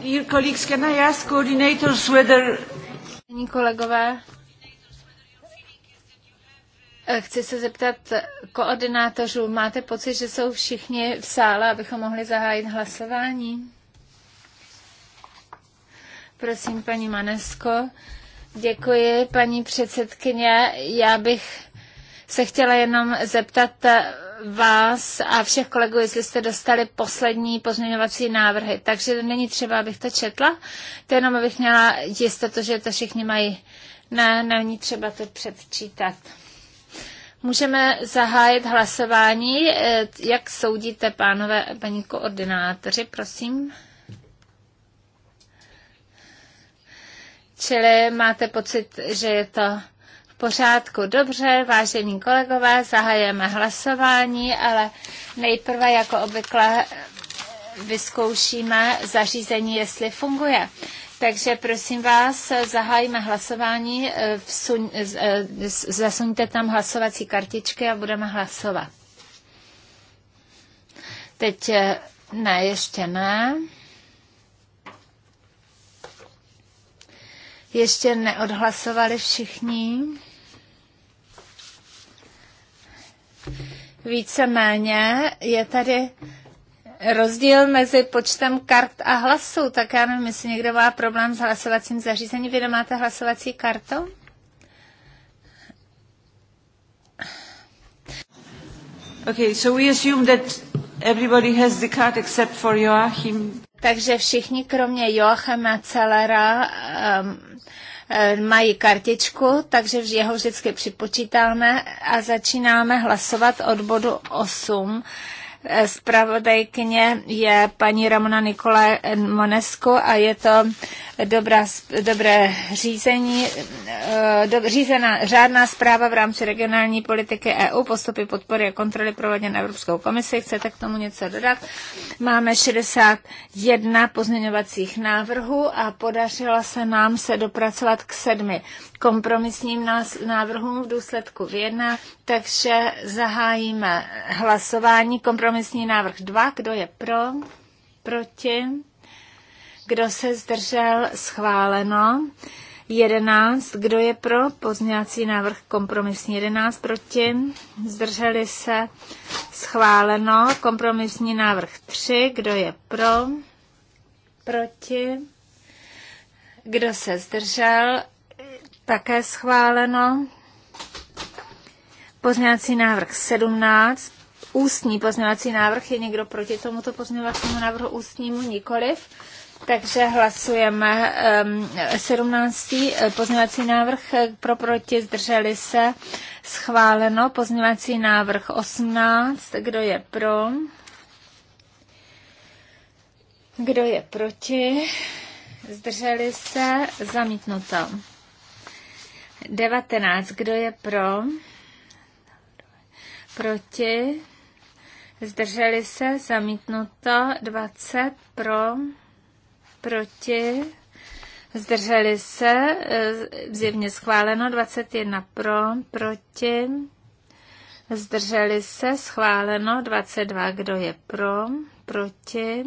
Dear kolegové, eh, chci se zeptat koordinátorů, máte pocit, že jsou všichni v sále, abychom mohli zahájit hlasování? Prosím, paní Manesko. Děkuji, paní předsedkyně. Já bych se chtěla jenom zeptat eh, vás a všech kolegů, jestli jste dostali poslední pozměňovací návrhy. Takže není třeba, abych to četla, to jenom abych měla jistotu, že to všichni mají. Ne, není třeba to předčítat. Můžeme zahájit hlasování. Eh, jak soudíte, pánové, paní koordinátoři, prosím? Čili máte pocit, že je to pořádku. Dobře, vážení kolegové, zahajeme hlasování, ale nejprve jako obvykle vyzkoušíme zařízení, jestli funguje. Takže prosím vás, zahájíme hlasování, vsuň, zasuňte tam hlasovací kartičky a budeme hlasovat. Teď eh, ne, ještě ne. Ještě neodhlasovali všichni. Víceméně je tady rozdíl mezi počtem kart a hlasů. Tak já nevím, jestli někdo má problém s hlasovacím zařízením. Vy nemáte hlasovací kartu? Okay, so we assume that everybody has the card except for Joachim. Takže všichni kromě Joachima Celera um, Eh, mají kartičku, takže jeho vždycky připočítáme a začínáme hlasovat od bodu 8 Spravodajkyně je paní Ramona Nikole Monesko a je to dobrá, dobré řízení, eh, do, řízená řádná zpráva v rámci regionální politiky EU, postupy podpory a kontroly provedené Evropskou komisi. Chcete k tomu něco dodat? Máme 61 pozměňovacích návrhů a podařilo se nám se dopracovat k sedmi kompromisním návrhům v důsledku vědna, takže zahájíme hlasování kompromis Kompromisní návrh 2. Kdo je pro? Proti? Kdo se zdržel? Schváleno. 11. Kdo je pro? Pozměňovací návrh kompromisní 11. Proti? Zdrželi se? Schváleno. Kompromisní návrh 3. Kdo je pro? Proti? Kdo se zdržel? Také schváleno. Pozměňovací návrh 17 ústní pozměňovací návrh. Je někdo proti tomuto pozměňovacímu návrhu ústnímu? Nikoliv. Takže hlasujeme um, 17. Eh, pozměňovací návrh eh, pro proti zdrželi se schváleno. Pozměňovací návrh 18. Kdo je pro? Kdo je proti? Zdrželi se zamítnuto. 19. Kdo je pro? Proti? zdrželi se, zamítnuto 20 pro, proti, zdrželi se, e, zjevně schváleno 21 pro, proti, zdrželi se, schváleno 22, kdo je pro, proti,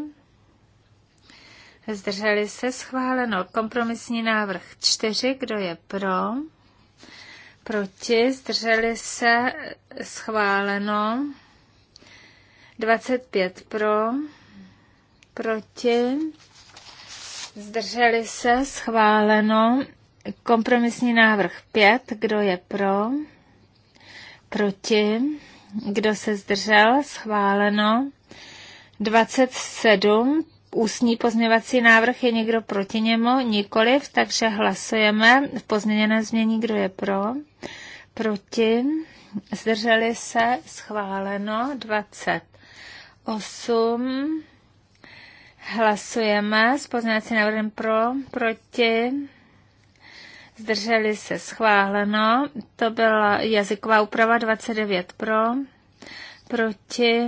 zdrželi se, schváleno kompromisní návrh 4, kdo je pro, proti, zdrželi se, schváleno 25 pro, proti, zdrželi se, schváleno. Kompromisní návrh 5, kdo je pro, proti, kdo se zdržel, schváleno. 27, ústní pozměvací návrh, je někdo proti němu? Nikoliv, takže hlasujeme v pozměněné změní, kdo je pro, proti, zdrželi se, schváleno. 20 8. Hlasujeme s pozměňovacím návrhem pro, proti. Zdrželi se schváleno. To byla jazyková úprava 29 pro, proti.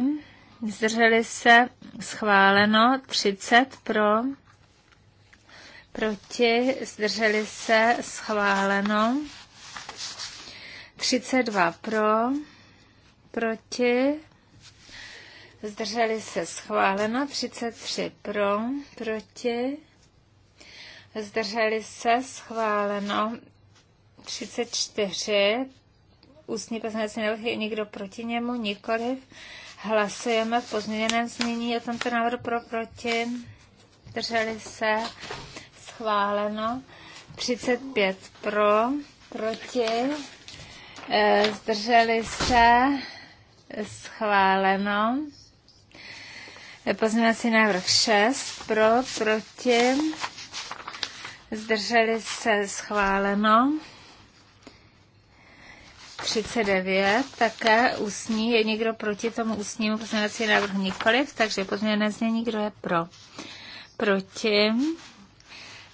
Zdrželi se schváleno 30 pro, proti. Zdrželi se schváleno 32 pro, proti zdrželi se schváleno, 33 pro, proti, zdrželi se schváleno, 34, ústní poslanecí návrh nikdo proti němu, nikoliv. Hlasujeme v pozměněném znění o tomto návrhu pro, proti, zdrželi se schváleno, 35 pro, proti, eh, zdrželi se schváleno. Pozměňovací návrh 6 pro, proti, zdrželi se schváleno. 39, také ústní. Je někdo proti tomu ústnímu pozměňovací návrhu nikoliv, takže pozměněné znění, kdo je pro. Proti.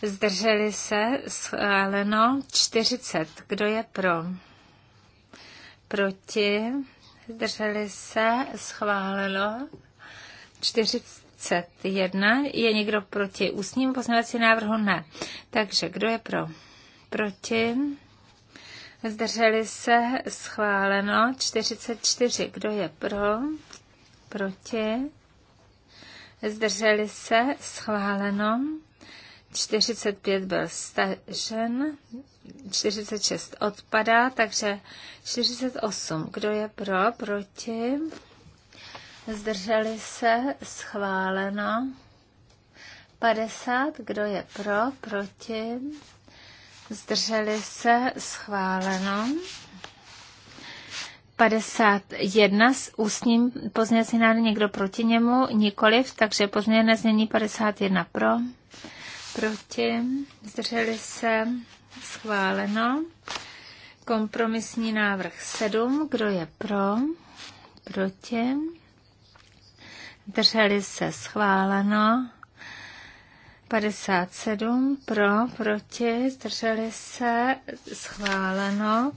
Zdrželi se, schváleno 40. Kdo je pro? Proti. Zdrželi se, schváleno 41. Je někdo proti ústnímu poznávací návrhu? Ne. Takže kdo je pro? Proti? Zdrželi se? Schváleno. 44. Kdo je pro? Proti? Zdrželi se? Schváleno. 45 byl stažen, 46 odpadá, takže 48. Kdo je pro, proti? zdrželi se, schváleno. 50, kdo je pro, proti, zdrželi se, schváleno. 51 s ústním pozměňovací návrh někdo proti němu, nikoliv, takže pozměněné znění 51 pro, proti, zdrželi se, schváleno. Kompromisní návrh 7, kdo je pro, proti, zdrželi se schváleno. 57 pro, proti, zdrželi se, schváleno.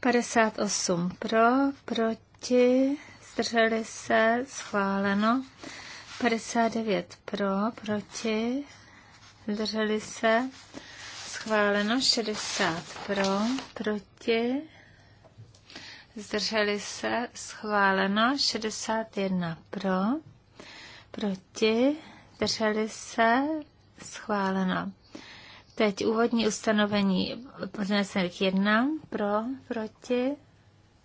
58 pro, proti, zdrželi se, schváleno. 59 pro, proti, zdrželi se, schváleno. 60 pro, proti, zdrželi se, schváleno. 61 pro, proti, drželi se, schváleno. Teď úvodní ustanovení odnesených jedna. pro, proti,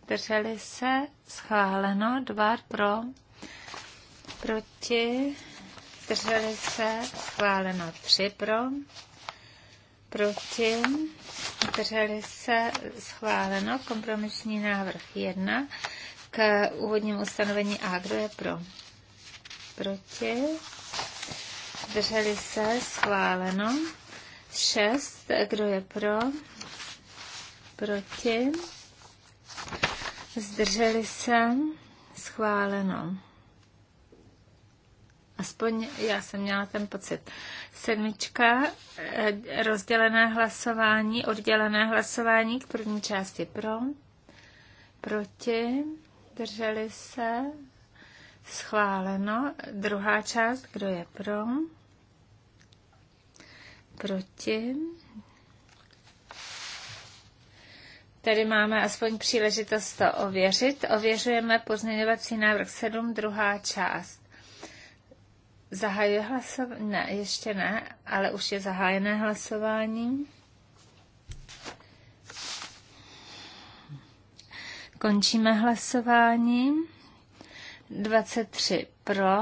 drželi se, schváleno, Dva? pro, proti, Drželi se, schváleno tři pro, proti, Drželi se, schváleno, kompromisní návrh jedna. k úvodnímu ustanovení A, kdo je pro, proti, Drželi se, schváleno. 6, kdo je pro, proti, zdrželi se, schváleno. Aspoň já jsem měla ten pocit. Sedmička, eh, rozdělené hlasování, oddělené hlasování k první části pro, proti, drželi se, Schváleno. Druhá část, kdo je pro? Proti. Tady máme aspoň příležitost to ověřit. Ověřujeme pozměňovací návrh 7, druhá část. Zahajuje hlasování? Ne, ještě ne, ale už je zahájené hlasování. Končíme hlasování. 23 pro.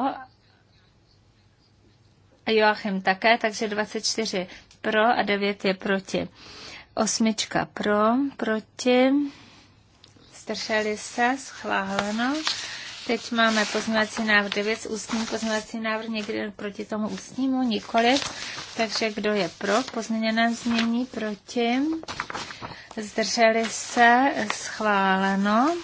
Joachim také, takže 24 pro a 9 je proti. Osmička pro, proti. Zdrželi se, schváleno. Teď máme poznávací návrh 9 s ústním pozměňovací návrh, někdy proti tomu ústnímu, nikoliv. Takže kdo je pro pozměněné změní, proti? Zdrželi se, schváleno.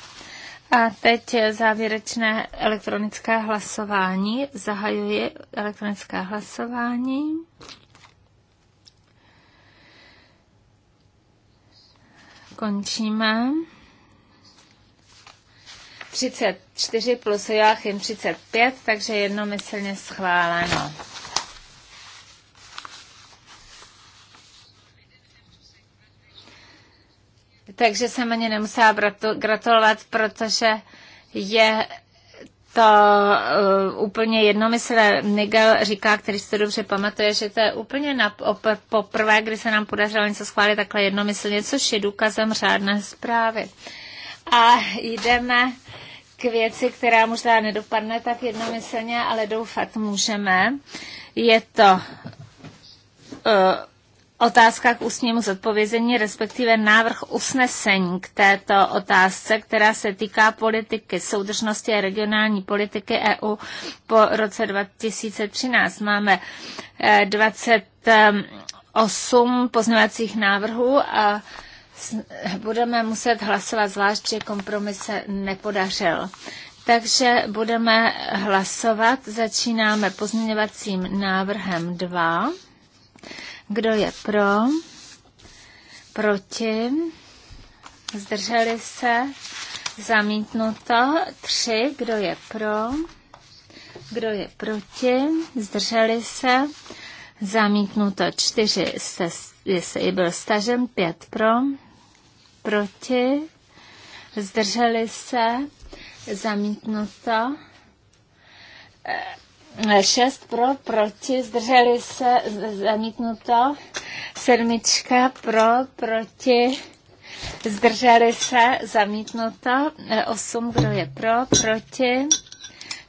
A teď závěrečné elektronické hlasování. Zahajuji elektronické hlasování. Končíme. 34 plus Joachim 35, takže jednomyslně schváleno. takže jsem ani nemusela gratulovat, protože je to uh, úplně jednomyslné. Nigel říká, který si to dobře pamatuje, že to je úplně na, op, poprvé, kdy se nám podařilo něco schválit takhle jednomyslně, což je důkazem řádné zprávy. A jdeme k věci, která možná nedopadne tak jednomyslně, ale doufat můžeme. Je to uh, otázka k ústnímu zodpovězení, respektive návrh usnesení k této otázce, která se týká politiky, soudržnosti a regionální politiky EU po roce 2013. Máme 28 eh, pozměvacích návrhů a budeme muset hlasovat zvlášť, že kompromis se nepodařil. Takže budeme hlasovat. Začínáme pozměňovacím návrhem 2. Kdo je pro? Proti? Zdrželi se? Zamítnuto. Tři. Kdo je pro? Kdo je proti? Zdrželi se? Zamítnuto. Čtyři. Se, jestli byl stažen. Pět pro. Proti? Zdrželi se? Zamítnuto. E 6 pro, proti, zdrželi se, zamítnuto. Sedmička pro, proti, zdrželi se, zamítnuto. 8, e, kdo je pro, proti,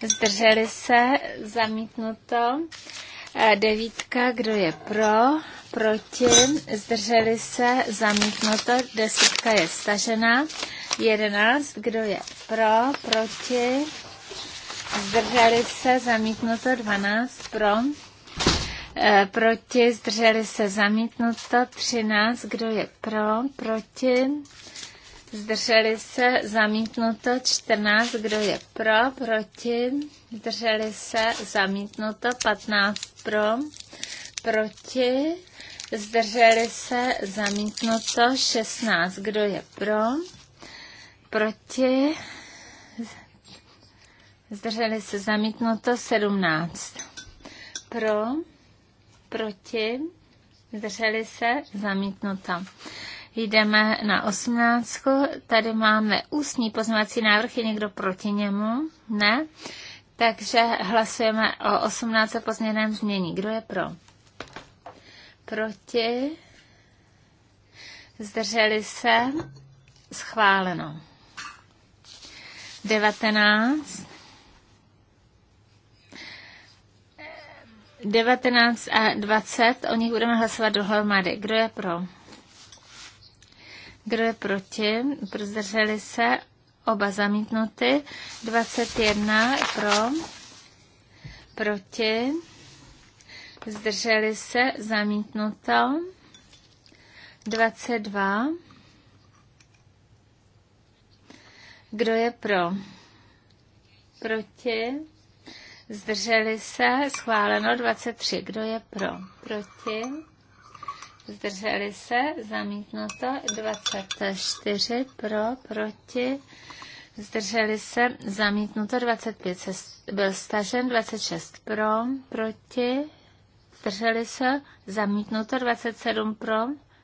zdrželi se, zamítnuto. E, devítka, kdo je pro, proti, zdrželi se, zamítnuto. Desítka je stažena. Jedenáct, kdo je pro, proti, zdrželi se, zamítnuto 12 pro, e, proti, zdrželi se, zamítnuto 13, kdo je pro, proti, zdrželi se, zamítnuto 14, kdo je pro, proti, zdrželi se, zamítnuto 15 pro, proti, zdrželi se, zamítnuto 16, kdo je pro, proti, zdrželi se zamítnuto 17. Pro, proti, zdrželi se zamítnuto. Jdeme na 18. Tady máme ústní pozměvací návrh. Je někdo proti němu? Ne. Takže hlasujeme o 18 pozměněném změní. Kdo je pro? Proti? Zdrželi se? Schváleno. 19. 19 a 20, o nich budeme hlasovat dohromady. Kdo je pro? Kdo je proti? Prozdrželi se oba zamítnuty. 21 pro, proti, zdrželi se, zamítnuto. 22. Kdo je pro? Proti, Zdrželi se? Schváleno 23. Kdo je pro? Proti? Zdrželi se? Zamítnuto 24. Pro? Proti? Zdrželi se? Zamítnuto 25. Se byl stažen 26. Pro? Proti? Zdrželi se? Zamítnuto 27. Pro?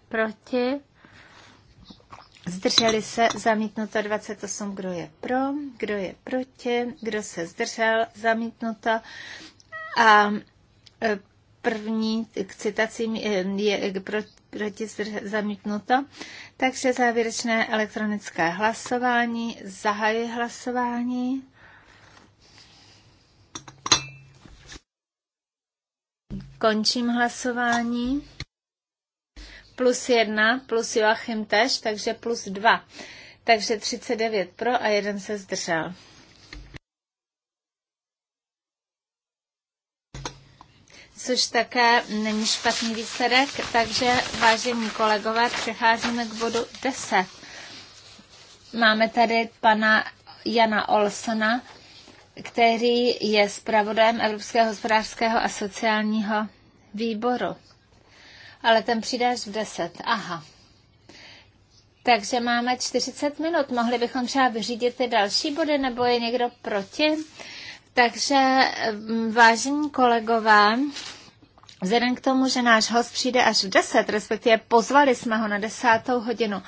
Proti? Zdrželi se, zamítnuto 28, kdo je pro, kdo je proti, kdo se zdržel, zamítnuto. A e, první k citacím je proti zamítnuto. Takže závěrečné elektronické hlasování. Zahajuji hlasování. Končím hlasování plus jedna, plus Joachim tež, takže plus dva. Takže 39 pro a jeden se zdržel. což také není špatný výsledek. Takže, vážení kolegové, přecházíme k bodu 10. Máme tady pana Jana Olsona, který je zpravodajem Evropského hospodářského a sociálního výboru ale ten přijde až v 10. Aha. Takže máme 40 minut. Mohli bychom třeba vyřídit ty další body, nebo je někdo proti? Takže, mm, vážení kolegové, Vzhledem k tomu, že náš host přijde až v 10, respektive pozvali jsme ho na 10. hodinu,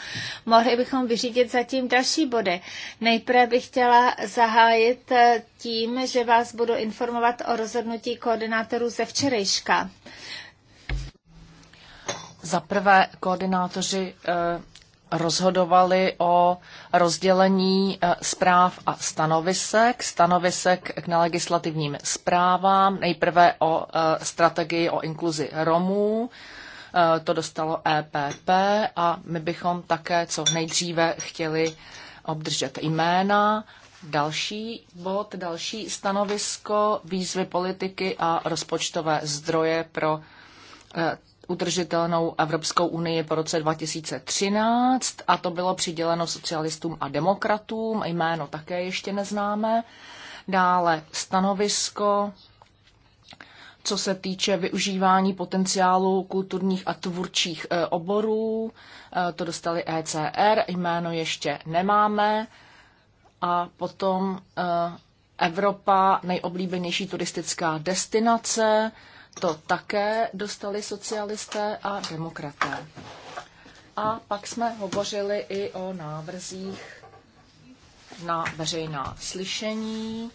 mohli bychom vyřídit zatím další body. Nejprve bych chtěla zahájit eh, tím, že vás budu informovat o rozhodnutí koordinátorů ze včerejška. Za prvé, koordinátoři eh, rozhodovali o rozdělení eh, zpráv a stanovisek, stanovisek k nelegislativním zprávám, nejprve o eh, strategii o inkluzi Romů, to dostalo EPP a my bychom také co nejdříve chtěli obdržet jména. Další bod, další stanovisko, výzvy politiky a rozpočtové zdroje pro udržitelnou Evropskou unii po roce 2013 a to bylo přiděleno socialistům a demokratům, jméno také ještě neznáme. Dále stanovisko, co se týče využívání potenciálu kulturních a tvůrčích eh, oborů, eh, to dostali ECR, jméno ještě nemáme. A potom eh, Evropa, nejoblíbenější turistická destinace, to také dostali socialisté a demokraté. A pak jsme hovořili i o návrzích na veřejná slyšení,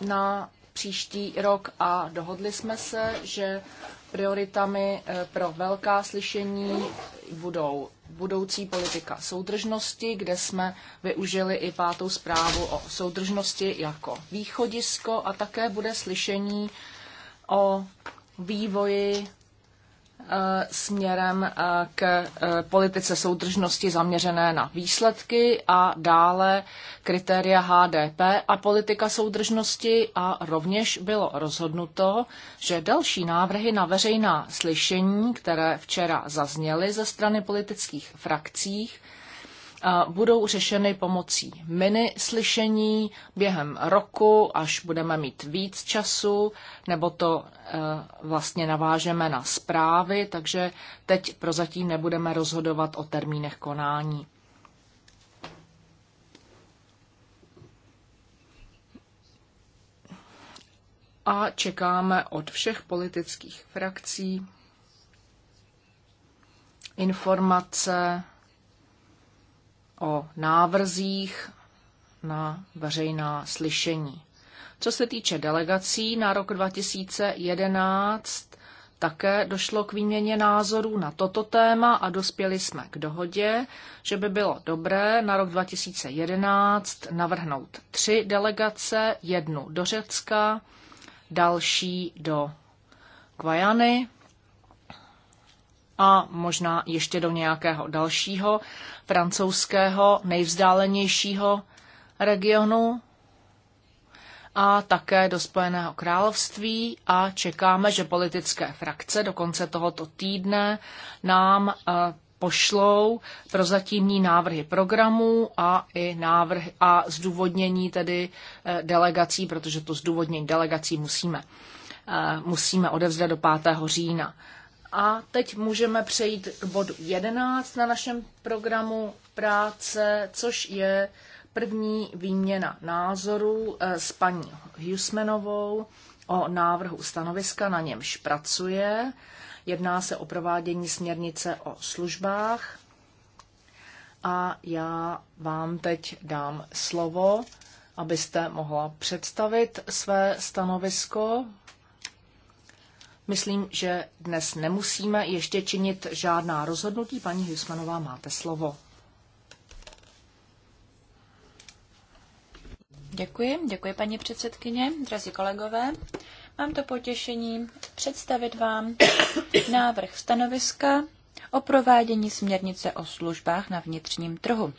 na příští rok a dohodli jsme se, že prioritami eh, pro velká slyšení budou budoucí politika soudržnosti, kde jsme využili i pátou zprávu o soudržnosti jako východisko a také bude slyšení o vývoji Eh, směrem eh, k eh, politice soudržnosti zaměřené na výsledky a dále kritéria HDP a politika soudržnosti a rovněž bylo rozhodnuto, že další návrhy na veřejná slyšení, které včera zazněly ze strany politických frakcích, budou řešeny pomocí mini slyšení během roku, až budeme mít víc času, nebo to e, vlastně navážeme na zprávy, takže teď prozatím nebudeme rozhodovat o termínech konání. A čekáme od všech politických frakcí informace o návrzích na veřejná slyšení. Co se týče delegací na rok 2011, také došlo k výměně názorů na toto téma a dospěli jsme k dohodě, že by bylo dobré na rok 2011 navrhnout tři delegace, jednu do Řecka, další do Kvajany a možná ještě do nějakého dalšího francouzského nejvzdálenějšího regionu a také do Spojeného království a čekáme, že politické frakce do konce tohoto týdne nám eh, pošlou prozatímní návrhy programů a i návrh a zdůvodnění tedy eh, delegací, protože to zdůvodnění delegací musíme, eh, musíme odevzdat do 5. října. A teď můžeme přejít k bodu 11 na našem programu práce, což je první výměna názorů eh, s paní Husmanovou o návrhu stanoviska, na němž pracuje. Jedná se o provádění směrnice o službách. A já vám teď dám slovo, abyste mohla představit své stanovisko Myslím, že dnes nemusíme ještě činit žádná rozhodnutí. Paní Husmanová, máte slovo. Děkuji, děkuji paní předsedkyně, drazí kolegové. Mám to potěšení představit vám návrh stanoviska o provádění směrnice o službách na vnitřním trhu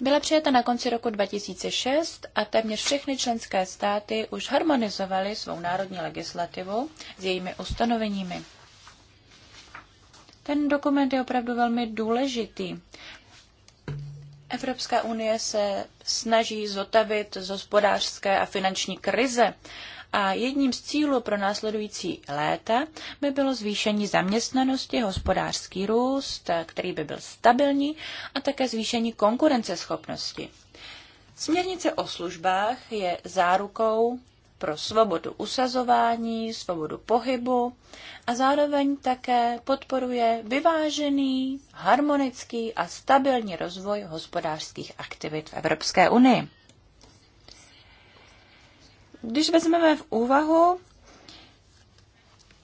byla přijata na konci roku 2006 a téměř všechny členské státy už harmonizovaly svou národní legislativu s jejími ustanoveními. Ten dokument je opravdu velmi důležitý. Evropská unie se snaží zotavit z hospodářské a finanční krize a jedním z cílů pro následující léta by bylo zvýšení zaměstnanosti, hospodářský růst, který by byl stabilní a také zvýšení konkurenceschopnosti. Směrnice o službách je zárukou pro svobodu usazování, svobodu pohybu a zároveň také podporuje vyvážený, harmonický a stabilní rozvoj hospodářských aktivit v Evropské unii. Když vezmeme v úvahu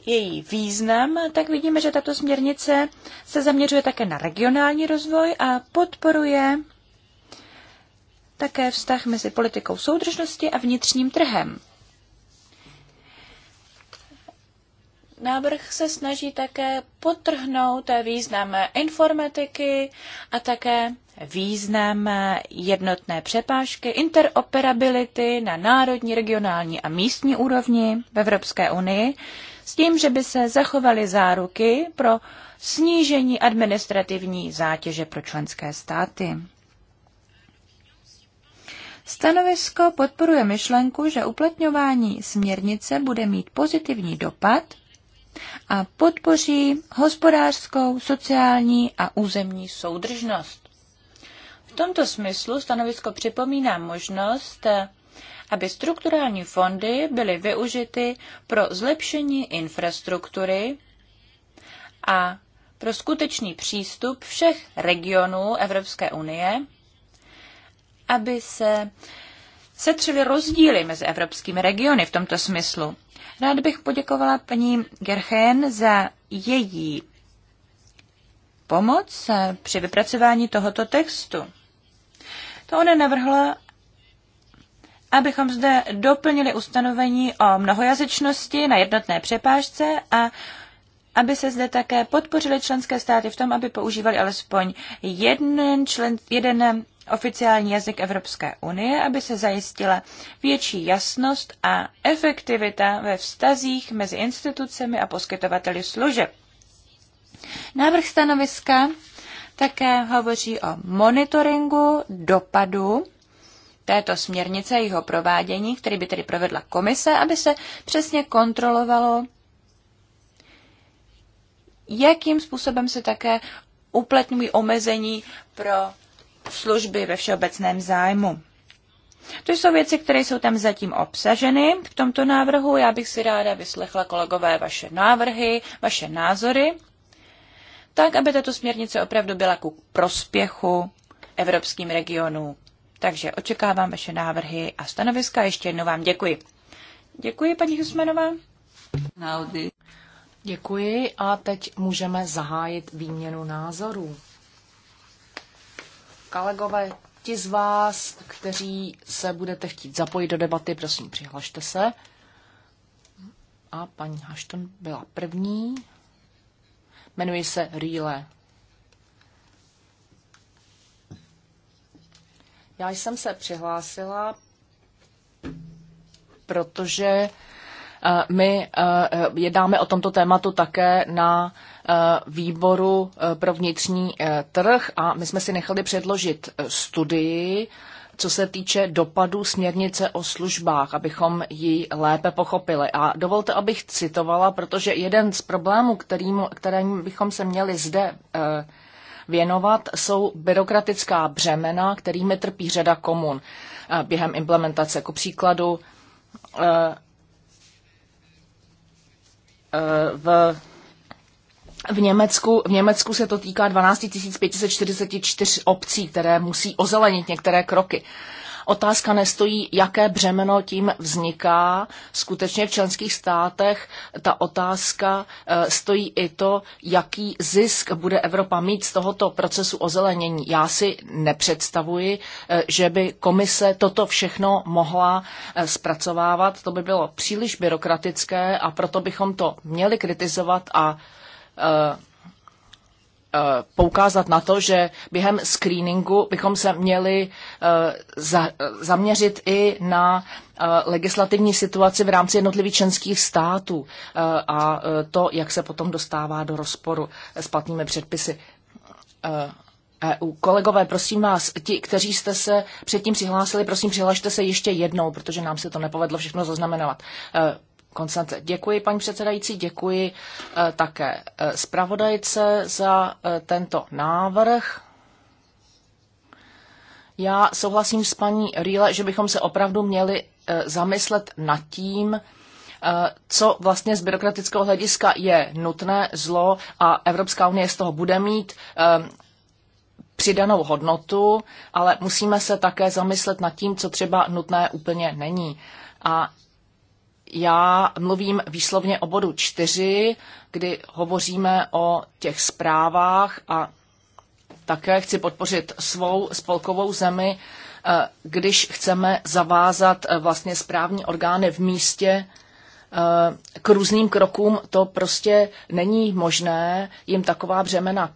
její význam, tak vidíme, že tato směrnice se zaměřuje také na regionální rozvoj a podporuje také vztah mezi politikou soudržnosti a vnitřním trhem. Návrh se snaží také potrhnout význam informatiky a také význam jednotné přepážky, interoperability na národní, regionální a místní úrovni v Evropské unii, s tím, že by se zachovaly záruky pro snížení administrativní zátěže pro členské státy. Stanovisko podporuje myšlenku, že uplatňování směrnice bude mít pozitivní dopad a podpoří hospodářskou, sociální a územní soudržnost. V tomto smyslu stanovisko připomíná možnost, eh, aby strukturální fondy byly využity pro zlepšení infrastruktury a pro skutečný přístup všech regionů Evropské unie, aby se setřeli rozdíly mezi evropskými regiony v tomto smyslu. Rád bych poděkovala paní Gerchen za její pomoc při vypracování tohoto textu. To ona navrhla, abychom zde doplnili ustanovení o mnohojazyčnosti na jednotné přepážce a aby se zde také podpořili členské státy v tom, aby používali alespoň jeden, člen, jeden oficiální jazyk Evropské unie, aby se zajistila větší jasnost a efektivita ve vztazích mezi institucemi a poskytovateli služeb. Návrh stanoviska také hovoří o monitoringu dopadu této směrnice a jeho provádění, který by tedy provedla komise, aby se přesně kontrolovalo, jakým způsobem se také uplatňují omezení pro služby ve všeobecném zájmu. To jsou věci, které jsou tam zatím obsaženy v tomto návrhu. Já bych si ráda vyslechla, kolegové, vaše návrhy, vaše názory, tak, aby tato směrnice opravdu byla ku prospěchu evropským regionům. Takže očekávám vaše návrhy a stanoviska. Ještě jednou vám děkuji. Děkuji, paní Husmanová. Děkuji a teď můžeme zahájit výměnu názorů. Kolegové, ti z vás, kteří se budete chtít zapojit do debaty, prosím, přihlašte se. A paní Hašton byla první. Jmenuji se Rýle. Já jsem se přihlásila, protože eh, my eh, eh, jednáme o tomto tématu také na Eh, výboru eh, pro vnitřní eh, trh a my jsme si nechali předložit studii, co se týče dopadů směrnice o službách, abychom ji lépe pochopili. A dovolte, abych citovala, protože jeden z problémů, kterým, kterým bychom se měli zde věnovat, jsou byrokratická břemena, kterými trpí řada komun během implementace. Ku příkladu v v Německu, v Německu se to týká 12 544 obcí, které musí ozelenit některé kroky. Otázka nestojí, jaké břemeno tím vzniká. Skutečně v členských státech ta otázka eh, stojí i to, jaký zisk bude Evropa mít z tohoto procesu ozelenění. Já si nepředstavuji, eh, že by komise toto všechno mohla eh, zpracovávat. To by bylo příliš byrokratické a proto bychom to měli kritizovat a Eh, eh, poukázat na to, že během screeningu bychom se měli eh, zaměřit i na legislativní situaci v rámci jednotlivých členských států a to, jak se potom dostává do rozporu s platnými předpisy. EU. E Kolegové, prosím vás, ti, kteří jste se předtím přihlásili, prosím přihlašte se ještě jednou, protože nám se to nepovedlo všechno zaznamenat. Konstance, děkuji paní předsedající, děkuji eh, také eh, zpravodajce za eh, tento návrh. Já souhlasím s paní Rýle, že bychom se opravdu měli zamyslet nad tím, co vlastně z byrokratického hlediska je nutné zlo a Evropská unie z toho bude mít přidanou hodnotu, ale musíme se také zamyslet nad tím, co třeba nutné úplně není. A já mluvím výslovně o bodu čtyři, kdy hovoříme o těch zprávách a také chci podpořit svou spolkovou zemi, eh, když chceme zavázat eh, vlastně správní orgány v místě eh, k různým krokům, to prostě není možné jim taková břemena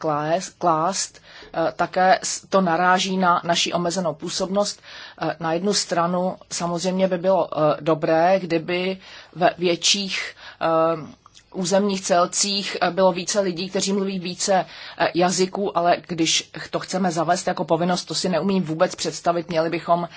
klást, Eh, také to naráží na naší omezenou působnost. Eh, na jednu stranu samozřejmě by bylo eh, dobré, kdyby ve větších územních celcích bylo více lidí, kteří mluví více jazyků, ale když to chceme zavést jako povinnost, to si neumím vůbec představit, měli bychom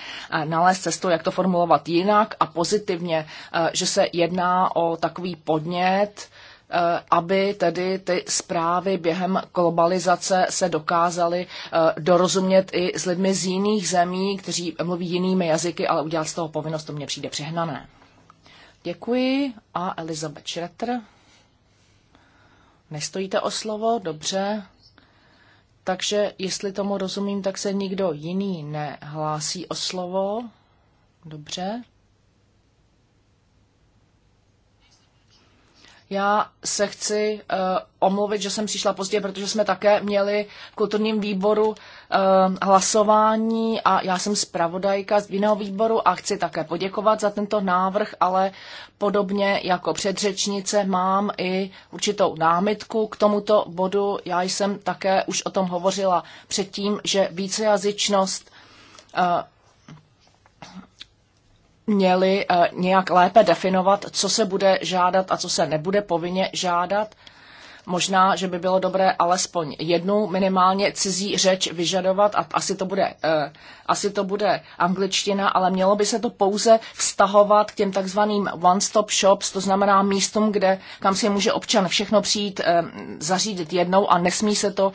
nalézt cestu, jak to formulovat jinak a pozitivně, že se jedná o takový podnět, Eh, aby tedy ty zprávy během globalizace se dokázaly eh, dorozumět i s lidmi z jiných zemí, kteří mluví jinými jazyky, ale udělat z toho povinnost, to mně přijde přehnané. Děkuji. A Elizabeth Schretter. Nestojíte o slovo? Dobře. Takže jestli tomu rozumím, tak se nikdo jiný nehlásí o slovo. Dobře. Já se chci uh, omluvit, že jsem přišla pozdě, protože jsme také měli v kulturním výboru uh, hlasování a já jsem zpravodajka z jiného výboru a chci také poděkovat za tento návrh, ale podobně jako předřečnice mám i určitou námitku k tomuto bodu. Já jsem také už o tom hovořila předtím, že vícejazyčnost uh, měli eh, nějak lépe definovat, co se bude žádat a co se nebude povinně žádat Možná, že by bylo dobré alespoň jednu minimálně cizí řeč vyžadovat a asi to bude, uh, asi to bude angličtina, ale mělo by se to pouze vztahovat k těm takzvaným one-stop shops, to znamená místům, kde, kam si může občan všechno přijít, uh, zařídit jednou a nesmí se to uh,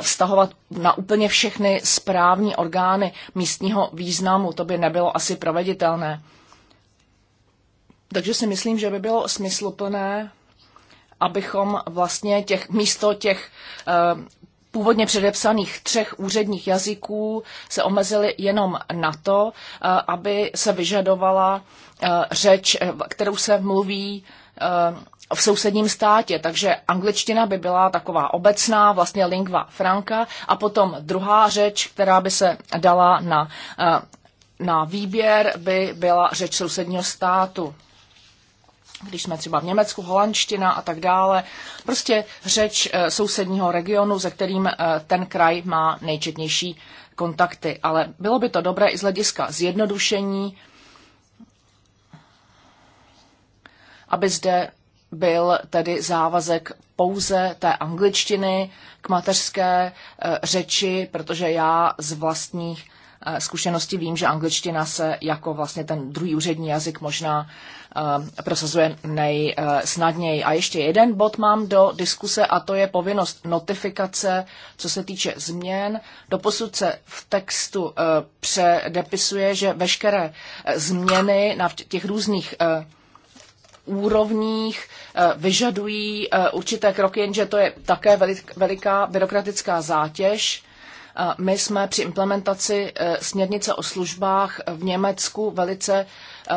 vztahovat na úplně všechny správní orgány místního významu. To by nebylo asi proveditelné. Takže si myslím, že by bylo smysluplné abychom vlastně těch, místo těch eh, původně předepsaných třech úředních jazyků se omezili jenom na to, eh, aby se vyžadovala eh, řeč, kterou se mluví v sousedním státě, takže angličtina by byla taková obecná, vlastně lingva franca, a potom druhá řeč, která by se dala na, na výběr, by byla řeč sousedního státu když jsme třeba v Německu, holandština a tak dále, prostě řeč eh, sousedního regionu, se kterým eh, ten kraj má nejčetnější kontakty. Ale bylo by to dobré i z hlediska zjednodušení, aby zde byl tedy závazek pouze té angličtiny k mateřské eh, řeči, protože já z vlastních Eh, zkušenosti vím, že angličtina se jako vlastně ten druhý úřední jazyk možná eh, prosazuje nejsnadněji. Eh, a ještě jeden bod mám do diskuse a to je povinnost notifikace, co se týče změn. Doposud se v textu předepisuje, že veškeré změny na těch různých úrovních vyžadují určité kroky, jenže to je také veliká byrokratická zátěž my jsme při implementaci eh, směrnice o službách v Německu velice eh,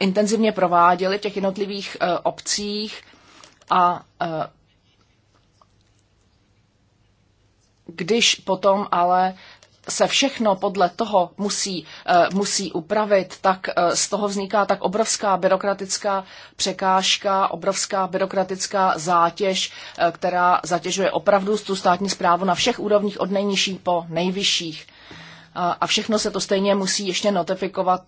intenzivně prováděli v těch jednotlivých eh, obcích a když potom ale se všechno podle toho musí, eh, musí upravit, tak eh, z toho vzniká tak obrovská byrokratická překážka, obrovská byrokratická zátěž, eh, která zatěžuje opravdu tu státní zprávu na všech úrovních od nejnižších po nejvyšších. A všechno se to stejně musí ještě notifikovat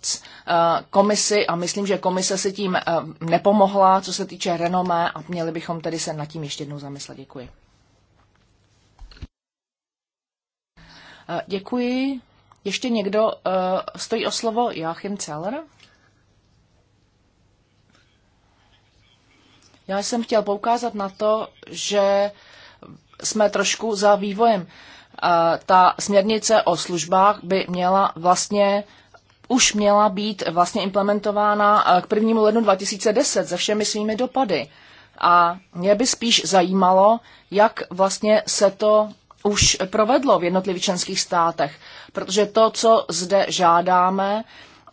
komisi a myslím, že komise si tím nepomohla, co se týče renomé a měli bychom tedy se nad tím ještě jednou zamyslet. Děkuji. Eh, děkuji. Ještě někdo eh, stojí o slovo? Joachim Celler? Já jsem chtěl poukázat na to, že jsme trošku za vývojem. Eh, ta směrnice o službách by měla vlastně už měla být vlastně implementována k 1. lednu 2010 se všemi svými dopady. A mě by spíš zajímalo, jak vlastně se to už provedlo v jednotlivých členských státech, protože to, co zde žádáme,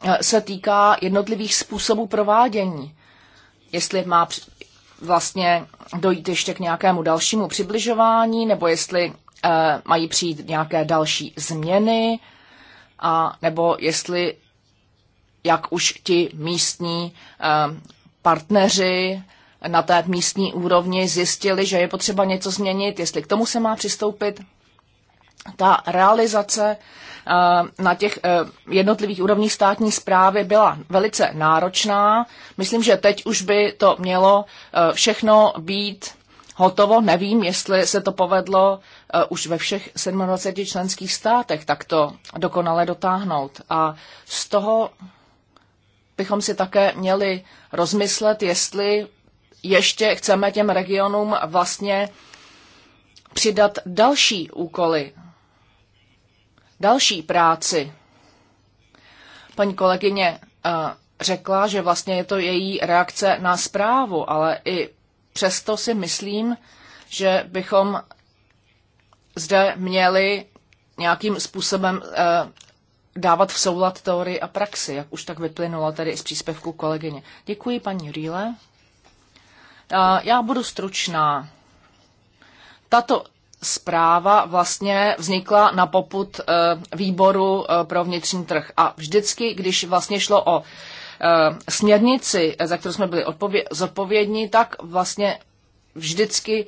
eh, se týká jednotlivých způsobů provádění. Jestli má vlastně dojít ještě k nějakému dalšímu přibližování, nebo jestli eh, mají přijít nějaké další změny, a nebo jestli, jak už ti místní eh, partneři na té místní úrovni zjistili, že je potřeba něco změnit, jestli k tomu se má přistoupit. Ta realizace eh, na těch eh, jednotlivých úrovních státní zprávy byla velice náročná. Myslím, že teď už by to mělo eh, všechno být hotovo. Nevím, jestli se to povedlo už ve všech 27 členských státech takto dokonale dotáhnout. A z toho bychom si také měli rozmyslet, jestli ještě chceme těm regionům vlastně přidat další úkoly, další práci. Paní kolegyně eh, řekla, že vlastně je to její reakce na zprávu, ale i přesto si myslím, že bychom zde měli nějakým způsobem eh, dávat v soulad teorii a praxi, jak už tak vyplynulo tady z příspěvku kolegyně. Děkuji paní Rýle. Já budu stručná. Tato zpráva vlastně vznikla na poput e, výboru e, pro vnitřní trh. A vždycky, když vlastně šlo o e, směrnici, za kterou jsme byli zodpovědní, tak vlastně vždycky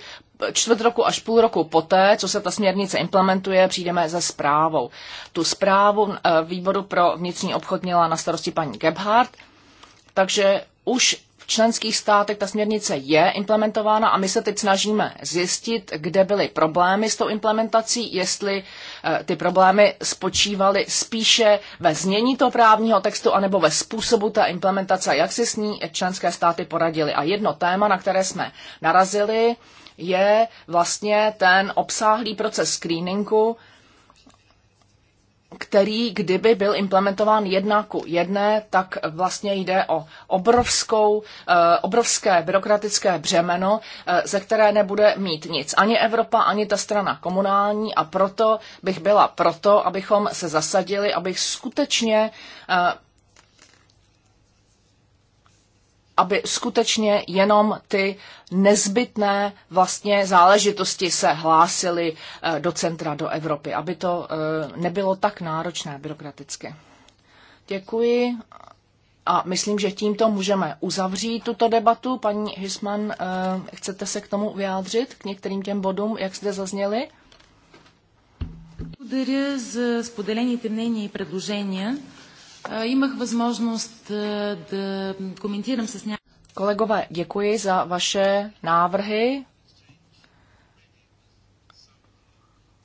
čtvrt roku až půl roku poté, co se ta směrnice implementuje, přijdeme se zprávou. Tu zprávu výboru pro vnitřní obchod měla na starosti paní Gebhardt, takže už členských státech ta směrnice je implementována a my se teď snažíme zjistit, kde byly problémy s tou implementací, jestli eh, ty problémy spočívaly spíše ve změní toho právního textu anebo ve způsobu té implementace, jak si s ní členské státy poradily. A jedno téma, na které jsme narazili, je vlastně ten obsáhlý proces screeningu, který kdyby byl implementován jedna ku jedné, tak vlastně jde o obrovskou, eh, obrovské byrokratické břemeno, eh, ze které nebude mít nic ani Evropa, ani ta strana komunální a proto bych byla proto, abychom se zasadili, abych skutečně eh, aby skutečně jenom ty nezbytné vlastně záležitosti se hlásily eh, do centra, do Evropy, aby to eh, nebylo tak náročné byrokraticky. Děkuji a myslím, že tímto můžeme uzavřít tuto debatu. Paní Hisman, eh, chcete se k tomu vyjádřit, k některým těm bodům, jak jste zazněli? Благодаря за споделените мнения и предложения. Имах eh, възможност eh, да коментирам s ня... Kolegové, děkuji za vaše návrhy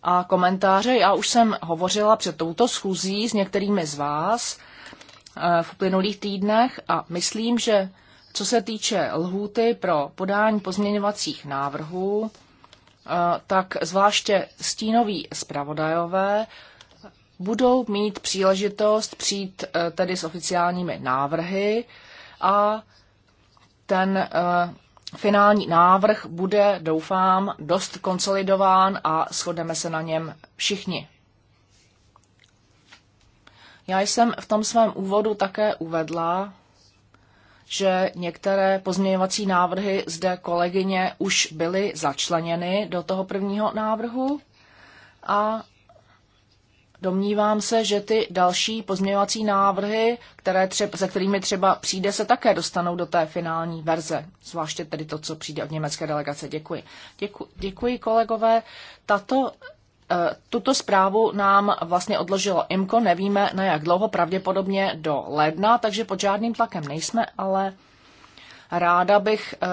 a komentáře. Já už jsem hovořila před touto schůzí s některými z vás eh, v uplynulých týdnech a myslím, že co se týče lhůty pro podání pozměňovacích návrhů, tak zvláště stínoví zpravodajové budou mít příležitost přijít eh, tedy s oficiálními návrhy a ten eh, finální návrh bude, doufám, dost konsolidován a shodeme se na něm všichni. Já jsem v tom svém úvodu také uvedla, že některé pozměňovací návrhy zde kolegyně už byly začleněny do toho prvního návrhu a Domnívám se, že ty další pozměňovací návrhy, které třeba, se kterými třeba přijde, se také dostanou do té finální verze, zvláště tedy to, co přijde od německé delegace. Děkuji. Děku, děkuji, kolegové. Tato, eh, tuto zprávu nám vlastně odložilo IMCO, nevíme na jak dlouho, pravděpodobně do ledna, takže pod žádným tlakem nejsme, ale ráda bych eh,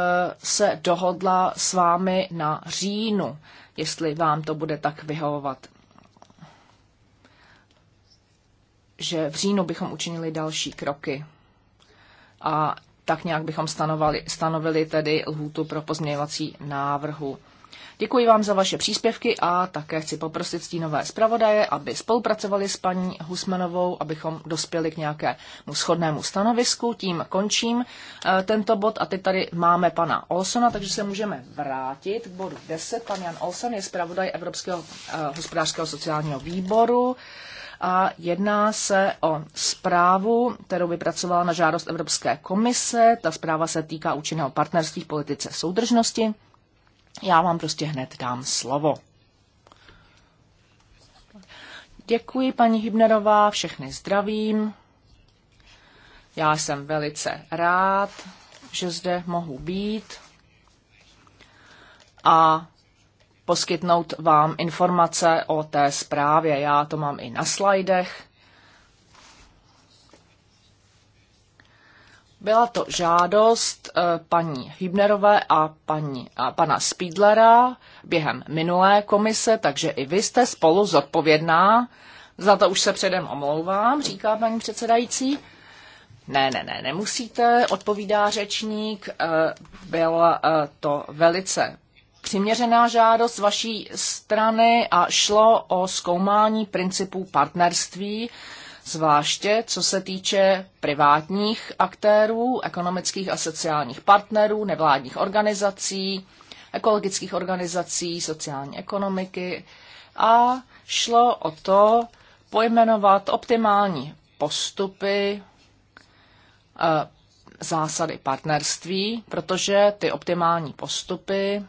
se dohodla s vámi na říjnu, jestli vám to bude tak vyhovovat. že v říjnu bychom učinili další kroky. A tak nějak bychom stanovali, stanovili tedy lhůtu pro pozměňovací návrhu. Děkuji vám za vaše příspěvky a také chci poprosit stínové zpravodaje, aby spolupracovali s paní Husmanovou, abychom dospěli k nějakému schodnému stanovisku. Tím končím eh, tento bod a teď tady máme pana Olsona, takže se můžeme vrátit k bodu 10. Pan Jan Olson je zpravodaj Evropského eh, hospodářského sociálního výboru a jedná se o zprávu, kterou vypracovala na žádost Evropské komise. Ta zpráva se týká účinného partnerství v politice soudržnosti. Já vám prostě hned dám slovo. Děkuji, paní Hybnerová, všechny zdravím. Já jsem velice rád, že zde mohu být a poskytnout vám informace o té zprávě. Já to mám i na slajdech. Byla to žádost eh, paní Hübnerové a, paní, a pana Spídlera během minulé komise, takže i vy jste spolu zodpovědná. Za to už se předem omlouvám, říká paní předsedající. Ne, ne, ne, nemusíte, odpovídá řečník. Eh, Byl eh, to velice přiměřená žádost z vaší strany a šlo o zkoumání principů partnerství, zvláště co se týče privátních aktérů, ekonomických a sociálních partnerů, nevládních organizací, ekologických organizací, sociální ekonomiky a šlo o to pojmenovat optimální postupy, eh, zásady partnerství, protože ty optimální postupy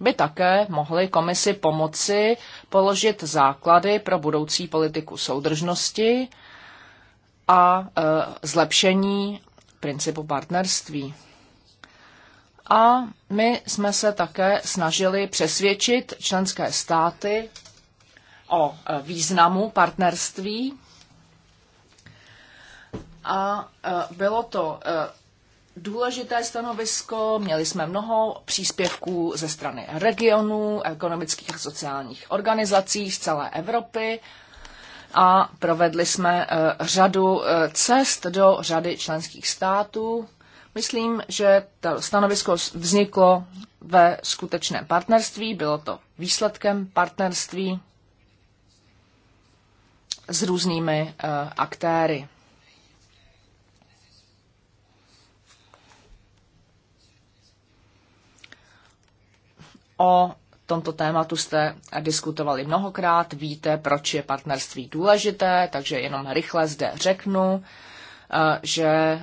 by také mohly komisi pomoci položit základy pro budoucí politiku soudržnosti a e, zlepšení principu partnerství. A my jsme se také snažili přesvědčit členské státy o e, významu partnerství. A e, bylo to důležité stanovisko. Měli jsme mnoho příspěvků ze strany regionů, ekonomických a sociálních organizací z celé Evropy a provedli jsme eh, řadu eh, cest do řady členských států. Myslím, že to stanovisko vzniklo ve skutečném partnerství, bylo to výsledkem partnerství s různými eh, aktéry. O tomto tématu jste diskutovali mnohokrát, víte, proč je partnerství důležité, takže jenom rychle zde řeknu, eh, že eh,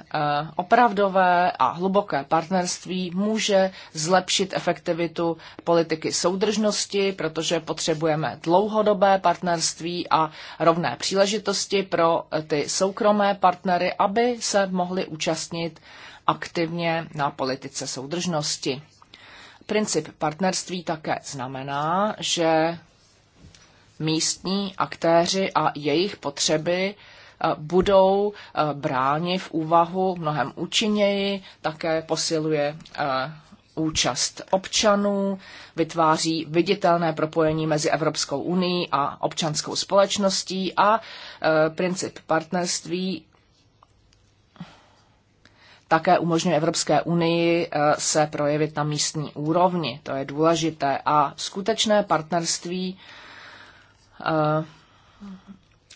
opravdové a hluboké partnerství může zlepšit efektivitu politiky soudržnosti, protože potřebujeme dlouhodobé partnerství a rovné příležitosti pro eh, ty soukromé partnery, aby se mohli účastnit aktivně na politice soudržnosti. Princip partnerství také znamená, že místní aktéři a jejich potřeby eh, budou eh, bráni v úvahu mnohem účinněji, také posiluje eh, účast občanů, vytváří viditelné propojení mezi Evropskou unii a občanskou společností a princip partnerství také umožňuje Evropské unii eh, se projevit na místní úrovni. To je důležité. A skutečné partnerství eh,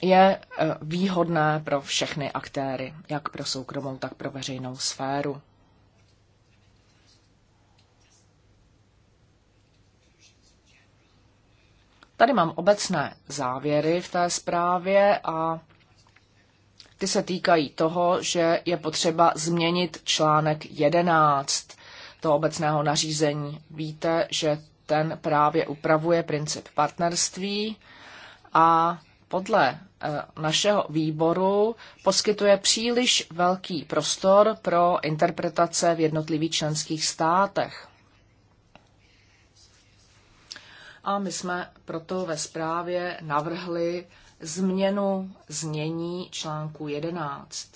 je eh, výhodné pro všechny aktéry, jak pro soukromou, tak pro veřejnou sféru. Tady mám obecné závěry v té zprávě a ty se týkají toho, že je potřeba změnit článek 11 toho obecného nařízení. Víte, že ten právě upravuje princip partnerství a podle eh, našeho výboru poskytuje příliš velký prostor pro interpretace v jednotlivých členských státech. A my jsme proto ve zprávě navrhli změnu znění článku 11.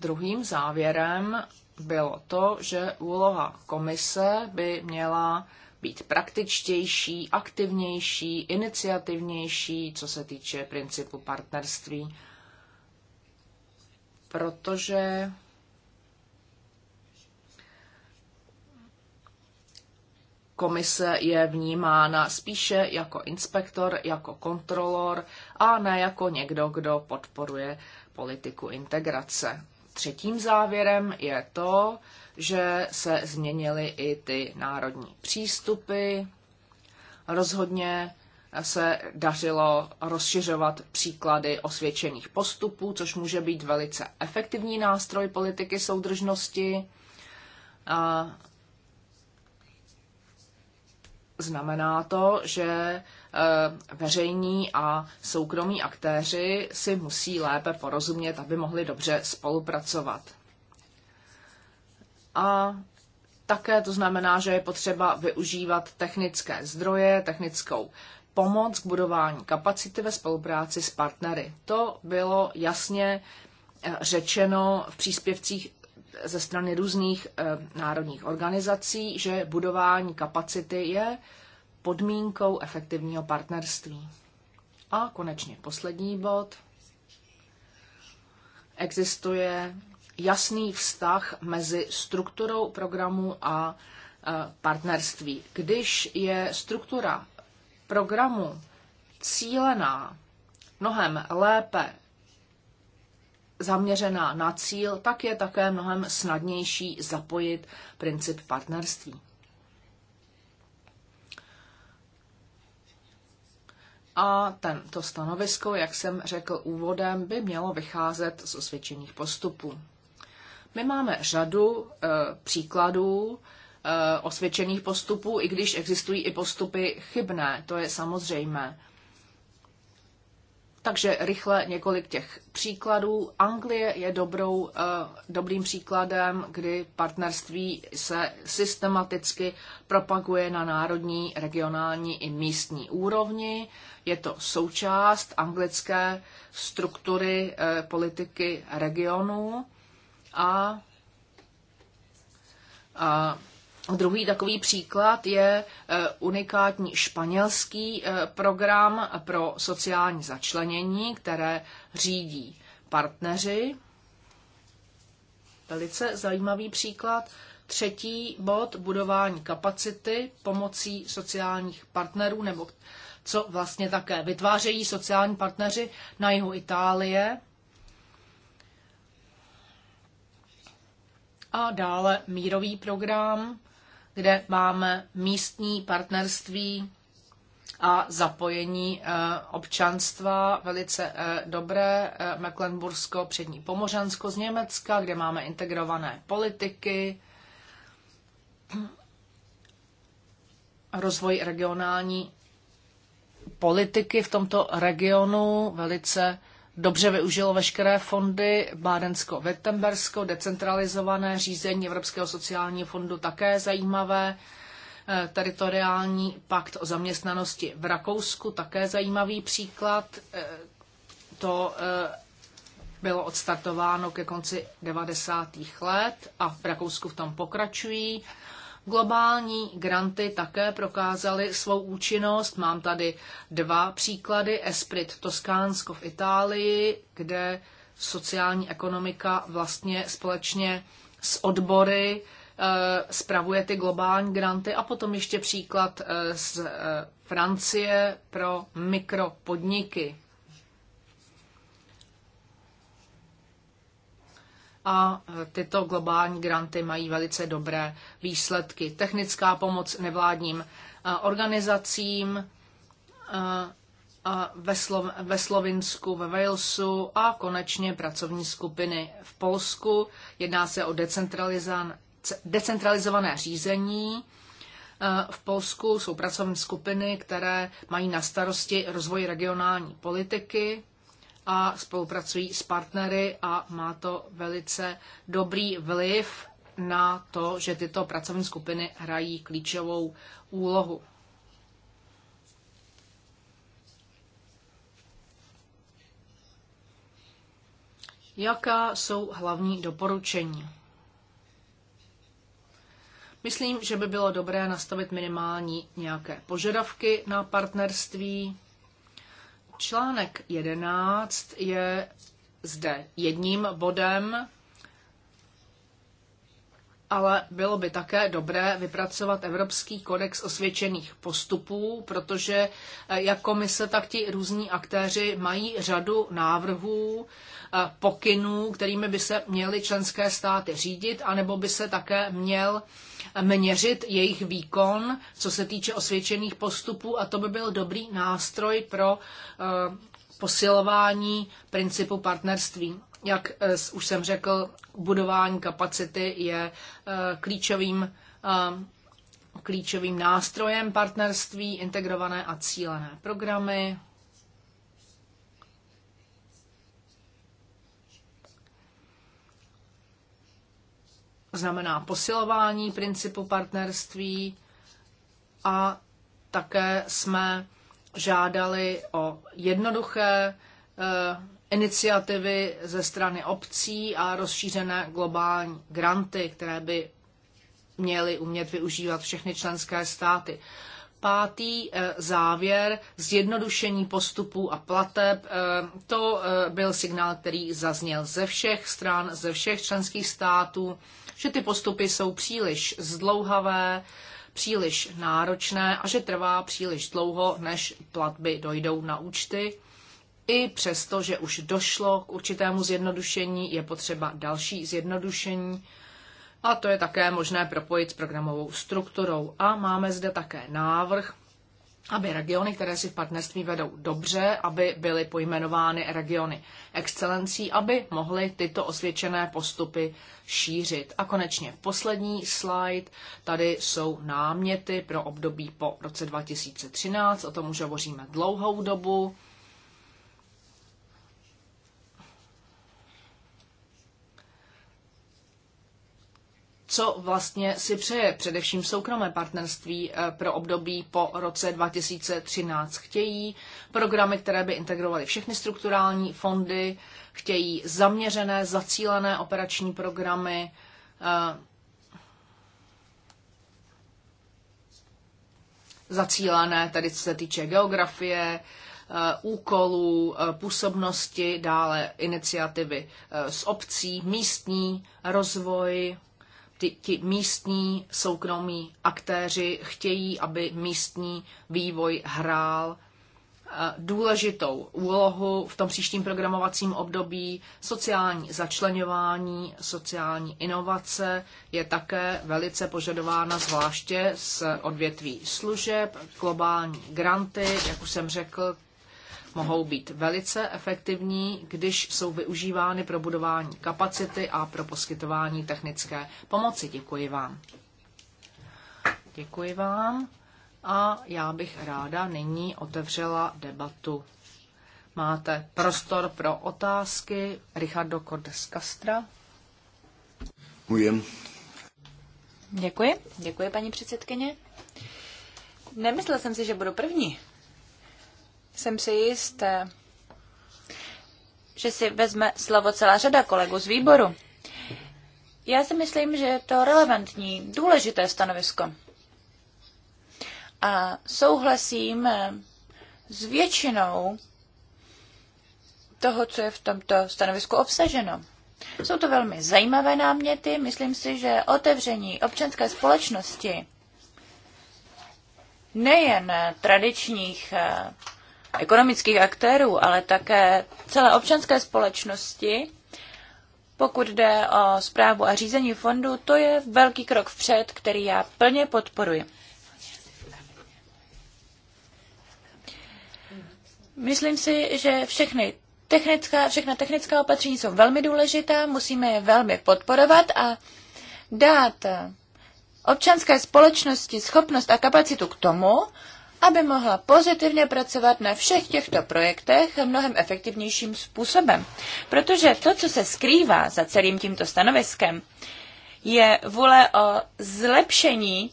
Druhým závěrem bylo to, že úloha komise by měla být praktičtější, aktivnější, iniciativnější, co se týče principu partnerství, protože komise je vnímána spíše jako inspektor, jako kontrolor a ne jako někdo, kdo podporuje politiku integrace. Třetím závěrem je to, že se změnily i ty národní přístupy. Rozhodně se dařilo rozšiřovat příklady osvědčených postupů, což může být velice efektivní nástroj politiky soudržnosti. A znamená to, že eh, veřejní a soukromí aktéři si musí lépe porozumět, aby mohli dobře spolupracovat. A také to znamená, že je potřeba využívat technické zdroje, technickou pomoc k budování kapacity ve spolupráci s partnery. To bylo jasně eh, řečeno v příspěvcích ze strany různých eh, národních organizací, že budování kapacity je podmínkou efektivního partnerství. A konečně poslední bod. Existuje jasný vztah mezi strukturou programu a eh, partnerství. Když je struktura programu cílená mnohem lépe zaměřená na cíl, tak je také mnohem snadnější zapojit princip partnerství. A tento stanovisko, jak jsem řekl úvodem, by mělo vycházet z osvědčených postupů. My máme řadu e, příkladů e, osvědčených postupů, i když existují i postupy chybné, to je samozřejmé. Takže rychle několik těch příkladů. Anglie je dobrou, eh, dobrým příkladem, kdy partnerství se systematicky propaguje na národní, regionální i místní úrovni. Je to součást anglické struktury eh, politiky regionu a, a Druhý takový příklad je e, unikátní španělský e, program pro sociální začlenění, které řídí partneři. Velice zajímavý příklad. Třetí bod, budování kapacity pomocí sociálních partnerů, nebo co vlastně také vytvářejí sociální partneři na jihu Itálie. A dále mírový program, kde máme místní partnerství a zapojení eh, občanstva velice eh, dobré. Eh, Mecklenbursko, přední Pomořansko z Německa, kde máme integrované politiky, rozvoj regionální politiky v tomto regionu velice dobře využilo veškeré fondy. Bádensko, Wittembersko, decentralizované řízení Evropského sociálního fondu také zajímavé. E, teritoriální pakt o zaměstnanosti v Rakousku také zajímavý příklad. E, to e, bylo odstartováno ke konci 90. let a v Rakousku v tom pokračují. Globální granty také prokázaly svou účinnost. Mám tady dva příklady. Esprit Toskánsko v Itálii, kde sociální ekonomika vlastně společně s odbory eh, spravuje ty globální granty a potom ještě příklad eh, z eh, Francie pro mikropodniky. a tyto globální granty mají velice dobré výsledky. Technická pomoc nevládním eh, organizacím eh, ve, ve Slovinsku, ve Walesu a konečně pracovní skupiny v Polsku. Jedná se o decentralizované řízení. Eh, v Polsku jsou pracovní skupiny, které mají na starosti rozvoj regionální politiky a spolupracují s partnery a má to velice dobrý vliv na to, že tyto pracovní skupiny hrají klíčovou úlohu. Jaká jsou hlavní doporučení? Myslím, že by bylo dobré nastavit minimální nějaké požadavky na partnerství, Článek 11 je zde jedním bodem ale bylo by také dobré vypracovat Evropský kodex osvědčených postupů, protože eh, jak komise, tak ti různí aktéři mají řadu návrhů, eh, pokynů, kterými by se měly členské státy řídit, anebo by se také měl eh, měřit jejich výkon, co se týče osvědčených postupů a to by byl dobrý nástroj pro posilování principu partnerství jak eh, už jsem řekl, budování kapacity je eh, klíčovým, eh, klíčovým nástrojem partnerství, integrované a cílené programy. Znamená posilování principu partnerství a také jsme žádali o jednoduché iniciativy ze strany obcí a rozšířené globální granty, které by měly umět využívat všechny členské státy. Pátý eh, závěr, zjednodušení postupů a plateb, eh, to eh, byl signál, který zazněl ze všech stran, ze všech členských států, že ty postupy jsou příliš zdlouhavé, příliš náročné a že trvá příliš dlouho, než platby dojdou na účty i přesto, že už došlo k určitému zjednodušení, je potřeba další zjednodušení. A to je také možné propojit s programovou strukturou. A máme zde také návrh, aby regiony, které si v partnerství vedou dobře, aby byly pojmenovány regiony excelencí, aby mohly tyto osvědčené postupy šířit. A konečně poslední slide, tady jsou náměty pro období po roce 2013, o tom už hovoříme dlouhou dobu. co vlastně si přeje především soukromé partnerství eh, pro období po roce 2013. Chtějí programy, které by integrovaly všechny strukturální fondy, chtějí zaměřené, zacílené operační programy, eh, zacílené, tady co se týče geografie, eh, úkolů, působnosti, dále iniciativy z obcí, místní rozvoj, ti, ti místní soukromí aktéři chtějí, aby místní vývoj hrál eh, důležitou úlohu v tom příštím programovacím období. Sociální začlenování, sociální inovace je také velice požadována zvláště z odvětví služeb, globální granty, jak už jsem řekl, mohou být velice efektivní, když jsou využívány pro budování kapacity a pro poskytování technické pomoci. Děkuji vám. Děkuji vám a já bych ráda nyní otevřela debatu. Máte prostor pro otázky. Richardo Cordes Castra. Děkuji. Děkuji, děkuji paní předsedkyně. Nemyslela jsem si, že budu první jsem si jist, eh, že si vezme slovo celá řada kolegů z výboru. Já si myslím, že je to relevantní, důležité stanovisko. A souhlasím eh, s většinou toho, co je v tomto stanovisku obsaženo. Jsou to velmi zajímavé náměty. Myslím si, že otevření občanské společnosti nejen tradičních eh, ekonomických aktérů, ale také celé občanské společnosti, pokud jde o zprávu a řízení fondu, to je velký krok vpřed, který já plně podporuji. Myslím si, že všechny technická, všechna technická opatření jsou velmi důležitá, musíme je velmi podporovat a dát občanské společnosti schopnost a kapacitu k tomu, aby mohla pozitivně pracovat na všech těchto projektech mnohem efektivnějším způsobem. Protože to, co se skrývá za celým tímto stanoviskem, je vůle o zlepšení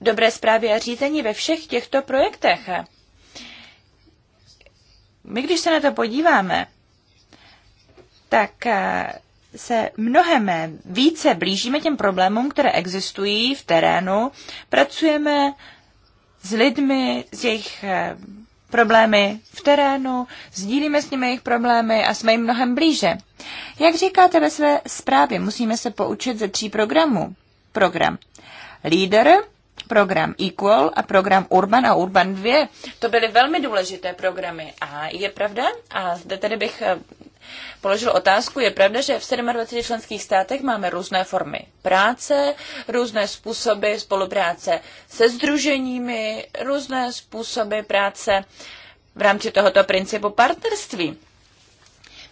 dobré zprávy a řízení ve všech těchto projektech. My, když se na to podíváme, tak eh, se mnohem více blížíme těm problémům, které existují v terénu. Pracujeme s lidmi, s jejich eh, problémy v terénu, sdílíme s nimi jejich problémy a jsme jim mnohem blíže. Jak říkáte ve své zprávě, musíme se poučit ze tří programů. Program Leader, program Equal a program Urban a Urban 2. To byly velmi důležité programy. A je pravda, a zde tedy bych eh, položil otázku, je pravda, že v 27 členských státech máme různé formy práce, různé způsoby spolupráce se združeními, různé způsoby práce v rámci tohoto principu partnerství.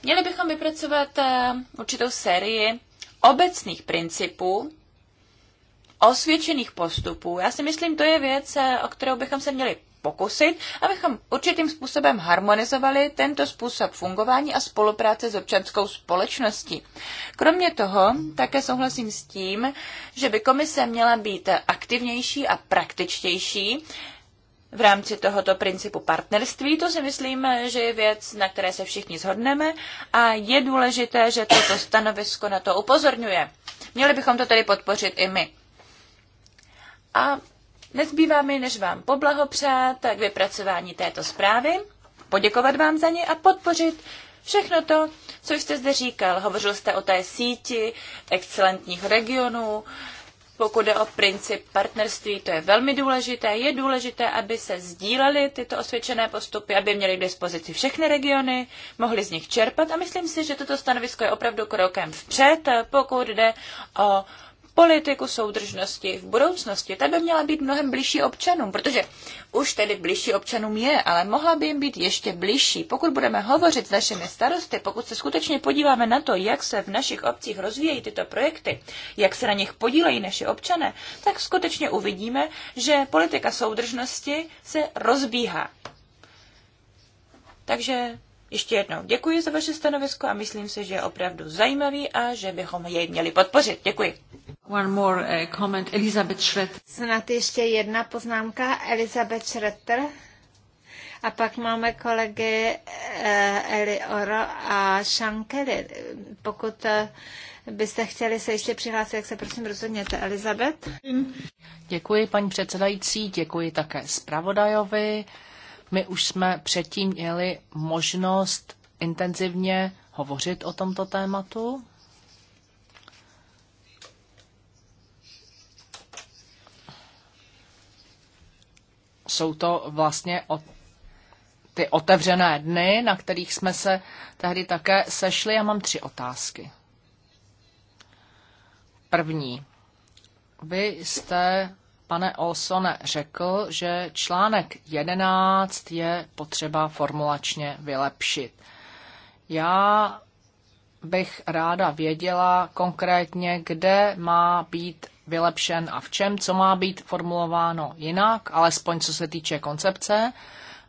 Měli bychom vypracovat eh, určitou sérii obecných principů, osvědčených postupů. Já si myslím, to je věc, eh, o kterou bychom se měli pokusit, abychom určitým způsobem harmonizovali tento způsob fungování a spolupráce s občanskou společností. Kromě toho také souhlasím s tím, že by komise měla být aktivnější a praktičtější v rámci tohoto principu partnerství. To si myslím, že je věc, na které se všichni shodneme a je důležité, že toto stanovisko na to upozorňuje. Měli bychom to tedy podpořit i my. A Nezbývá mi, než vám poblahopřát k vypracování této zprávy, poděkovat vám za ně a podpořit všechno to, co jste zde říkal. Hovořil jste o té síti excelentních regionů, pokud jde o princip partnerství, to je velmi důležité. Je důležité, aby se sdílely tyto osvědčené postupy, aby měly k dispozici všechny regiony, mohly z nich čerpat. A myslím si, že toto stanovisko je opravdu krokem vpřed, pokud jde o politiku soudržnosti v budoucnosti, ta by měla být mnohem blížší občanům, protože už tedy blížší občanům je, ale mohla by jim být ještě blížší. Pokud budeme hovořit s našimi starosty, pokud se skutečně podíváme na to, jak se v našich obcích rozvíjejí tyto projekty, jak se na nich podílejí naši občané, tak skutečně uvidíme, že politika soudržnosti se rozbíhá. Takže ještě jednou děkuji za vaše stanovisko a myslím si, že je opravdu zajímavý a že bychom jej měli podpořit. Děkuji. One more eh, comment, Elizabeth Schroeder. Snad ještě jedna poznámka, Elizabeth Schretter. A pak máme kolegy eh, Eli Oro a Kelly. Pokud eh, byste chtěli se ještě přihlásit, jak se prosím rozhodněte. Elizabeth? Děkuji, paní předsedající, děkuji také zpravodajovi. My už jsme předtím měli možnost intenzivně hovořit o tomto tématu. Jsou to vlastně od ty otevřené dny, na kterých jsme se tehdy také sešli. a mám tři otázky. První. Vy jste pane Olsone, řekl, že článek 11 je potřeba formulačně vylepšit. Já bych ráda věděla konkrétně, kde má být vylepšen a v čem, co má být formulováno jinak, alespoň co se týče koncepce.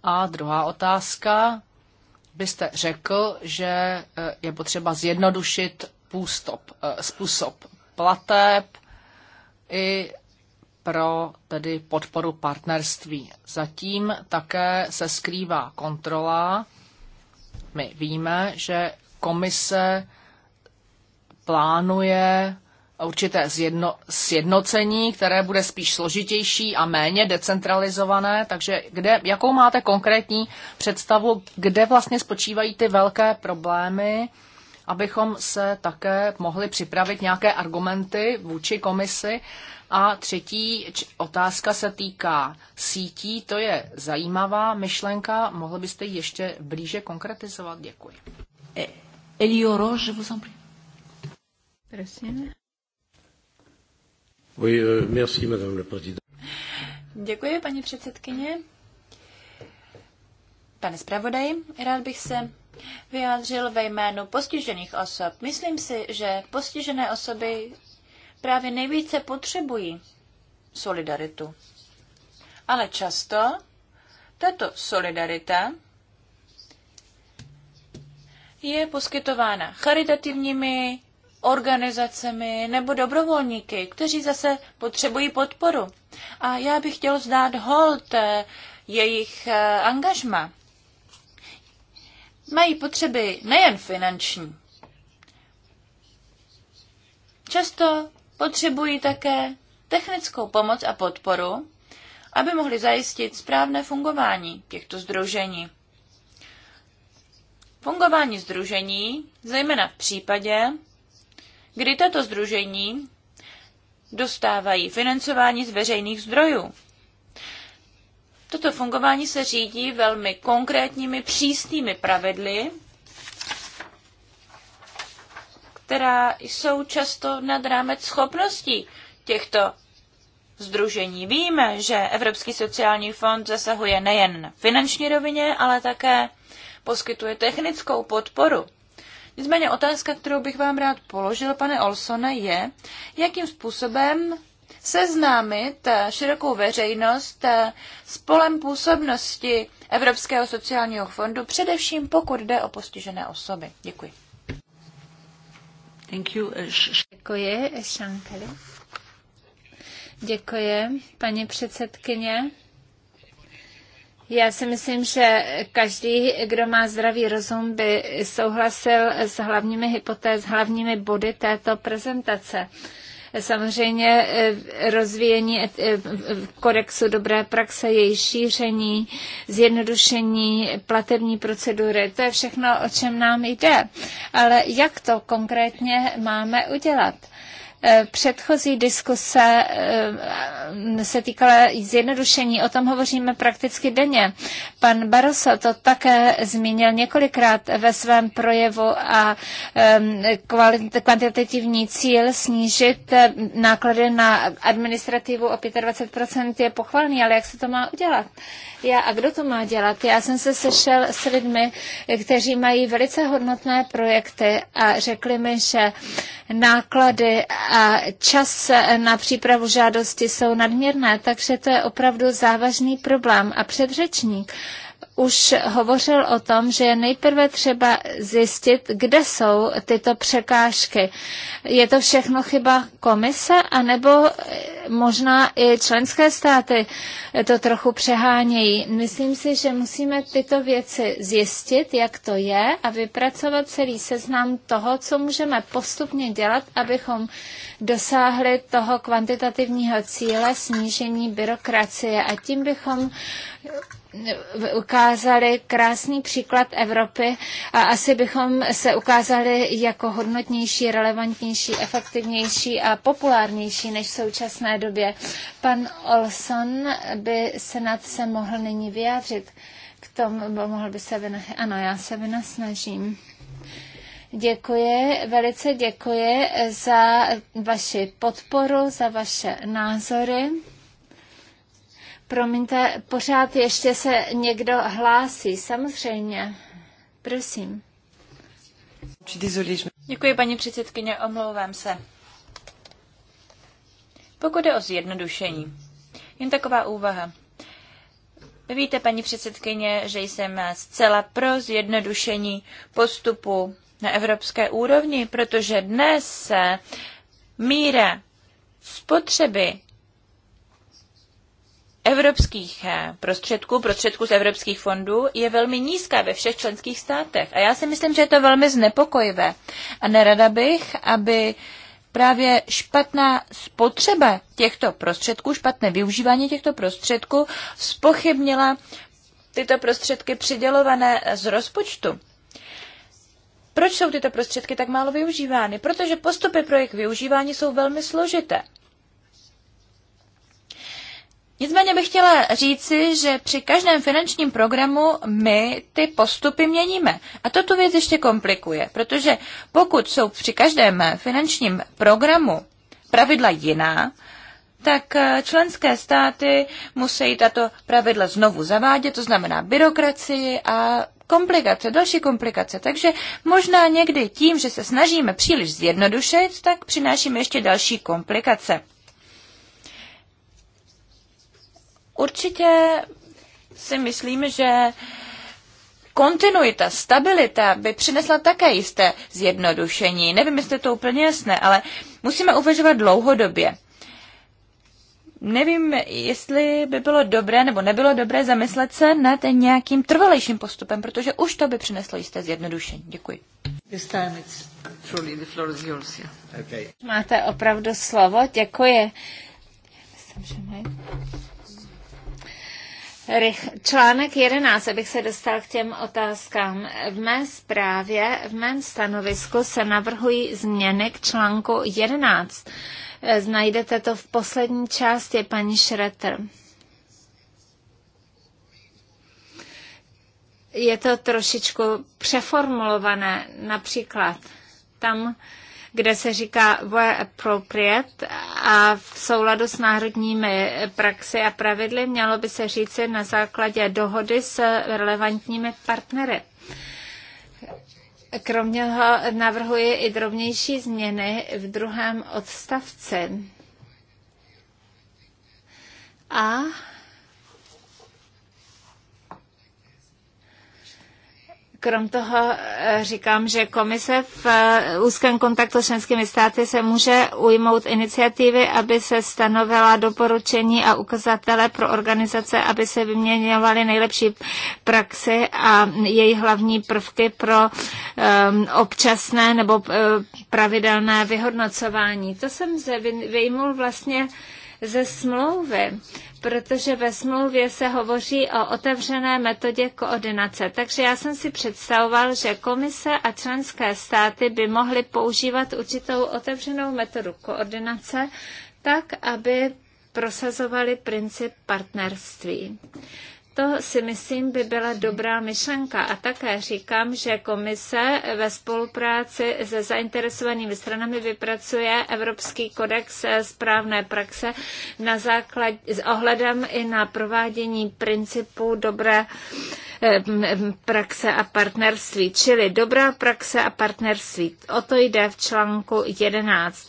A druhá otázka, byste řekl, že eh, je potřeba zjednodušit půstop, eh, způsob plateb i pro tedy podporu partnerství. Zatím také se skrývá kontrola. My víme, že komise plánuje určité zjedno, sjednocení, které bude spíš složitější a méně decentralizované. Takže kde, jakou máte konkrétní představu, kde vlastně spočívají ty velké problémy? abychom se také mohli připravit nějaké argumenty vůči komisi. A třetí otázka se týká sítí. To je zajímavá myšlenka. Mohli byste ji ještě blíže konkretizovat? Děkuji. E, Elio Roche, vous en Prosím. Oui, euh, merci, madame la Děkuji, paní předsedkyně. Pane zpravodaji, rád bych se vyjádřil ve jménu postižených osob. Myslím si, že postižené osoby právě nejvíce potřebují solidaritu. Ale často tato solidarita je poskytována charitativními organizacemi nebo dobrovolníky, kteří zase potřebují podporu. A já bych chtěl zdát hold eh, jejich eh, angažma mají potřeby nejen finanční. Často potřebují také technickou pomoc a podporu, aby mohli zajistit správné fungování těchto združení. Fungování združení, zejména v případě, kdy tato združení dostávají financování z veřejných zdrojů. Toto fungování se řídí velmi konkrétními přísnými pravidly, která jsou často nad rámec schopností těchto združení. Víme, že Evropský sociální fond zasahuje nejen finanční rovině, ale také poskytuje technickou podporu. Nicméně otázka, kterou bych vám rád položil, pane Olsone, je, jakým způsobem seznámit eh, širokou veřejnost eh, s polem působnosti Evropského sociálního fondu, především pokud jde o postižené osoby. Děkuji. Thank you. Eh, Děkuji, Šankeli. Děkuji, paní předsedkyně. Já si myslím, že každý, kdo má zdravý rozum, by souhlasil s hlavními hypotéz, hlavními body této prezentace. Uh, Samozřejmě eh, rozvíjení eh, kodexu dobré praxe, její šíření, zjednodušení platební procedury, to je všechno, o čem nám jde. Ale jak to konkrétně máme udělat? Eh, předchozí diskuse eh, se týkala zjednodušení, o tom hovoříme prakticky denně. Pan Barroso to také zmínil několikrát ve svém projevu a ehm, kvantitativní cíl snížit eh, náklady na administrativu o 25% je pochvalný, ale jak se to má udělat? Já, a kdo to má dělat? Já jsem se sešel s lidmi, kteří mají velice hodnotné projekty a řekli mi, že náklady a čas eh, na přípravu žádosti jsou nadměrné, takže to je opravdu závažný problém. A předřečník už hovořil o tom, že je nejprve třeba zjistit, kde jsou tyto překážky. Je to všechno chyba komise, anebo možná i členské státy to trochu přehánějí. Myslím si, že musíme tyto věci zjistit, jak to je a vypracovat celý seznam toho, co můžeme postupně dělat, abychom dosáhli toho kvantitativního cíle snížení byrokracie a tím bychom ukázali krásný příklad Evropy a asi bychom se ukázali jako hodnotnější, relevantnější, efektivnější a populárnější než v současné době. Pan Olson by se nad se mohl nyní vyjádřit. K tomu mohl by se vynah... Ano, já se vynasnažím. Děkuji, velice děkuji za vaši podporu, za vaše názory. Promiňte, pořád ještě se někdo hlásí, samozřejmě. Prosím. Děkuji, paní předsedkyně, omlouvám se. Pokud je o zjednodušení, jen taková úvaha. Vy víte, paní předsedkyně, že jsem zcela pro zjednodušení postupu na evropské úrovni, protože dnes míra spotřeby evropských eh, prostředků, prostředků z evropských fondů, je velmi nízká ve všech členských státech. A já si myslím, že je to velmi znepokojivé. A nerada bych, aby právě špatná spotřeba těchto prostředků, špatné využívání těchto prostředků spochybnila tyto prostředky přidělované eh, z rozpočtu. Proč jsou tyto prostředky tak málo využívány? Protože postupy pro jejich využívání jsou velmi složité. Nicméně bych chtěla říci, že při každém finančním programu my ty postupy měníme. A to tu věc ještě komplikuje, protože pokud jsou při každém finančním programu pravidla jiná, tak eh, členské státy musí tato pravidla znovu zavádět, to znamená byrokracii a komplikace, další komplikace. Takže možná někdy tím, že se snažíme příliš zjednodušit, tak přinášíme ještě další komplikace. Určitě si myslím, že kontinuita, stabilita by přinesla také jisté zjednodušení. Nevím, jestli je to úplně jasné, ale musíme uvažovat dlouhodobě. Nevím, jestli by bylo dobré nebo nebylo dobré zamyslet se nad nějakým trvalejším postupem, protože už to by přineslo jisté zjednodušení. Děkuji. Máte opravdu slovo, děkuji. Myslím, že mají. Článek 11, abych se dostal k těm otázkám. V mé zprávě, v mém stanovisku se navrhují změny k článku 11. Znajdete to v poslední části, paní šreter. Je to trošičku přeformulované, například tam kde se říká where appropriate a v souladu s národními praxi a pravidly mělo by se říci na základě dohody s relevantními partnery. Kromě toho navrhuji i drobnější změny v druhém odstavci. A Krom toho eh, říkám, že komise v eh, úzkém kontaktu s členskými státy se může ujmout iniciativy, aby se stanovila doporučení a ukazatele pro organizace, aby se vyměňovaly nejlepší praxi a její hlavní prvky pro um, občasné nebo um, pravidelné vyhodnocování. To jsem vyjmul vlastně ze smlouvy, protože ve smlouvě se hovoří o otevřené metodě koordinace. Takže já jsem si představoval, že komise a členské státy by mohly používat určitou otevřenou metodu koordinace, tak, aby prosazovali princip partnerství. To si myslím by byla dobrá myšlenka a také říkám, že komise ve spolupráci se zainteresovanými stranami vypracuje Evropský kodex správné praxe na základ, s ohledem i na provádění principu dobré praxe a partnerství, čili dobrá praxe a partnerství. O to jde v článku 11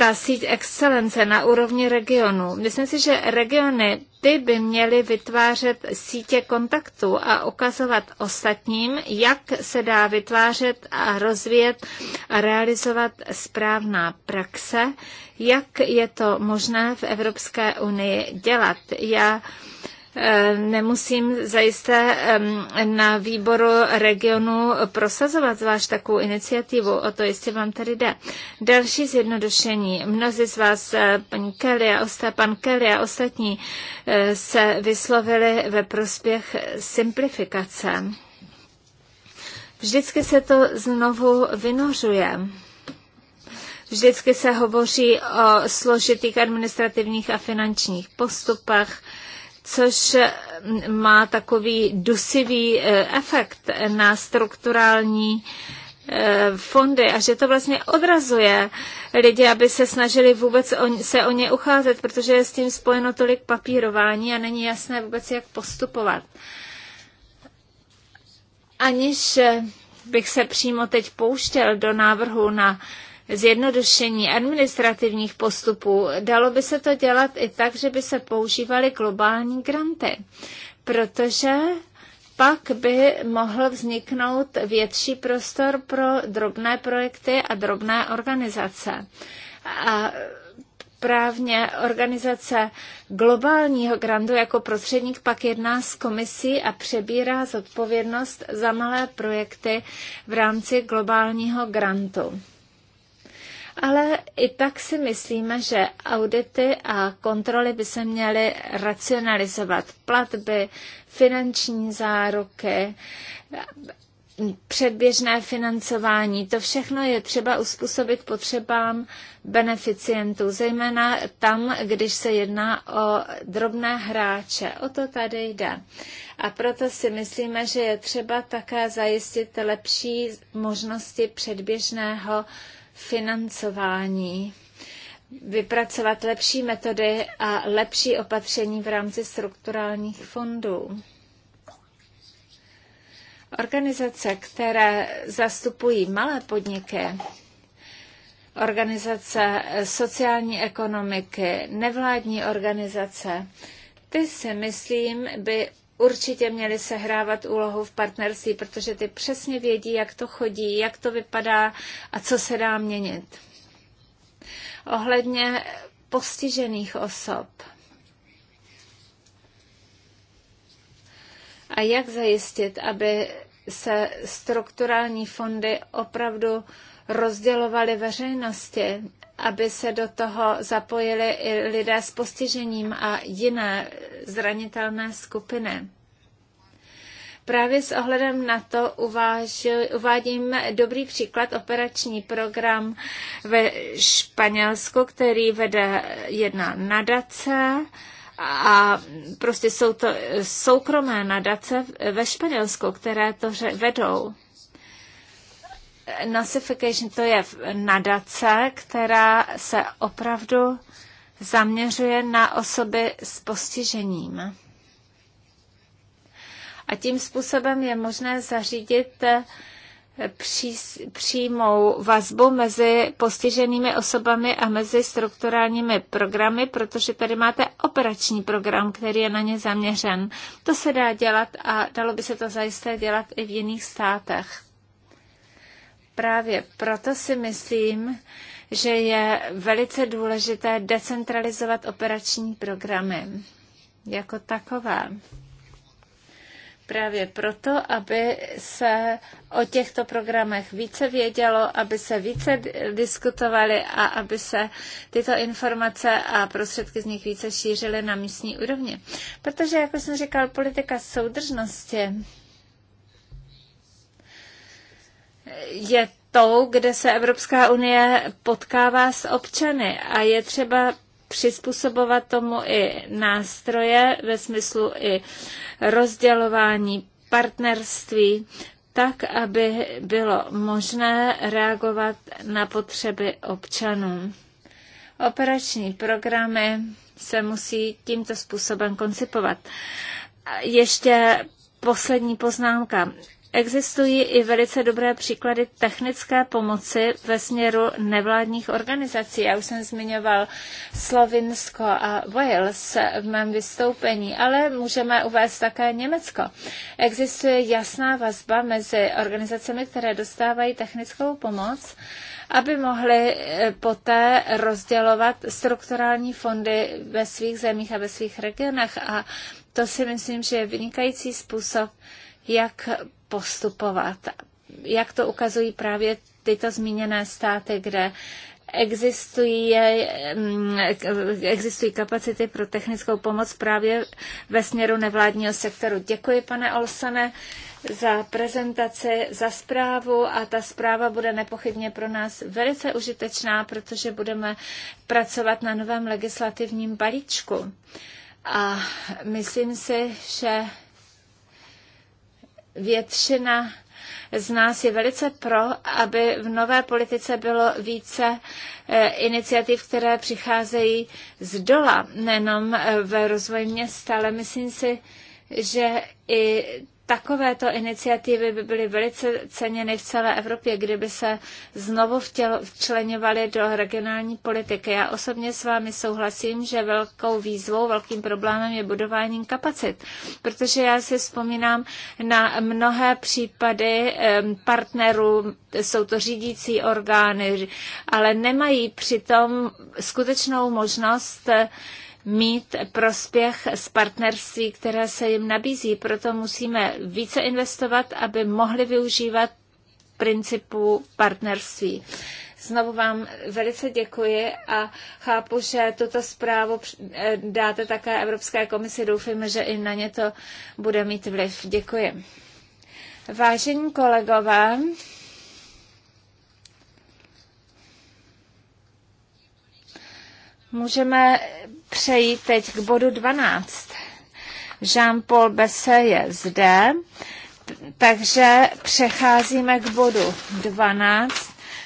ta síť excelence na úrovni regionu. Myslím si, že regiony ty by měly vytvářet sítě kontaktů a ukazovat ostatním, jak se dá vytvářet a rozvíjet a realizovat správná praxe, jak je to možné v Evropské unii dělat. Já Eh, nemusím zajisté na výboru regionu prosazovat zvlášť takovou iniciativu, o to jistě vám tady jde. Další zjednodušení. Mnozí z vás, eh, paní Kelly a osta, pan Kelly a ostatní, eh, se vyslovili ve prospěch simplifikace. Vždycky se to znovu vynořuje. Vždycky se hovoří o složitých administrativních a finančních postupech, což eh, má takový dusivý eh, efekt na strukturální eh, fondy a že to vlastně odrazuje lidi, aby se snažili vůbec o, se o ně ucházet, protože je s tím spojeno tolik papírování a není jasné vůbec, jak postupovat. Aniž bych se přímo teď pouštěl do návrhu na zjednodušení administrativních postupů, dalo by se to dělat i tak, že by se používaly globální granty, protože pak by mohl vzniknout větší prostor pro drobné projekty a drobné organizace. A právně organizace globálního grantu jako prostředník pak jedná s komisí a přebírá zodpovědnost za malé projekty v rámci globálního grantu ale i tak si myslíme, že audity a kontroly by se měly racionalizovat. Platby, finanční záruky, předběžné financování, to všechno je třeba uspůsobit potřebám beneficientů, zejména tam, když se jedná o drobné hráče. O to tady jde. A proto si myslíme, že je třeba také zajistit lepší možnosti předběžného financování, vypracovat lepší metody a lepší opatření v rámci strukturálních fondů. Organizace, které zastupují malé podniky, organizace sociální ekonomiky, nevládní organizace, ty si myslím by určitě měly sehrávat úlohu v partnerství, protože ty přesně vědí, jak to chodí, jak to vypadá a co se dá měnit. Ohledně postižených osob. A jak zajistit, aby se strukturální fondy opravdu rozdělovaly veřejnosti aby se do toho zapojili i lidé s postižením a jiné zranitelné skupiny. Právě s ohledem na to uvádím dobrý příklad operační program ve Španělsku, který vede jedna nadace a prostě jsou to soukromé nadace ve Španělsku, které to vedou. Nasification to je nadace, která se opravdu zaměřuje na osoby s postižením. A tím způsobem je možné zařídit eh, pří, přímou vazbu mezi postiženými osobami a mezi strukturálními programy, protože tady máte operační program, který je na ně zaměřen. To se dá dělat a dalo by se to zajisté dělat i v jiných státech. Právě proto si myslím, že je velice důležité decentralizovat operační programy jako takové. Právě proto, aby se o těchto programech více vědělo, aby se více diskutovaly a aby se tyto informace a prostředky z nich více šířily na místní úrovni. Protože, jak už jsem říkal, politika soudržnosti je tou, kde se Evropská unie potkává s občany a je třeba přizpůsobovat tomu i nástroje ve smyslu i rozdělování partnerství, tak, aby bylo možné reagovat na potřeby občanů. Operační programy se musí tímto způsobem koncipovat. Ještě poslední poznámka. Existují i velice dobré příklady technické pomoci ve směru nevládních organizací. Já už jsem zmiňoval Slovinsko a Wales v mém vystoupení, ale můžeme uvést také Německo. Existuje jasná vazba mezi organizacemi, které dostávají technickou pomoc aby mohly eh, poté rozdělovat strukturální fondy ve svých zemích a ve svých regionech. A to si myslím, že je vynikající způsob, jak postupovat. Jak to ukazují právě tyto zmíněné státy, kde existují, mm, existují kapacity pro technickou pomoc právě ve směru nevládního sektoru. Děkuji, pane Olsane, za prezentaci, za zprávu a ta zpráva bude nepochybně pro nás velice užitečná, protože budeme pracovat na novém legislativním balíčku. A myslím si, že většina z nás je velice pro, aby v nové politice bylo více eh, iniciativ, které přicházejí z dola, nejenom eh, ve rozvoji města, ale myslím si, že i takovéto iniciativy by byly velice ceněny v celé Evropě, kdyby se znovu vtělo, do regionální politiky. Já osobně s vámi souhlasím, že velkou výzvou, velkým problémem je budování kapacit, protože já si vzpomínám na mnohé případy partnerů, jsou to řídící orgány, ale nemají přitom skutečnou možnost mít prospěch z partnerství, které se jim nabízí. Proto musíme více investovat, aby mohli využívat principu partnerství. Znovu vám velice děkuji a chápu, že tuto zprávu eh, dáte také Evropské komisi. Doufujeme, že i na ně to bude mít vliv. Děkuji. Vážení kolegové, můžeme přejít teď k bodu 12. Jean-Paul Besse je zde, takže přecházíme k bodu 12,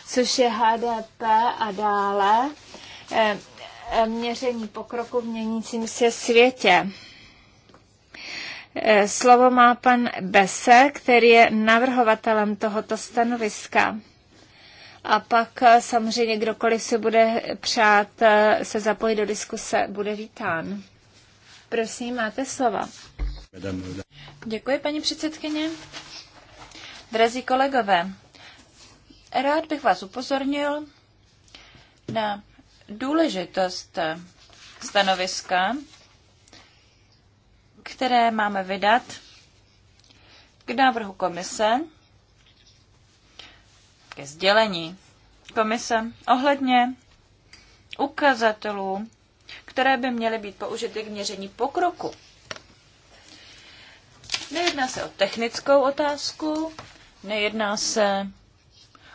což je HDP a dále eh, měření pokroku v měnícím se světě. Eh, slovo má pan Bese, který je navrhovatelem tohoto stanoviska. A pak eh, samozřejmě kdokoliv si bude přát eh, se zapojit do diskuse, bude vítán. Prosím, máte slova. Děkuji, paní předsedkyně. Drazí kolegové, rád bych vás upozornil na důležitost eh, stanoviska, které máme vydat k návrhu komise ke sdělení komise ohledně ukazatelů, které by měly být použity k měření pokroku. Nejedná se o technickou otázku, nejedná se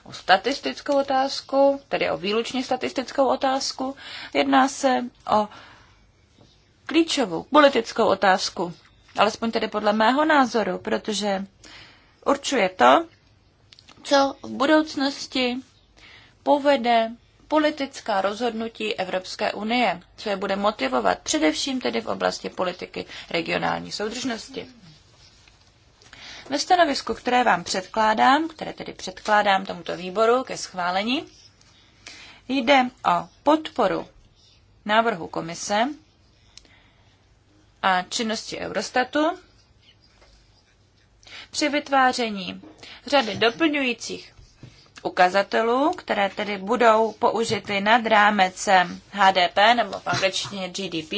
o statistickou otázku, tedy o výlučně statistickou otázku, jedná se o klíčovou politickou otázku, alespoň tedy podle mého názoru, protože určuje to, co v budoucnosti povede politická rozhodnutí Evropské unie, co je bude motivovat především tedy v oblasti politiky regionální soudržnosti. Ve stanovisku, které vám předkládám, které tedy předkládám tomuto výboru ke schválení, jde o podporu návrhu komise a činnosti Eurostatu při vytváření řady doplňujících ukazatelů, které tedy budou použity nad rámec HDP nebo v angličtině GDP,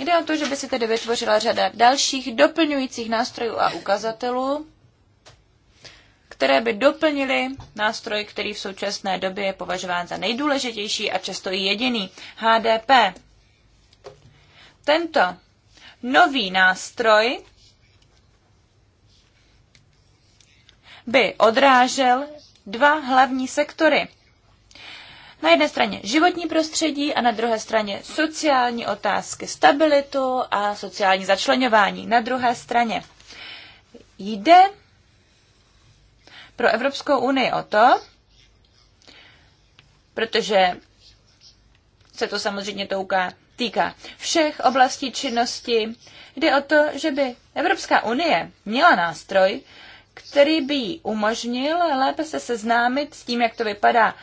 Jde o to, že by se tedy vytvořila řada dalších doplňujících nástrojů a ukazatelů, které by doplnily nástroj, který v současné době je považován za nejdůležitější a často i jediný HDP. Tento nový nástroj by odrážel dva hlavní sektory. Na jedné straně životní prostředí a na druhé straně sociální otázky, stabilitu a sociální začlenování. Na druhé straně jde pro Evropskou unii o to, protože se to samozřejmě touká, týká všech oblastí činnosti, jde o to, že by Evropská unie měla nástroj, který by jí umožnil lépe se seznámit s tím, jak to vypadá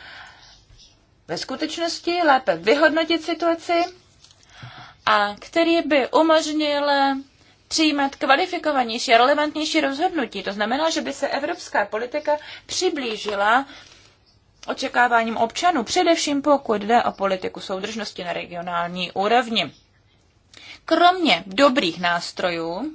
ve skutečnosti, lépe vyhodnotit situaci a který by umožnil přijímat kvalifikovanější a relevantnější rozhodnutí. To znamená, že by se evropská politika přiblížila očekáváním občanů, především pokud jde o politiku soudržnosti na regionální úrovni. Kromě dobrých nástrojů,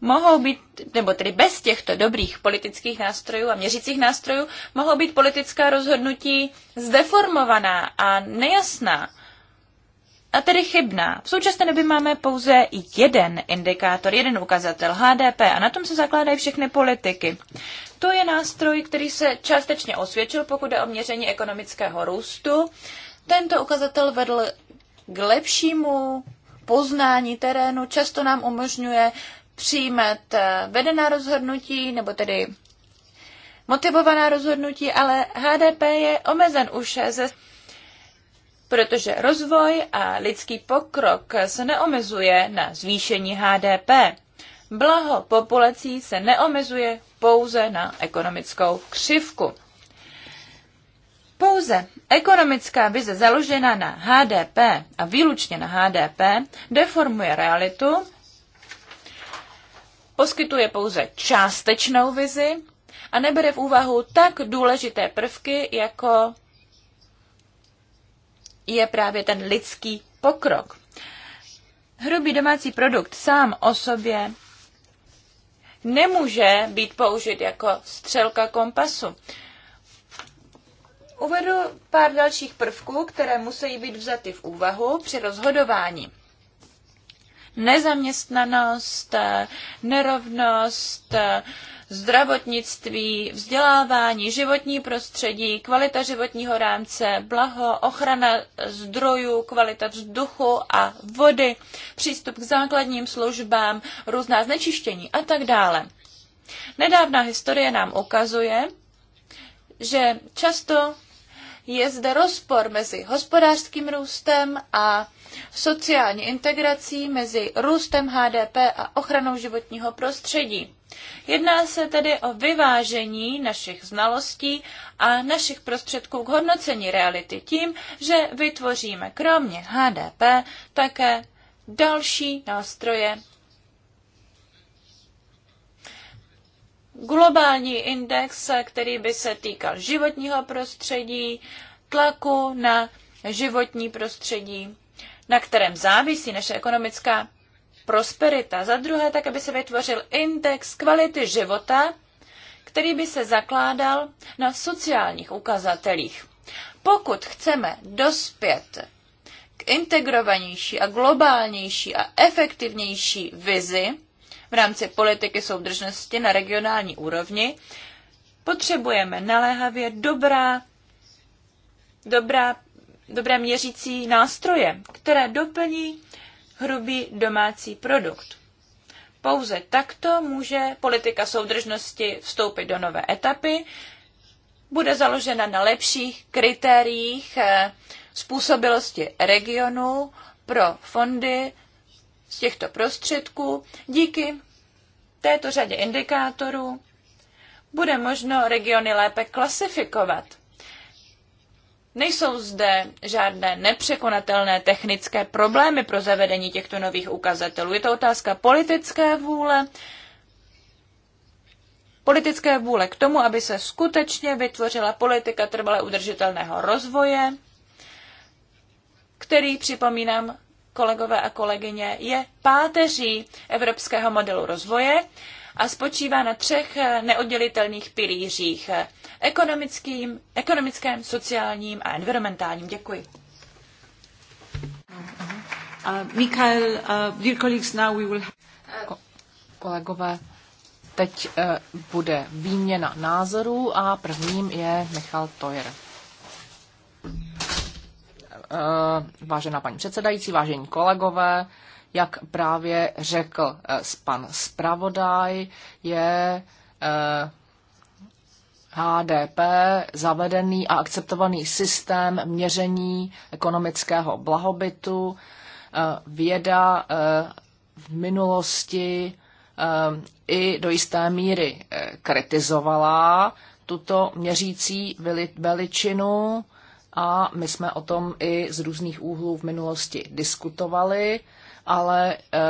mohou být, nebo tedy bez těchto dobrých politických nástrojů a měřících nástrojů, mohou být politická rozhodnutí zdeformovaná a nejasná a tedy chybná. V současné době máme pouze jeden indikátor, jeden ukazatel HDP a na tom se zakládají všechny politiky. To je nástroj, který se částečně osvědčil, pokud je o měření ekonomického růstu. Tento ukazatel vedl k lepšímu poznání terénu, často nám umožňuje přijímat eh, vedená rozhodnutí, nebo tedy motivovaná rozhodnutí, ale HDP je omezen už ze protože rozvoj a lidský pokrok se neomezuje na zvýšení HDP. Blaho populací se neomezuje pouze na ekonomickou křivku. Pouze ekonomická vize založená na HDP a výlučně na HDP deformuje realitu, poskytuje pouze částečnou vizi a nebere v úvahu tak důležité prvky, jako je právě ten lidský pokrok. Hrubý domácí produkt sám o sobě nemůže být použit jako střelka kompasu. Uvedu pár dalších prvků, které musí být vzaty v úvahu při rozhodování nezaměstnanost, nerovnost, zdravotnictví, vzdělávání, životní prostředí, kvalita životního rámce, blaho, ochrana zdrojů, kvalita vzduchu a vody, přístup k základním službám, různá znečištění a tak dále. Nedávná historie nám ukazuje, že často je zde rozpor mezi hospodářským růstem a sociální integrací, mezi růstem HDP a ochranou životního prostředí. Jedná se tedy o vyvážení našich znalostí a našich prostředků k hodnocení reality tím, že vytvoříme kromě HDP také další nástroje globální index, který by se týkal životního prostředí, tlaku na životní prostředí, na kterém závisí naše ekonomická prosperita. Za druhé, tak aby se vytvořil index kvality života, který by se zakládal na sociálních ukazatelích. Pokud chceme dospět k integrovanější a globálnější a efektivnější vizi, v rámci politiky soudržnosti na regionální úrovni, potřebujeme naléhavě dobrá, dobrá, dobré měřící nástroje, které doplní hrubý domácí produkt. Pouze takto může politika soudržnosti vstoupit do nové etapy, bude založena na lepších kritériích eh, způsobilosti regionu pro fondy z těchto prostředků díky této řadě indikátorů bude možno regiony lépe klasifikovat. Nejsou zde žádné nepřekonatelné technické problémy pro zavedení těchto nových ukazatelů. Je to otázka politické vůle, politické vůle k tomu, aby se skutečně vytvořila politika trvale udržitelného rozvoje, který, připomínám, kolegové a kolegyně, je páteří evropského modelu rozvoje a spočívá na třech neoddělitelných pilířích. Ekonomickým, ekonomickém, sociálním a environmentálním. Děkuji. Uh, Michael, uh, dear colleagues, now we will have... Kolegové, teď uh, bude výměna názorů a prvním je Michal Tojer. Eh, vážená paní předsedající, vážení kolegové. Jak právě řekl eh, pan zpravodaj, je HDP eh, zavedený a akceptovaný systém měření ekonomického blahobytu. Věda v minulosti i do jisté míry kritizovala tuto měřící veličinu a my jsme o tom i z různých úhlů v minulosti diskutovali, ale eh,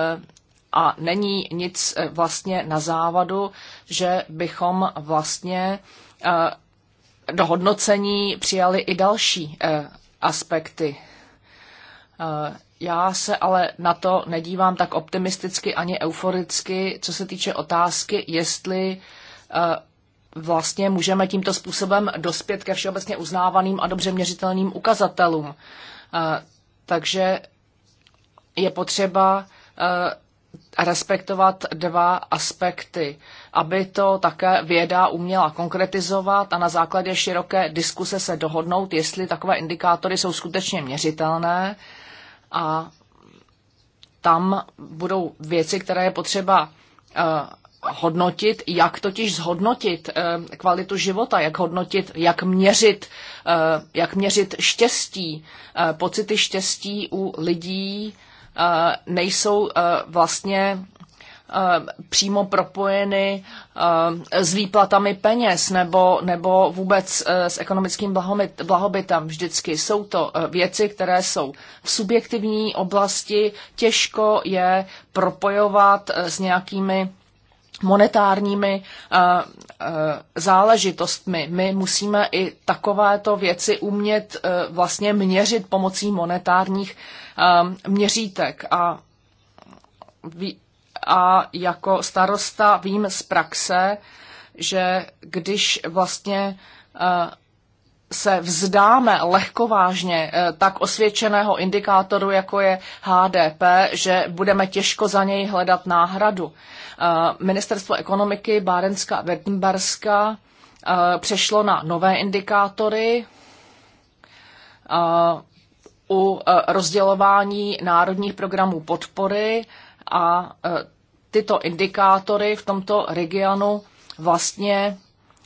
a není nic eh, vlastně na závadu, že bychom vlastně eh, do hodnocení přijali i další aspekty. Já se ale na to nedívám tak optimisticky ani euforicky, co se týče otázky, jestli vlastně můžeme tímto způsobem dospět ke všeobecně uznávaným a dobře měřitelným ukazatelům. Eh, takže je potřeba eh, respektovat dva aspekty, aby to také věda uměla konkretizovat a na základě široké diskuse se dohodnout, jestli takové indikátory jsou skutečně měřitelné a tam budou věci, které je potřeba eh, hodnotit, jak totiž zhodnotit eh, kvalitu života, jak hodnotit, jak měřit, eh, jak měřit štěstí. Eh, pocity štěstí u lidí nejsou vlastně přímo propojeny s výplatami peněz nebo, nebo vůbec s ekonomickým blahobytem. Vždycky jsou to věci, které jsou v subjektivní oblasti, těžko je propojovat s nějakými monetárními eh, eh, záležitostmi. My musíme i takovéto věci umět eh, vlastně měřit pomocí monetárních měřítek. A, a jako starosta vím z praxe, že když vlastně se vzdáme lehkovážně eh, tak osvědčeného indikátoru, jako je HDP, že budeme těžko za něj hledat náhradu. Eh, Ministerstvo ekonomiky Bárenská a Wittenberska eh, přešlo na nové indikátory u rozdělování národních programů podpory a tyto indikátory v tomto regionu vlastně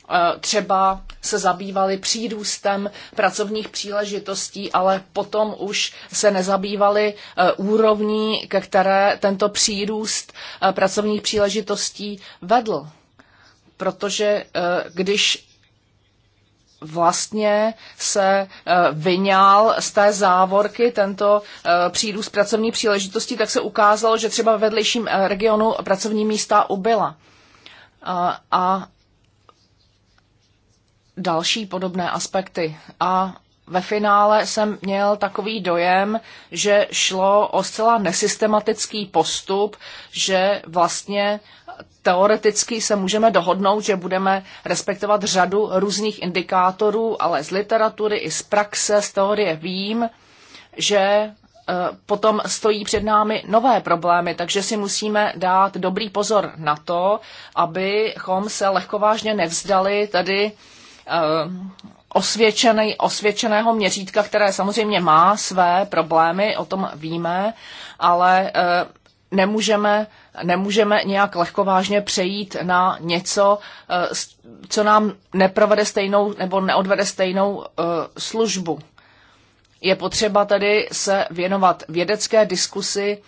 Eh, třeba se zabývali přírůstem pracovních příležitostí, ale potom už se nezabývali eh, úrovní, ke které tento přírůst eh, pracovních příležitostí vedl. Protože když vlastně se vyňal z té závorky tento přírůst pracovní příležitosti, tak se ukázalo, že třeba ve vedlejším regionu pracovní místa ubyla. A další podobné aspekty. A ve finále jsem měl takový dojem, že šlo o zcela nesystematický postup, že vlastně teoreticky se můžeme dohodnout, že budeme respektovat řadu různých indikátorů, ale z literatury i z praxe, z teorie vím, že e, potom stojí před námi nové problémy, takže si musíme dát dobrý pozor na to, abychom se lehkovážně nevzdali tady Eh, osvědčený, osvědčeného měřítka, které samozřejmě má své problémy, o tom víme, ale eh, nemůžeme, nemůžeme nějak lehkovážně přejít na něco, eh, co nám neprovede stejnou nebo neodvede stejnou službu. Je potřeba tedy se věnovat vědecké diskusi,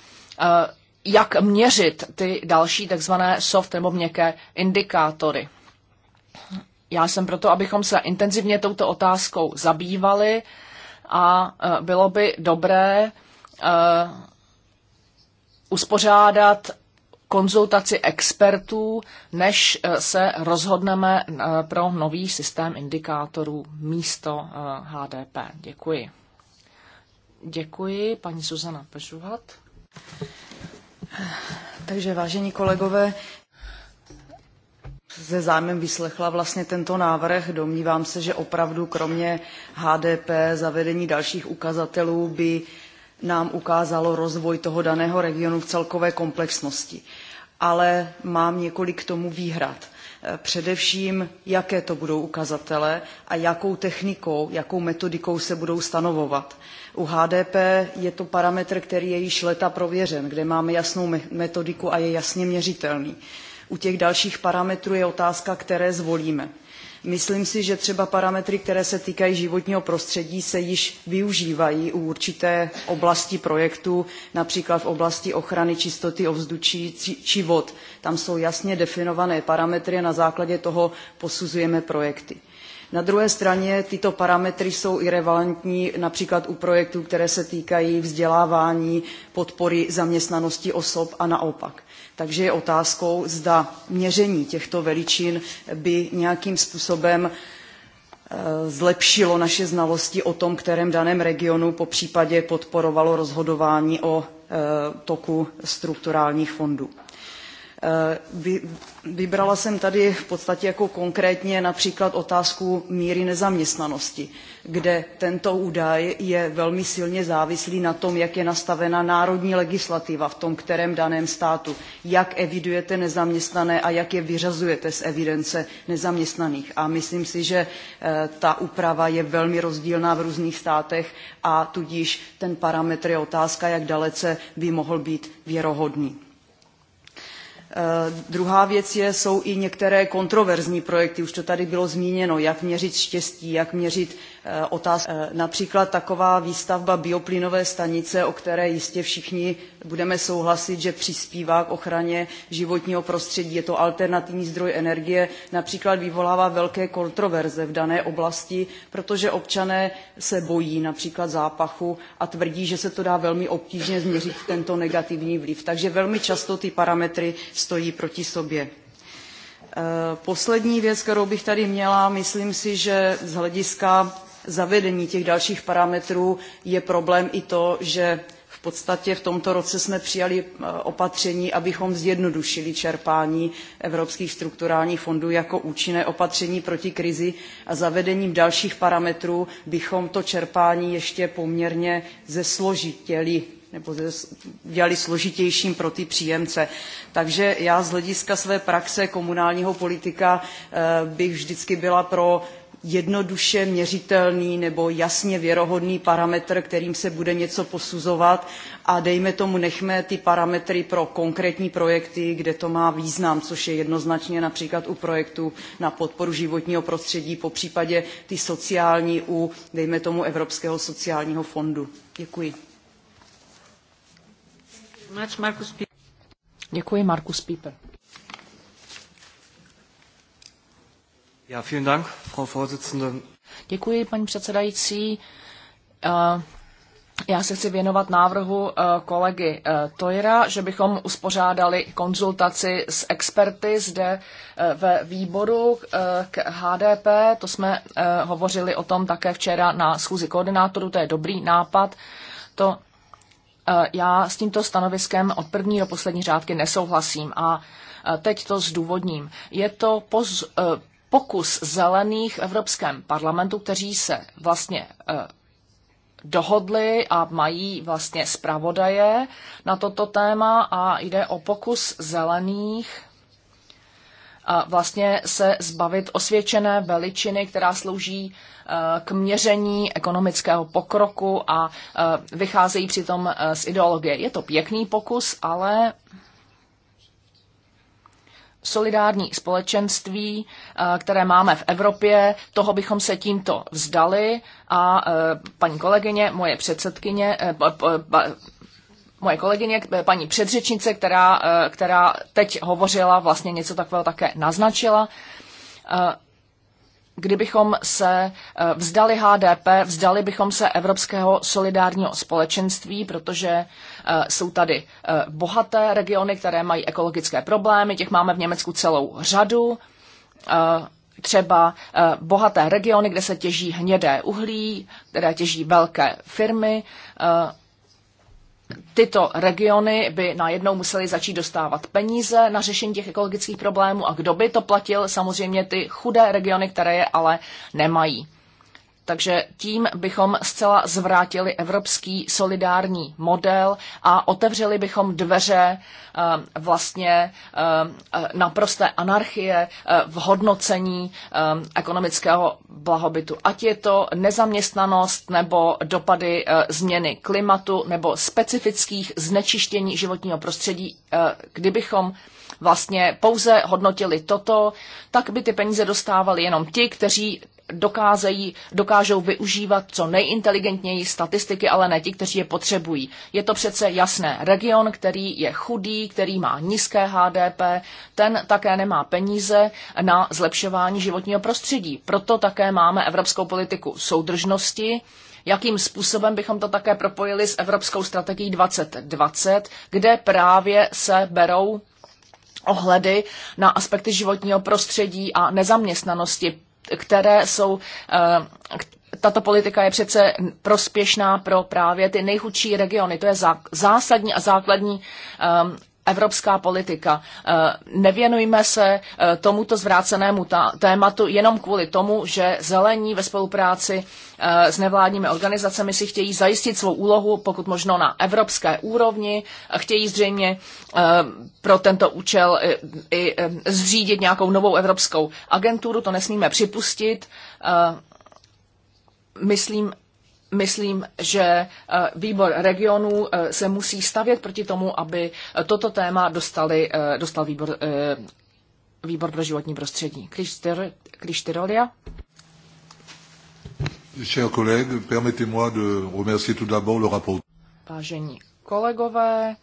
jak měřit ty další takzvané soft nebo měkké indikátory. Já jsem proto, abychom se intenzivně touto otázkou zabývali a e, bylo by dobré e, uspořádat konzultaci expertů, než e, se rozhodneme pro nový systém indikátorů místo HDP. Děkuji. Děkuji, paní Suzana Pežuhat. Takže vážení kolegové, se zájmem vyslechla vlastně tento návrh. Domnívám se, že opravdu kromě HDP zavedení dalších ukazatelů by nám ukázalo rozvoj toho daného regionu v celkové komplexnosti. Ale mám několik k tomu výhrad. Eh, především, jaké to budou ukazatele a jakou technikou, jakou metodikou se budou stanovovat. U HDP je to parametr, který je již leta prověřen, kde máme jasnou metodiku a je jasně měřitelný. U těch dalších parametrů je otázka, které zvolíme. Myslím si, že třeba parametry, které se týkají životního prostředí, se již využívají u určité oblasti projektu, například v oblasti ochrany čistoty ovzduší či vod. Tam jsou jasně definované parametry a na základě toho posuzujeme projekty. Na druhé straně tyto parametry jsou irrelevantní, například u projektů, které se týkají vzdělávání, podpory zaměstnanosti osob a naopak. Takže je otázkou, zda měření těchto veličin by nějakým způsobem eh, zlepšilo naše znalosti o tom, kterém daném regionu, po případě podporovalo rozhodování o eh, toku strukturálních fondů. Eh, vybrala jsem tady v podstatě jako konkrétně například otázku míry nezaměstnanosti, kde tento údaj je velmi silně závislý na tom, jak je nastavena národní legislativa v tom kterém daném státu, jak evidujete nezaměstnané a jak je vyřazujete z evidence nezaměstnaných. A myslím si, že eh, ta úprava je velmi rozdílná v různých státech a tudíž ten parametr je otázka, jak dalece by mohl být věrohodný. Eh, druhá věc je, jsou i některé kontroverzní projekty, už to tady bylo zmíněno, jak měřit štěstí, jak měřit Eh, otázka. Eh, například taková výstavba bioplynové stanice, o které jistě všichni budeme souhlasit, že přispívá k ochraně životního prostředí. Je to alternativní zdroj energie, například vyvolává velké kontroverze v dané oblasti, protože občané se bojí například zápachu a tvrdí, že se to dá velmi obtížně změřit tento negativní vliv. Takže velmi často ty parametry stojí proti sobě. Eh, poslední věc, kterou bych tady měla, myslím si, že z hlediska zavedení těch dalších parametrů je problém i to, že v podstatě v tomto roce jsme přijali e, opatření, abychom zjednodušili čerpání evropských strukturálních fondů jako účinné opatření proti krizi a zavedením dalších parametrů bychom to čerpání ještě poměrně zesložitěli nebo dělali složitějším pro ty příjemce. Takže já z hlediska své praxe komunálního politika e, bych vždycky byla pro jednoduše měřitelný nebo jasně věrohodný parametr, kterým se bude něco posuzovat a dejme tomu nechme ty parametry pro konkrétní projekty, kde to má význam, což je jednoznačně například u projektů na podporu životního prostředí, po případě ty sociální u, dejme tomu, Evropského sociálního fondu. Děkuji. Děkuji, Markus Pieper. vielen Dank, Frau Vorsitzende. Děkuji, paní předsedající. Eh, já se chci věnovat návrhu eh, kolegy eh, Tojra, že bychom uspořádali konzultaci s experty zde ve výboru k HDP. To jsme hovořili o tom také včera na schůzi koordinátorů, to je dobrý nápad. To já s tímto stanoviskem od první do poslední řádky nesouhlasím a teď to zdůvodním. Je to poz, pokus zelených v Evropském parlamentu, kteří se vlastně eh, dohodli a mají vlastně zpravodaje na toto téma a jde o pokus zelených eh, vlastně se zbavit osvědčené veličiny, která slouží eh, k měření ekonomického pokroku a vycházejí přitom z ideologie. Je to pěkný pokus, ale solidární společenství, eh, které máme v Evropě, toho bychom se tímto vzdali a eh, paní kolegyně, moje předsedkyně, eh, moje kolegyně, paní předřečnice, která, která teď hovořila, vlastně něco takového také naznačila, kdybychom se eh, vzdali HDP, vzdali bychom se Evropského solidárního společenství, protože eh, jsou tady eh, bohaté regiony, které mají ekologické problémy, těch máme v Německu celou řadu. Třeba bohaté regiony, kde se těží hnědé uhlí, které těží velké firmy, tyto regiony by najednou musely začít dostávat peníze na řešení těch ekologických problémů a kdo by to platil? Samozřejmě ty chudé regiony, které je ale nemají. Takže tím bychom zcela zvrátili evropský solidární model a otevřeli bychom dveře eh, vlastně eh, eh, naprosté anarchie v hodnocení ekonomického blahobytu. Ať je to nezaměstnanost nebo dopady změny klimatu nebo specifických znečištění životního prostředí, kdybychom vlastně pouze hodnotili toto, tak by ty peníze dostávali jenom ti, kteří dokázejí, dokážou využívat co nejinteligentněji statistiky, ale ne ti, kteří je potřebují. Je to přece jasné. Region, který je chudý, který má nízké HDP, ten také nemá peníze na zlepšování životního prostředí. Proto také máme evropskou politiku soudržnosti, jakým způsobem bychom to také propojili s Evropskou strategií 2020, kde právě se berou ohledy na aspekty životního prostředí a nezaměstnanosti které jsou, eh, tato politika je přece prospěšná pro právě ty nejchudší regiony. To je zásadní a základní eh, evropská politika. Eh, nevěnujme se eh, tomuto zvrácenému tématu jenom kvůli tomu, že zelení ve spolupráci eh, s nevládními organizacemi si chtějí zajistit svou úlohu, pokud možno na evropské úrovni. Chtějí zřejmě pro tento účel i zřídit nějakou novou evropskou agenturu, to nesmíme připustit. Myslím, myslím, že eh, výbor regionů eh, se musí stavět proti tomu, aby eh, toto téma dostali, dostal výbor, výbor pro životní prostředí. Když Tyrolia? Chers Vážení kolegové,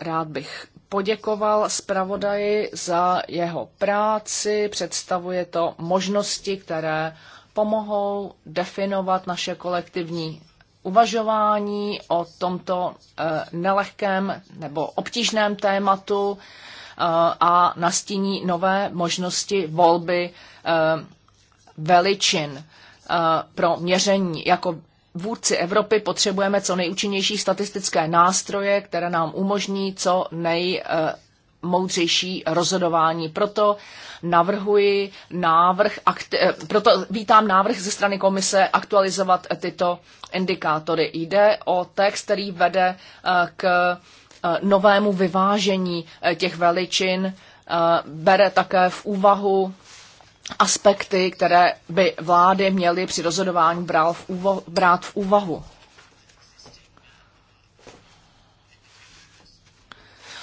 rád bych poděkoval zpravodaji za jeho práci, představuje to možnosti, které uh, pomohou definovat naše kolektivní uvažování o tomto eh, nelehkém nebo obtížném tématu eh, a nastíní nové možnosti volby eh, veličin pro měření. Jako vůdci Evropy potřebujeme co nejúčinnější statistické nástroje, které nám umožní co nej moudřejší rozhodování. Proto navrhuji návrh, eh, proto vítám návrh ze strany komise aktualizovat tyto indikátory. Jde o text, který vede eh, k eh, novému vyvážení těch veličin, bere také v úvahu aspekty, které by vlády měly při rozhodování brát v úvahu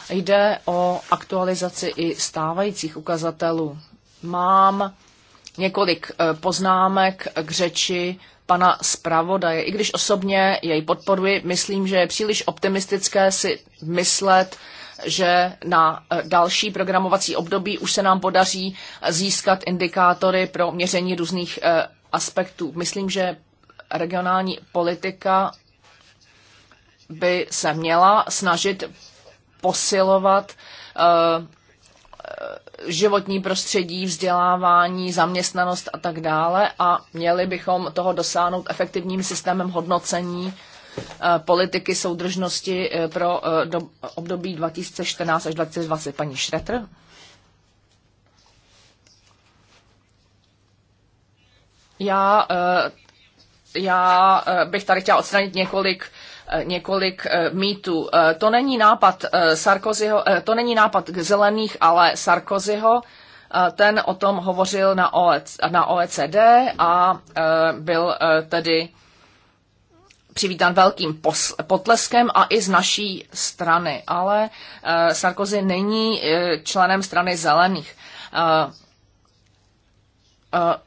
Jde o aktualizaci i stávajících ukazatelů. Mám několik eh, poznámek k řeči pana zpravodaje. I když osobně jej podporuji, myslím, že je příliš optimistické si myslet, že na eh, další programovací období už se nám podaří získat indikátory pro měření různých eh, aspektů. Myslím, že regionální politika by se měla snažit posilovat eh, životní prostředí, vzdělávání, zaměstnanost a tak dále a měli bychom toho dosáhnout efektivním systémem hodnocení eh, politiky soudržnosti eh, pro období 2014 až 2020. Paní Šretr? Já, já bych tady chtěla odstranit několik několik eh, mýtů. Eh, to není nápad eh, Sarkozyho, to není nápad zelených, ale Sarkozyho. Ten o tom hovořil na OECD e a byl tedy přivítán velkým potleskem a i z naší strany. Ale Sarkozy není členem strany zelených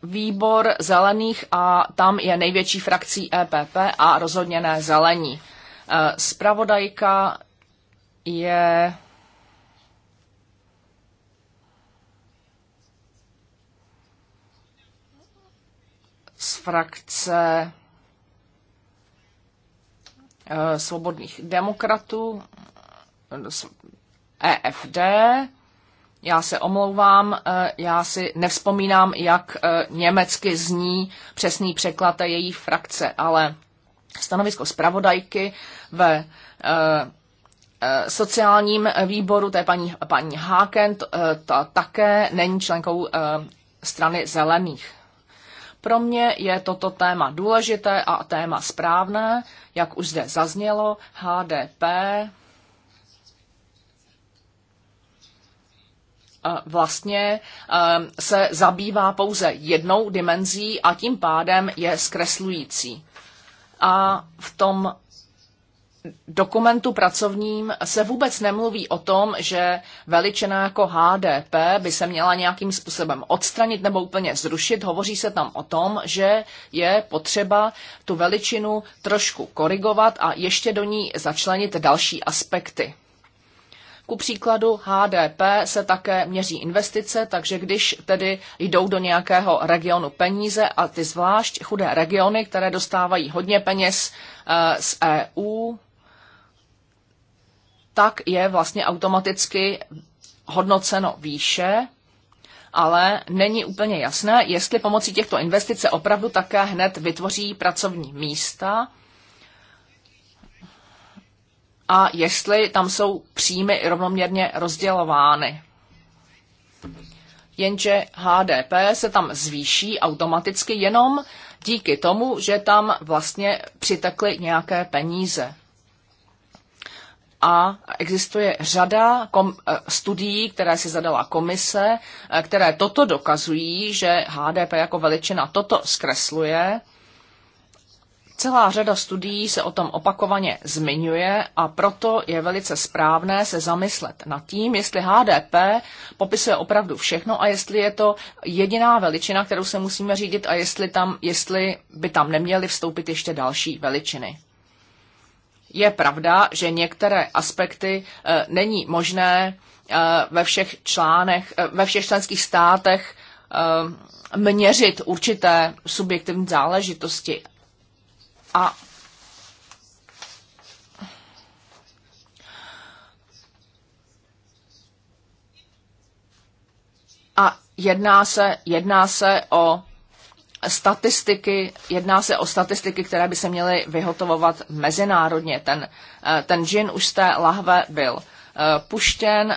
výbor zelených a tam je největší frakcí EPP a rozhodně ne zelení. Eh, spravodajka je z frakce eh, svobodných demokratů, EFD. Já se omlouvám, eh, já si nevzpomínám, jak německy zní přesný překlad její frakce, ale stanovisko zpravodajky ve eh, eh, sociálním výboru, to je paní, paní Háken, eh, ta také není členkou strany zelených. Pro mě je toto téma důležité a téma správné, jak už zde zaznělo, HDP vlastně se zabývá pouze jednou dimenzí a tím pádem je zkreslující a v tom dokumentu pracovním se vůbec nemluví o tom, že veličina jako HDP by se měla nějakým způsobem odstranit nebo úplně zrušit. Hovoří se tam o tom, že je potřeba tu veličinu trošku korigovat a ještě do ní začlenit další aspekty. Ku příkladu HDP se také měří investice, takže když tedy jdou do nějakého regionu peníze a ty zvlášť chudé regiony, které dostávají hodně peněz eh, z EU, tak je vlastně automaticky hodnoceno výše, ale není úplně jasné, jestli pomocí těchto investic opravdu také hned vytvoří pracovní místa, a jestli tam jsou příjmy rovnoměrně rozdělovány. Jenže HDP se tam zvýší automaticky jenom díky tomu, že tam vlastně přitekly nějaké peníze. A existuje řada kom- eh, studií, které si zadala komise, eh, které toto dokazují, že HDP jako veličina toto zkresluje Celá řada studií se o tom opakovaně zmiňuje a proto je velice správné se zamyslet nad tím, jestli HDP popisuje opravdu všechno a jestli je to jediná veličina, kterou se musíme řídit a jestli, tam, jestli by tam neměly vstoupit ještě další veličiny. Je pravda, že některé aspekty e, není možné e, ve všech článech, e, ve všech členských státech e, měřit určité subjektivní záležitosti, a A jedná se, jedná se o statistiky, jedná se o statistiky, které by se měly vyhotovovat mezinárodně. Ten, eh, ten džin už z té lahve byl eh, puštěn. Eh,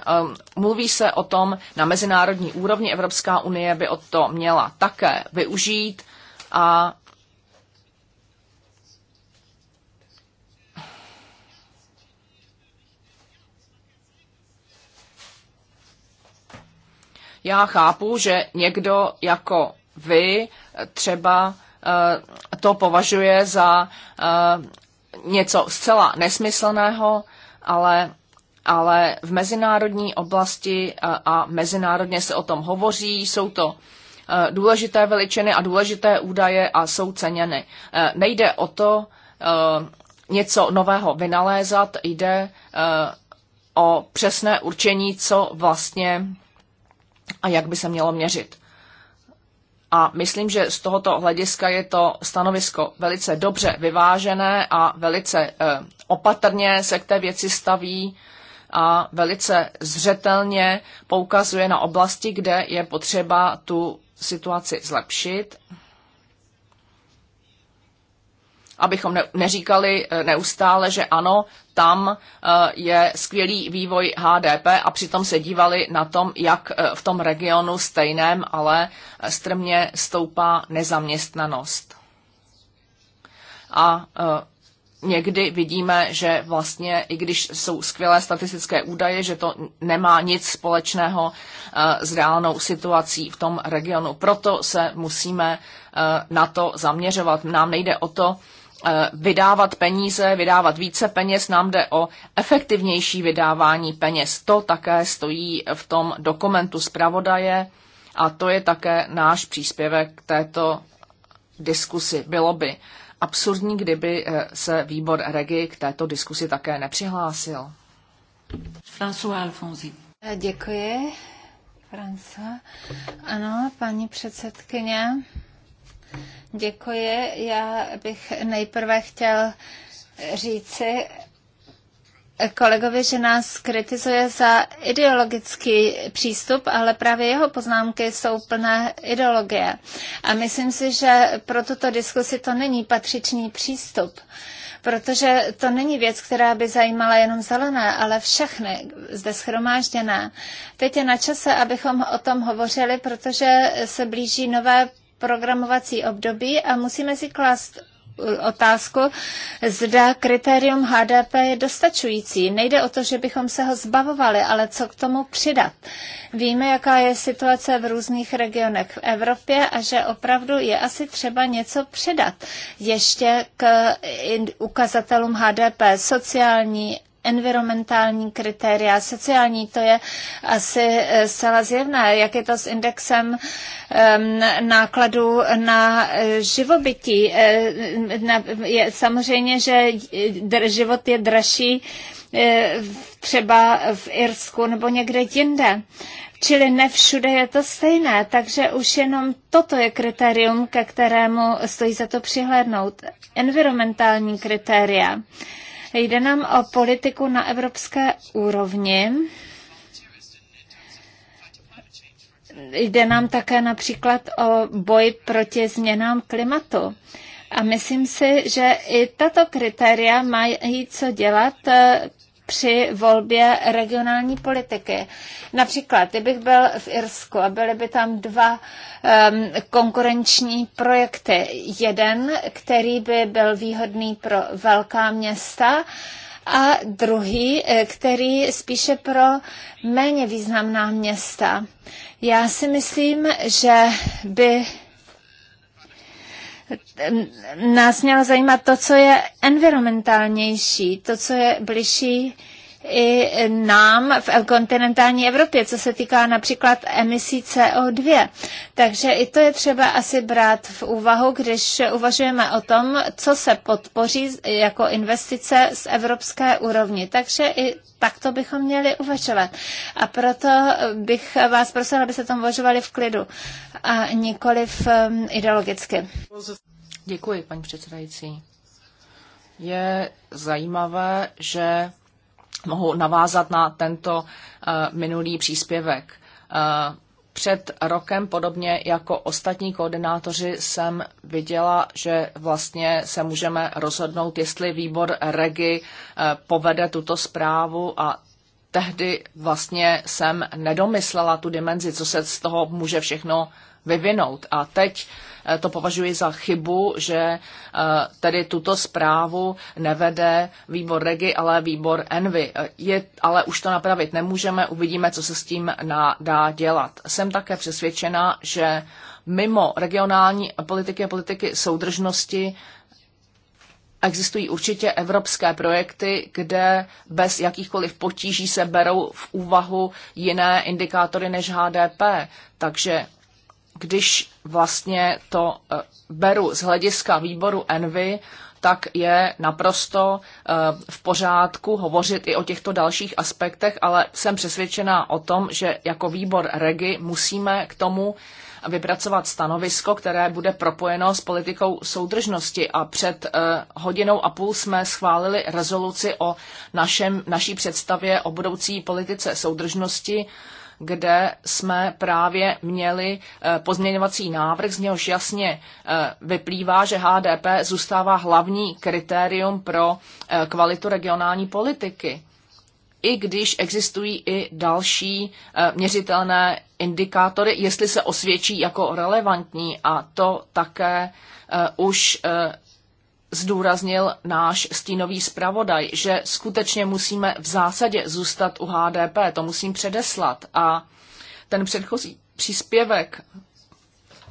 mluví se o tom na mezinárodní úrovni. Evropská unie by o to měla také využít a Já chápu, že někdo jako vy třeba eh, to považuje za eh, něco zcela nesmyslného, ale, ale v mezinárodní oblasti eh, a mezinárodně se o tom hovoří, jsou to důležité veličiny a důležité údaje a jsou ceněny. Nejde o to něco nového vynalézat, jde o přesné určení, co vlastně a jak by se mělo měřit. A myslím, že z tohoto hlediska je to stanovisko velice dobře vyvážené a velice eh, opatrně se k té věci staví a velice zřetelně poukazuje na oblasti, kde je potřeba tu situaci zlepšit abychom ne, neříkali eh, neustále, že ano, tam eh, je skvělý vývoj HDP a přitom se dívali na tom, jak eh, v tom regionu stejném, ale strmě stoupá nezaměstnanost. A někdy vidíme, že vlastně, i když jsou skvělé statistické údaje, že to nemá nic společného s reálnou situací v tom regionu. Proto se musíme na to zaměřovat. Nám nejde o to, Eh, vydávat peníze, vydávat více peněz, nám jde o efektivnější vydávání peněz. To také stojí v tom dokumentu zpravodaje a to je také náš příspěvek k této diskusi. Bylo by absurdní, kdyby eh, se výbor Regi k této diskusi také nepřihlásil. François Alfonsi. Eh, děkuji, Franca. Ano, paní předsedkyně. Děkuji. Já bych nejprve chtěl říci, kolegovi, že nás kritizuje za ideologický přístup, ale právě jeho poznámky jsou plné ideologie. A myslím si, že pro tuto diskusi to není patřičný přístup protože to není věc, která by zajímala jenom zelené, ale všechny zde schromážděné. Teď je na čase, abychom o tom hovořili, protože se blíží nové programovací období a musíme si klást otázku, zda kritérium HDP je dostačující. Nejde o to, že bychom se ho zbavovali, ale co k tomu přidat. Víme, jaká je situace v různých regionech v Evropě a že opravdu je asi třeba něco přidat ještě k ukazatelům HDP, sociální, environmentální kritéria, sociální, to je asi eh, zcela zjevné, jak je to s indexem nákladů na eh, živobytí. Eh, je, samozřejmě, že život je dražší třeba v Irsku nebo někde jinde. Čili ne všude je to stejné, takže už jenom toto je kritérium, ke kterému stojí za to přihlédnout. Environmentální kritéria Jde nám o politiku na evropské úrovni. Jde nám také například o boj proti změnám klimatu. A myslím si, že i tato kritéria mají co dělat při volbě regionální politiky. Například, kdybych byl v Irsku a byly by tam dva um, konkurenční projekty. Jeden, který by byl výhodný pro velká města, a druhý, e, který spíše pro méně významná města. Já si myslím, že by nás mělo zajímat to, co je environmentálnější, to, co je bližší i nám v kontinentální Evropě, co se týká například emisí CO2. Takže i to je třeba asi brát v úvahu, když uvažujeme o tom, co se podpoří jako investice z evropské úrovni. Takže i tak to bychom měli uvažovat. A proto bych vás prosila, abyste tam uvažovali v klidu a v um, ideologicky. Děkuji, paní předsedající. Je zajímavé, že mohu navázat na tento eh, minulý příspěvek. Eh, před rokem, podobně jako ostatní koordinátoři, jsem viděla, že vlastně se můžeme rozhodnout, jestli výbor REGI eh, povede tuto zprávu a tehdy vlastně jsem nedomyslela tu dimenzi, co se z toho může všechno vyvinout. A teď uh, Eh, to považuji za chybu, že eh, tedy tuto zprávu nevede výbor Regi, ale výbor Envy. Eh, je, ale už to napravit nemůžeme, uvidíme, co se s tím na, dá dělat. Jsem také přesvědčena, že mimo regionální politiky a politiky soudržnosti Existují určitě evropské projekty, kde bez jakýchkoliv potíží se berou v úvahu jiné indikátory než HDP. Takže když vlastně to eh, beru z hlediska výboru Envy, tak je naprosto eh, v pořádku hovořit i o těchto dalších aspektech, ale jsem přesvědčená o tom, že jako výbor REGI musíme k tomu vypracovat stanovisko, které bude propojeno s politikou soudržnosti. A před eh, hodinou a půl jsme schválili rezoluci o našem, naší představě o budoucí politice soudržnosti kde jsme právě měli eh, pozměňovací návrh, z něhož jasně eh, vyplývá, že HDP zůstává hlavní kritérium pro eh, kvalitu regionální politiky i když existují i další měřitelné indikátory, jestli se osvědčí jako relevantní a to také už zdůraznil náš stínový zpravodaj, že skutečně musíme v zásadě zůstat u HDP, to musím předeslat. A ten předchozí příspěvek,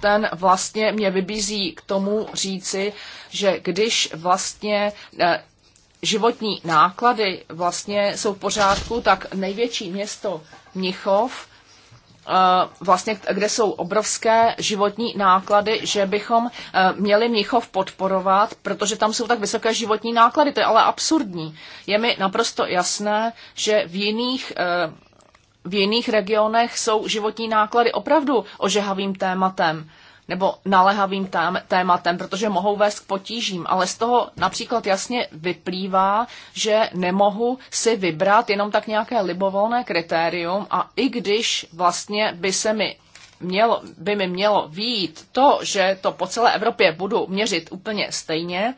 ten vlastně mě vybízí k tomu říci, že když vlastně eh, životní náklady vlastně jsou v pořádku, tak největší město Mnichov Eh, vlastně, kde jsou obrovské životní náklady, že bychom eh, měli Mnichov podporovat, protože tam jsou tak vysoké životní náklady. To je ale absurdní. Je mi naprosto jasné, že v jiných eh, v jiných regionech jsou životní náklady opravdu ožehavým tématem nebo naléhavým tématem, protože mohou vést k potížím, ale z toho například jasně vyplývá, že nemohu si vybrat jenom tak nějaké libovolné kritérium a i když vlastně by se mi mělo, by mi mělo výjít to, že to po celé Evropě budu měřit úplně stejně,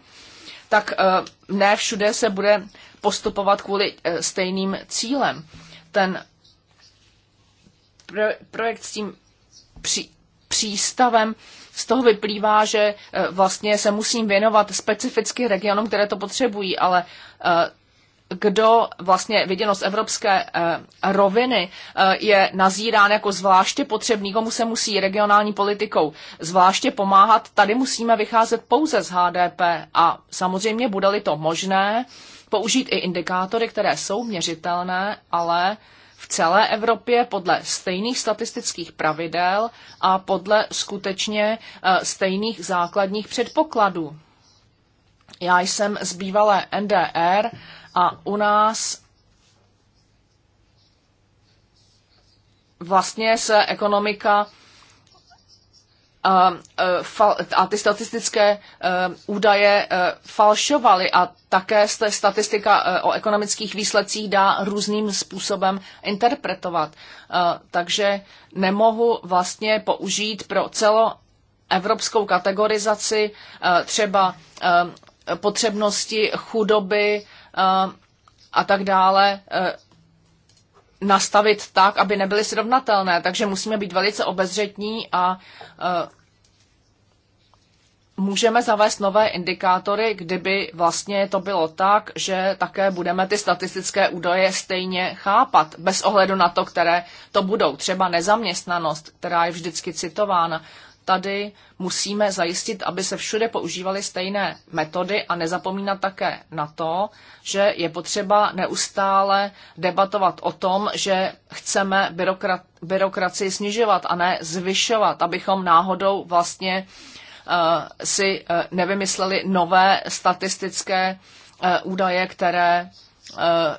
tak eh, ne všude se bude postupovat kvůli eh, stejným cílem. Ten projekt s tím při, přístavem. Z toho vyplývá, že eh, vlastně se musím věnovat specificky regionům, které to potřebují, ale eh, kdo vlastně viděno z evropské eh, roviny je nazírán jako zvláště potřebný, komu se musí regionální politikou zvláště pomáhat. Tady musíme vycházet pouze z HDP a samozřejmě bude-li to možné, použít i indikátory, které jsou měřitelné, ale uh, celé Evropě podle stejných statistických pravidel a podle skutečně eh, stejných základních předpokladů. Já jsem z bývalé NDR a u nás vlastně se ekonomika a, a ty statistické e, údaje e, falšovaly a také se statistika e, o ekonomických výsledcích dá různým způsobem interpretovat. Takže nemohu vlastně použít pro celo evropskou kategorizaci třeba potřebnosti chudoby a tak dále nastavit tak, aby nebyly srovnatelné. Takže musíme být velice obezřetní a e, můžeme zavést nové indikátory, kdyby vlastně to bylo tak, že také budeme ty statistické údaje stejně chápat, bez ohledu na to, které to budou. Třeba nezaměstnanost, která je vždycky citována tady musíme zajistit, aby se všude používaly stejné metody a nezapomínat také na to, že je potřeba neustále debatovat o tom, že chceme byrokra- byrokraci snižovat a ne zvyšovat, abychom náhodou vlastně uh, si uh, nevymysleli nové statistické uh, údaje, které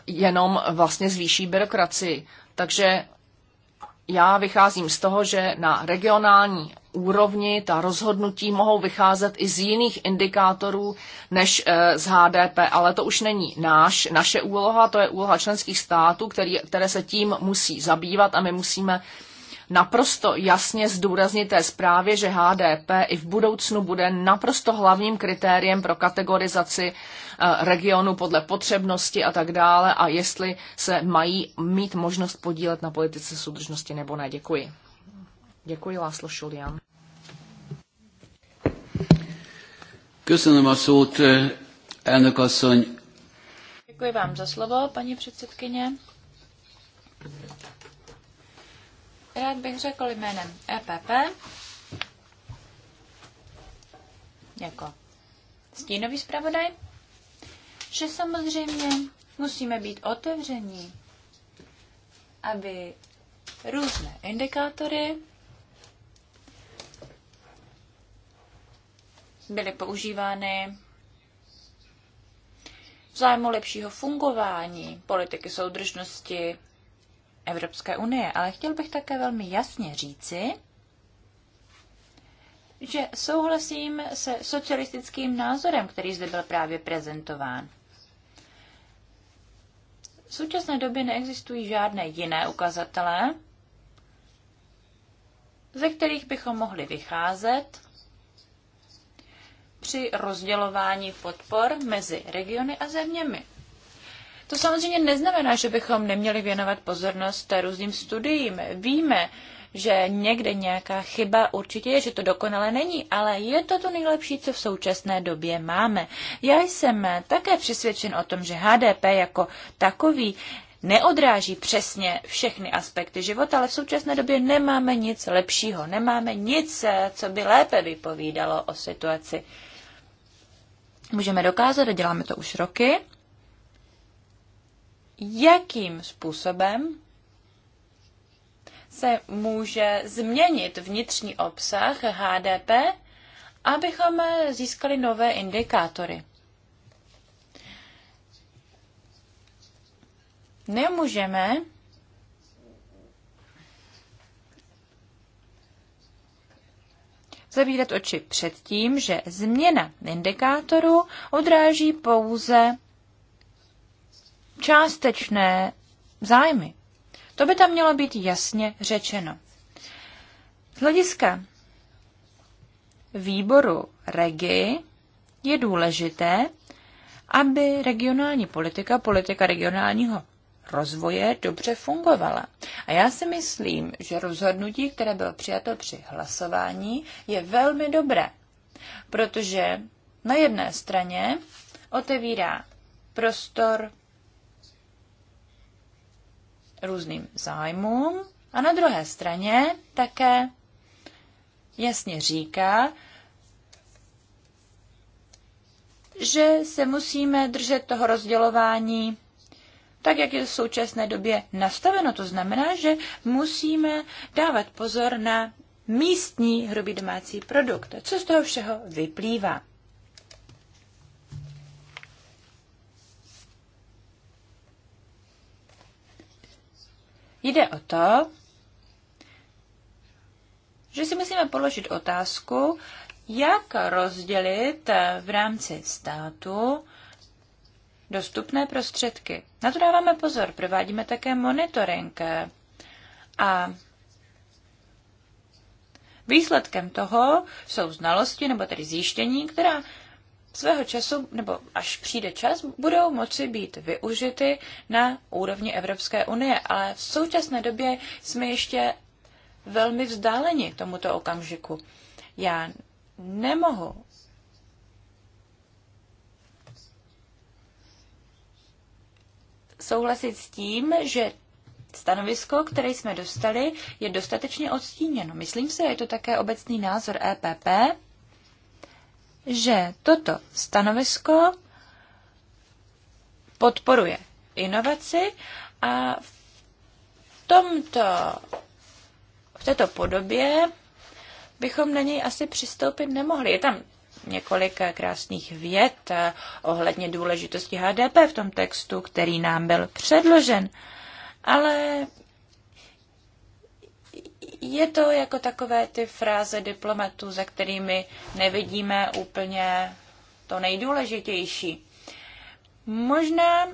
jenom vlastně zvýší byrokracii. Takže já vycházím z toho, že na regionální úrovni ta rozhodnutí mohou vycházet i z jiných indikátorů než eh, z HDP, ale to už není náš, naše úloha, to je úloha členských států, který, které se tím musí zabývat a my musíme naprosto jasně zdůraznit té zprávě, že HDP i v budoucnu bude naprosto hlavním kritériem pro kategorizaci eh, regionu podle potřebnosti a tak dále a jestli se mají mít možnost podílet na politice soudržnosti nebo ne. Děkuji. Děkuji, Láslo Šulian. Köszönöm a szót, eh, elnök asszony. Děkuji vám za slovo, paní předsedkyně rád bych řekl jménem EPP jako stínový zpravodaj, že samozřejmě musíme být otevření, aby různé indikátory byly používány v zájmu lepšího fungování politiky soudržnosti Evropské unie, ale chtěl bych také velmi jasně říci, že souhlasím se socialistickým názorem, který zde byl právě prezentován. V současné době neexistují žádné jiné ukazatele, ze kterých bychom mohli vycházet při rozdělování podpor mezi regiony a zeměmi. To samozřejmě neznamená, že bychom neměli věnovat pozornost různým studiím. Víme, že někde nějaká chyba určitě je, že to dokonale není, ale je to to nejlepší, co v současné době máme. Já jsem také přesvědčen o tom, že HDP jako takový neodráží přesně všechny aspekty života, ale v současné době nemáme nic lepšího, nemáme nic, co by lépe vypovídalo o situaci. Můžeme dokázat, a děláme to už roky, jakým způsobem se může změnit vnitřní obsah HDP, abychom získali nové indikátory. Nemůžeme zavírat oči před tím, že změna indikátoru odráží pouze částečné zájmy. To by tam mělo být jasně řečeno. Z hlediska výboru REGI je důležité, aby regionální politika, politika regionálního rozvoje dobře fungovala. A já si myslím, že rozhodnutí, které bylo přijato při hlasování, je velmi dobré, protože na jedné straně otevírá prostor různým zájmům a na druhé straně také jasně říká, že se musíme držet toho rozdělování tak, jak je v současné době nastaveno. To znamená, že musíme dávat pozor na místní hrubý domácí produkt. Co z toho všeho vyplývá? Jde o to, že si musíme položit otázku, jak rozdělit eh, v rámci státu dostupné prostředky. Na to dáváme pozor, provádíme také monitoring eh, a výsledkem toho jsou znalosti nebo tedy zjištění, která svého času, nebo až přijde čas, budou moci být využity na úrovni Evropské unie. Ale v současné době jsme ještě velmi vzdáleni tomuto okamžiku. Já nemohu souhlasit s tím, že Stanovisko, které jsme dostali, je dostatečně odstíněno. Myslím si, je to také obecný názor EPP, že toto stanovisko podporuje inovaci a v tomto, v této podobě bychom na něj asi přistoupit nemohli. Je tam několik krásných vět ohledně důležitosti HDP v tom textu, který nám byl předložen. Ale je to jako takové ty fráze diplomatů, za kterými nevidíme úplně to nejdůležitější. Možná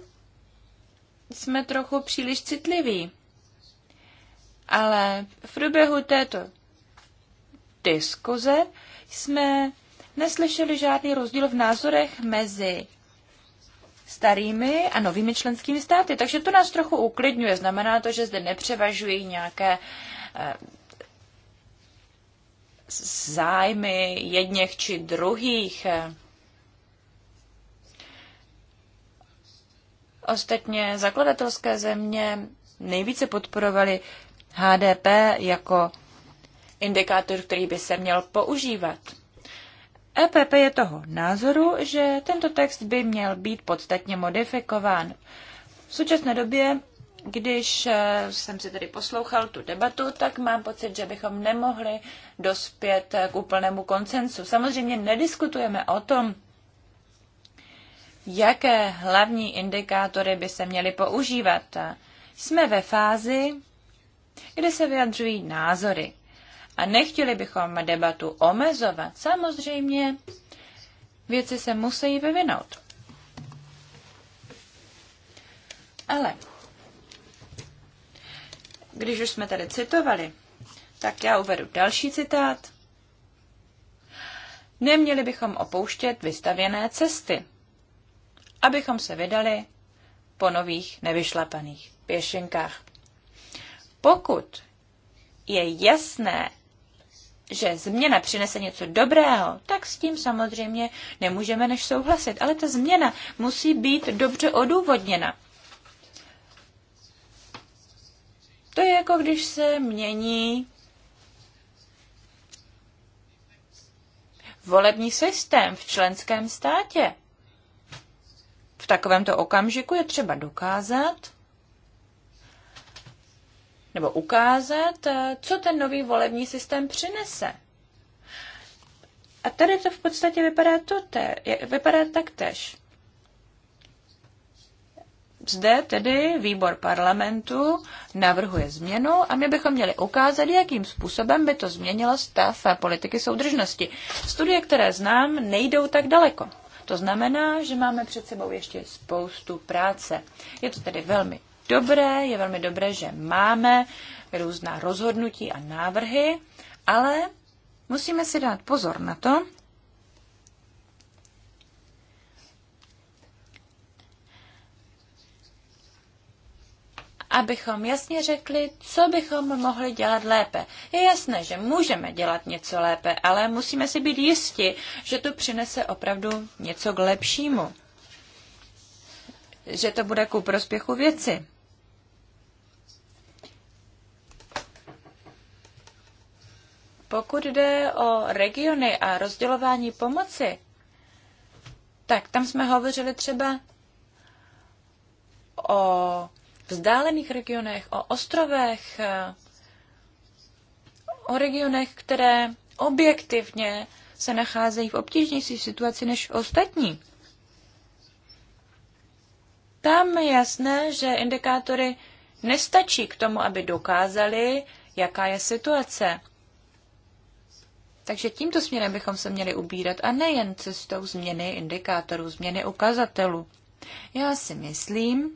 jsme trochu příliš citliví, ale v průběhu této diskuze jsme neslyšeli žádný rozdíl v názorech mezi starými a novými členskými státy. Takže to nás trochu uklidňuje. Znamená to, že zde nepřevažují nějaké eh, zájmy jedněch či druhých. Ostatně zakladatelské země nejvíce podporovaly HDP jako indikátor, který by se měl používat. EPP je toho názoru, že tento text by měl být podstatně modifikován. V současné době když eh, jsem si tedy poslouchal tu debatu, tak mám pocit, že bychom nemohli dospět eh, k úplnému koncensu. Samozřejmě nediskutujeme o tom, jaké hlavní indikátory by se měly používat. Jsme ve fázi, kde se vyjadřují názory. A nechtěli bychom debatu omezovat. Samozřejmě věci se musí vyvinout. Ale když už jsme tady citovali, tak já uvedu další citát. Neměli bychom opouštět vystavěné cesty, abychom se vydali po nových nevyšlapaných pěšinkách. Pokud je jasné, že změna přinese něco dobrého, tak s tím samozřejmě nemůžeme než souhlasit. Ale ta změna musí být dobře odůvodněna. To je jako když se mění volební systém v členském státě. V takovémto okamžiku je třeba dokázat nebo ukázat, eh, co ten nový volební systém přinese. A tady to v podstatě vypadá, to te, vypadá tež. Zde tedy výbor parlamentu navrhuje změnu a my bychom měli ukázat, jakým způsobem by to změnilo stav politiky soudržnosti. Studie, které znám, nejdou tak daleko. To znamená, že máme před sebou ještě spoustu práce. Je to tedy velmi dobré, je velmi dobré, že máme různá rozhodnutí a návrhy, ale musíme si dát pozor na to, abychom jasně řekli, co bychom mohli dělat lépe. Je jasné, že můžeme dělat něco lépe, ale musíme si být jisti, že to přinese opravdu něco k lepšímu. Že to bude ku prospěchu věci. Pokud jde o regiony a rozdělování pomoci, tak tam jsme hovořili třeba o vzdálených regionech, o ostrovech, eh, o regionech, které objektivně se nacházejí v obtížnější situaci než ostatní. Tam je jasné, že indikátory nestačí k tomu, aby dokázali, jaká je situace. Takže tímto směrem bychom se měli ubírat a nejen cestou změny indikátorů, změny ukazatelů. Já si myslím,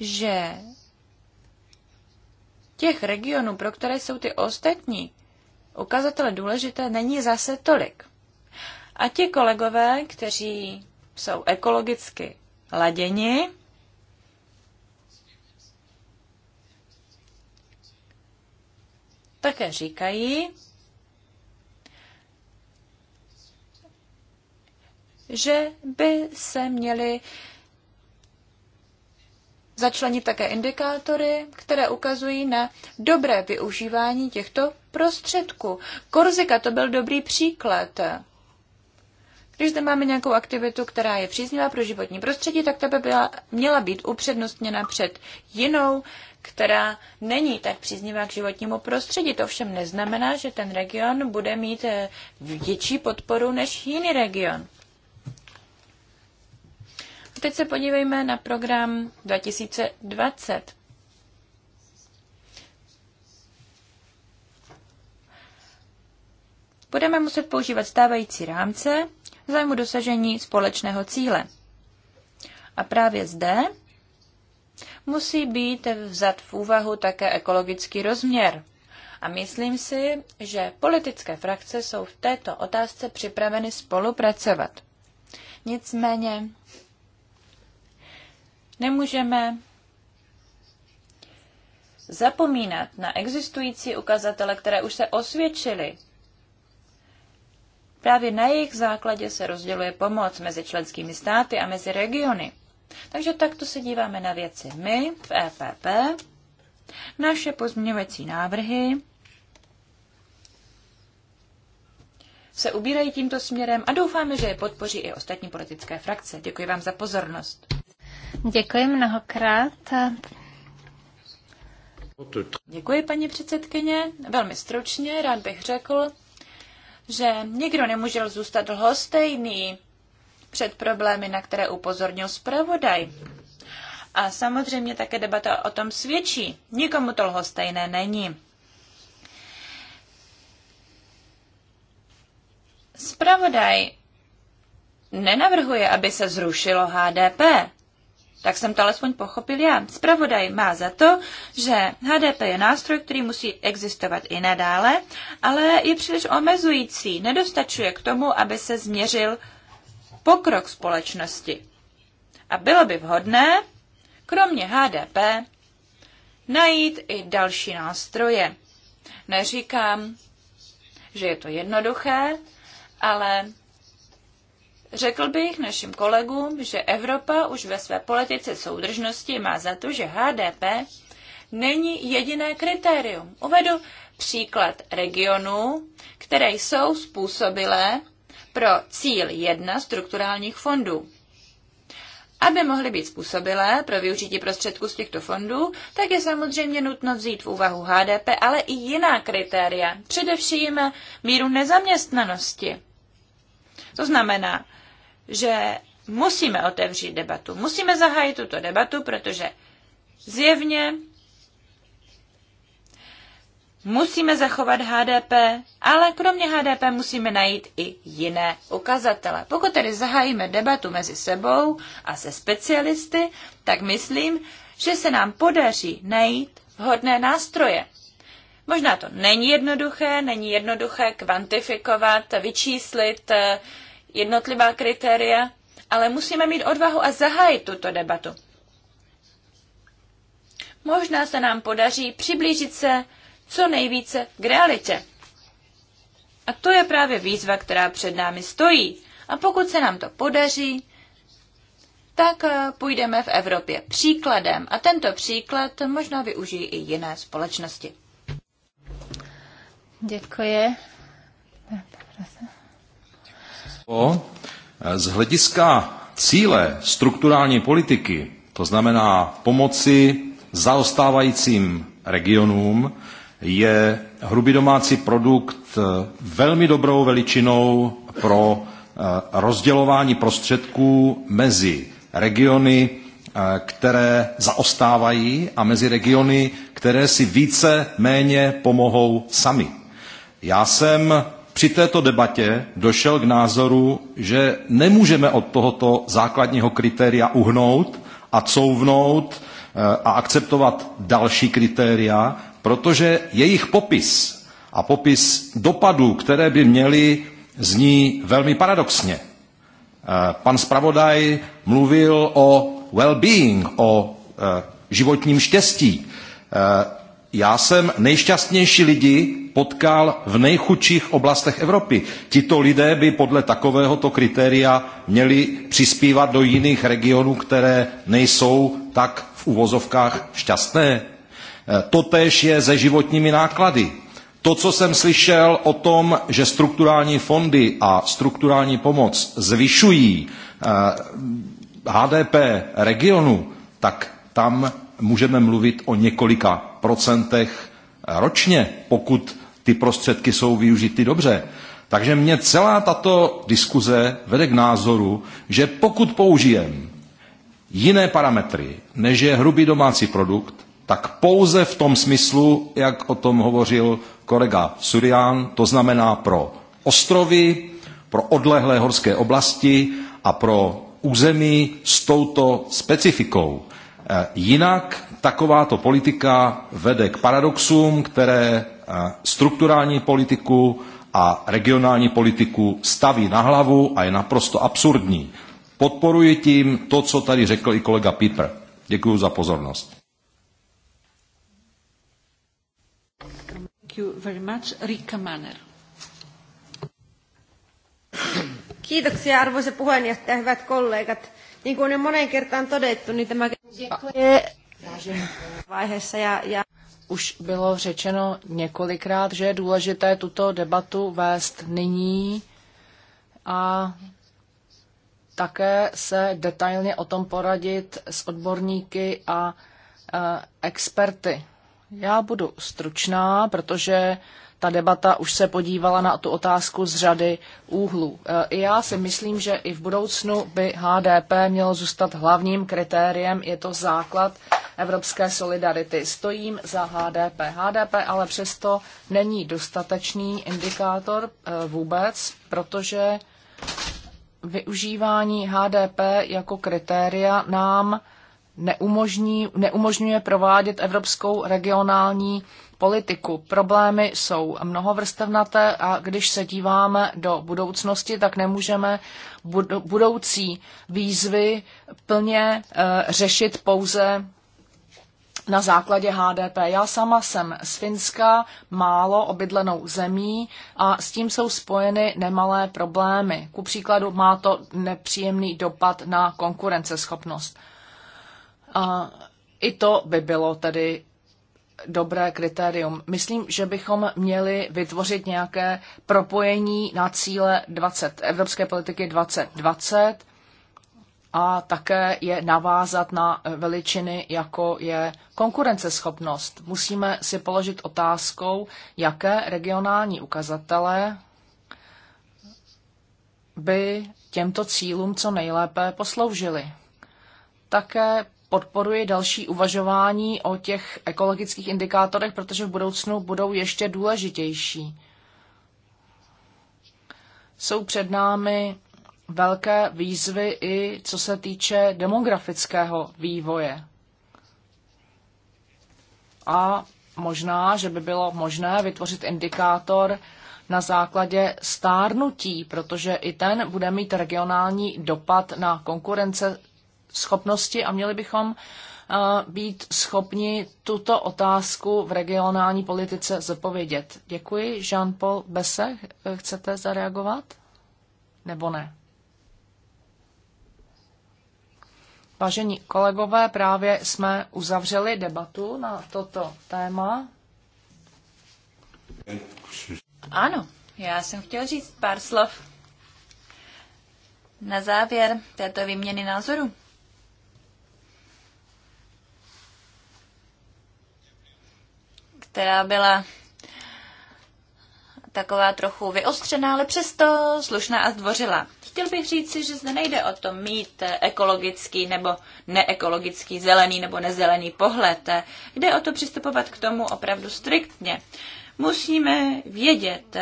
že těch regionů, pro které jsou ty ostatní ukazatele důležité, není zase tolik. A ti kolegové, kteří jsou ekologicky laděni, také říkají, že by se měli začlenit také indikátory, které ukazují na dobré využívání těchto prostředků. Korzika to byl dobrý příklad. Když zde máme nějakou aktivitu, která je příznivá pro životní prostředí, tak ta by byla, měla být upřednostněna před jinou, která není tak příznivá k životnímu prostředí. To všem neznamená, že ten region bude mít eh, větší podporu než jiný region. A teď se podívejme na program 2020. Budeme muset používat stávající rámce v zájmu dosažení společného cíle. A právě zde musí být vzat v úvahu také ekologický rozměr. A myslím si, že politické frakce jsou v této otázce připraveny spolupracovat. Nicméně Nemůžeme zapomínat na existující ukazatele, které už se osvědčily. Právě na jejich základě se rozděluje pomoc mezi členskými státy a mezi regiony. Takže takto se díváme na věci my v EPP, naše pozměňovací návrhy se ubírají tímto směrem a doufáme, že je podpoří i ostatní politické frakce. Děkuji vám za pozornost. Děkuji mnohokrát. Děkuji, paní předsedkyně. Velmi stručně rád bych řekl, že nikdo nemůže zůstat lhostejný před problémy, na které upozornil zpravodaj. A samozřejmě také debata o tom svědčí. Nikomu to lhostejné není. Spravodaj nenavrhuje, aby se zrušilo HDP tak jsem to alespoň pochopil já. Spravodaj má za to, že HDP je nástroj, který musí existovat i nadále, ale je příliš omezující, nedostačuje k tomu, aby se změřil pokrok společnosti. A bylo by vhodné, kromě HDP, najít i další nástroje. Neříkám, že je to jednoduché, ale Řekl bych našim kolegům, že Evropa už ve své politice soudržnosti má za to, že HDP není jediné kritérium. Uvedu příklad regionů, které jsou způsobilé pro cíl jedna strukturálních fondů. Aby mohly být způsobilé pro využití prostředků z těchto fondů, tak je samozřejmě nutno vzít v úvahu HDP, ale i jiná kritéria, především míru nezaměstnanosti. To znamená, že musíme otevřít debatu. Musíme zahájit tuto debatu, protože zjevně musíme zachovat HDP, ale kromě HDP musíme najít i jiné ukazatele. Pokud tedy zahájíme debatu mezi sebou a se specialisty, tak myslím, že se nám podaří najít vhodné nástroje. Možná to není jednoduché, není jednoduché kvantifikovat, vyčíslit eh, jednotlivá kritéria, ale musíme mít odvahu a zahájit tuto debatu. Možná se nám podaří přiblížit se co nejvíce k realitě. A to je právě výzva, která před námi stojí. A pokud se nám to podaří, tak eh, půjdeme v Evropě příkladem. A tento příklad možná využijí i jiné společnosti. Děkuji. E, z hlediska cíle strukturální politiky, to znamená pomoci zaostávajícím regionům, je hrubý domácí produkt e, velmi dobrou veličinou pro e, rozdělování prostředků mezi regiony, které zaostávají a mezi regiony, které si více méně pomohou sami. Já jsem při této debatě došel k názoru, že nemůžeme od tohoto základního kritéria uhnout a couvnout eh, a akceptovat další kritéria, protože jejich popis a popis dopadů, které by měly, zní velmi paradoxně. Eh, pan zpravodaj mluvil o well-being, o eh, životním štěstí já jsem nejšťastnější lidi potkal v nejchudších oblastech Evropy. Tito lidé by podle takovéhoto kritéria měli přispívat do jiných regionů, které nejsou tak v uvozovkách šťastné. E, Totež je se životními náklady. To, co jsem slyšel o tom, že strukturální fondy a strukturální pomoc zvyšují e, HDP regionu, tak tam můžeme mluvit o několika procentech ročně, pokud ty prostředky jsou využity dobře. Takže mě celá tato diskuze vede k názoru, že pokud použijem jiné parametry, než je hrubý domácí produkt, tak pouze v tom smyslu, jak o tom hovořil kolega Surian, to znamená pro ostrovy, pro odlehlé horské oblasti a pro území s touto specifikou. E, jinak takováto politika vede k paradoxům, které eh, strukturální politiku a regionální politiku staví na hlavu a je naprosto absurdní. Podporuji tím to, co tady řekl i kolega Piper. Děkuji za pozornost. Kiitoksia arvoisa puheenjohtaja, hyvät kollegat. Niin kuin on moneen kertaan todettu, niin tämä... Děkuji, už bylo řečeno několikrát, že je důležité tuto debatu vést nyní a také se detailně o tom poradit s odborníky a e, experty. Já budu stručná, protože ta debata už se podívala na tu otázku z řady úhlů. E, I já si myslím, že i v budoucnu by HDP mělo zůstat hlavním kritériem, je to základ evropské solidarity. Stojím za HDP. HDP ale přesto není dostatečný indikátor e, vůbec, protože využívání HDP jako kritéria nám neumožní, neumožňuje provádět evropskou regionální politiku. Problémy jsou mnohovrstevnaté a když se díváme do budoucnosti, tak nemůžeme budoucí výzvy plně eh, řešit pouze na základě HDP. Já sama jsem z Finska, málo obydlenou zemí a s tím jsou spojeny nemalé problémy. Ku příkladu má to nepříjemný dopad na konkurenceschopnost. A i to by bylo tedy dobré kritérium. Myslím, že bychom měli vytvořit nějaké propojení na cíle 20, evropské politiky 2020 a také je navázat na veličiny, jako je konkurenceschopnost. Musíme si položit otázkou, jaké regionální ukazatele by těmto cílům co nejlépe posloužily. Také podporuji další uvažování o těch ekologických indikátorech, protože v budoucnu budou ještě důležitější. Jsou před námi velké výzvy i co se týče demografického vývoje. A možná, že by bylo možné vytvořit indikátor na základě stárnutí, protože i ten bude mít regionální dopad na konkurence schopnosti a měli bychom eh, být schopni tuto otázku v regionální politice zodpovědět. Děkuji. Jean-Paul Bese, eh, chcete zareagovat? Nebo ne? Vážení kolegové, právě jsme uzavřeli debatu na toto téma. Ano, já jsem chtěl říct pár slov na závěr této výměny názorů. která byla taková trochu vyostřená, ale přesto slušná a zdvořila. Chtěl bych říci, že zde nejde o to mít ekologický nebo neekologický, zelený nebo nezelený pohled. Jde o to přistupovat k tomu opravdu striktně. Musíme vědět,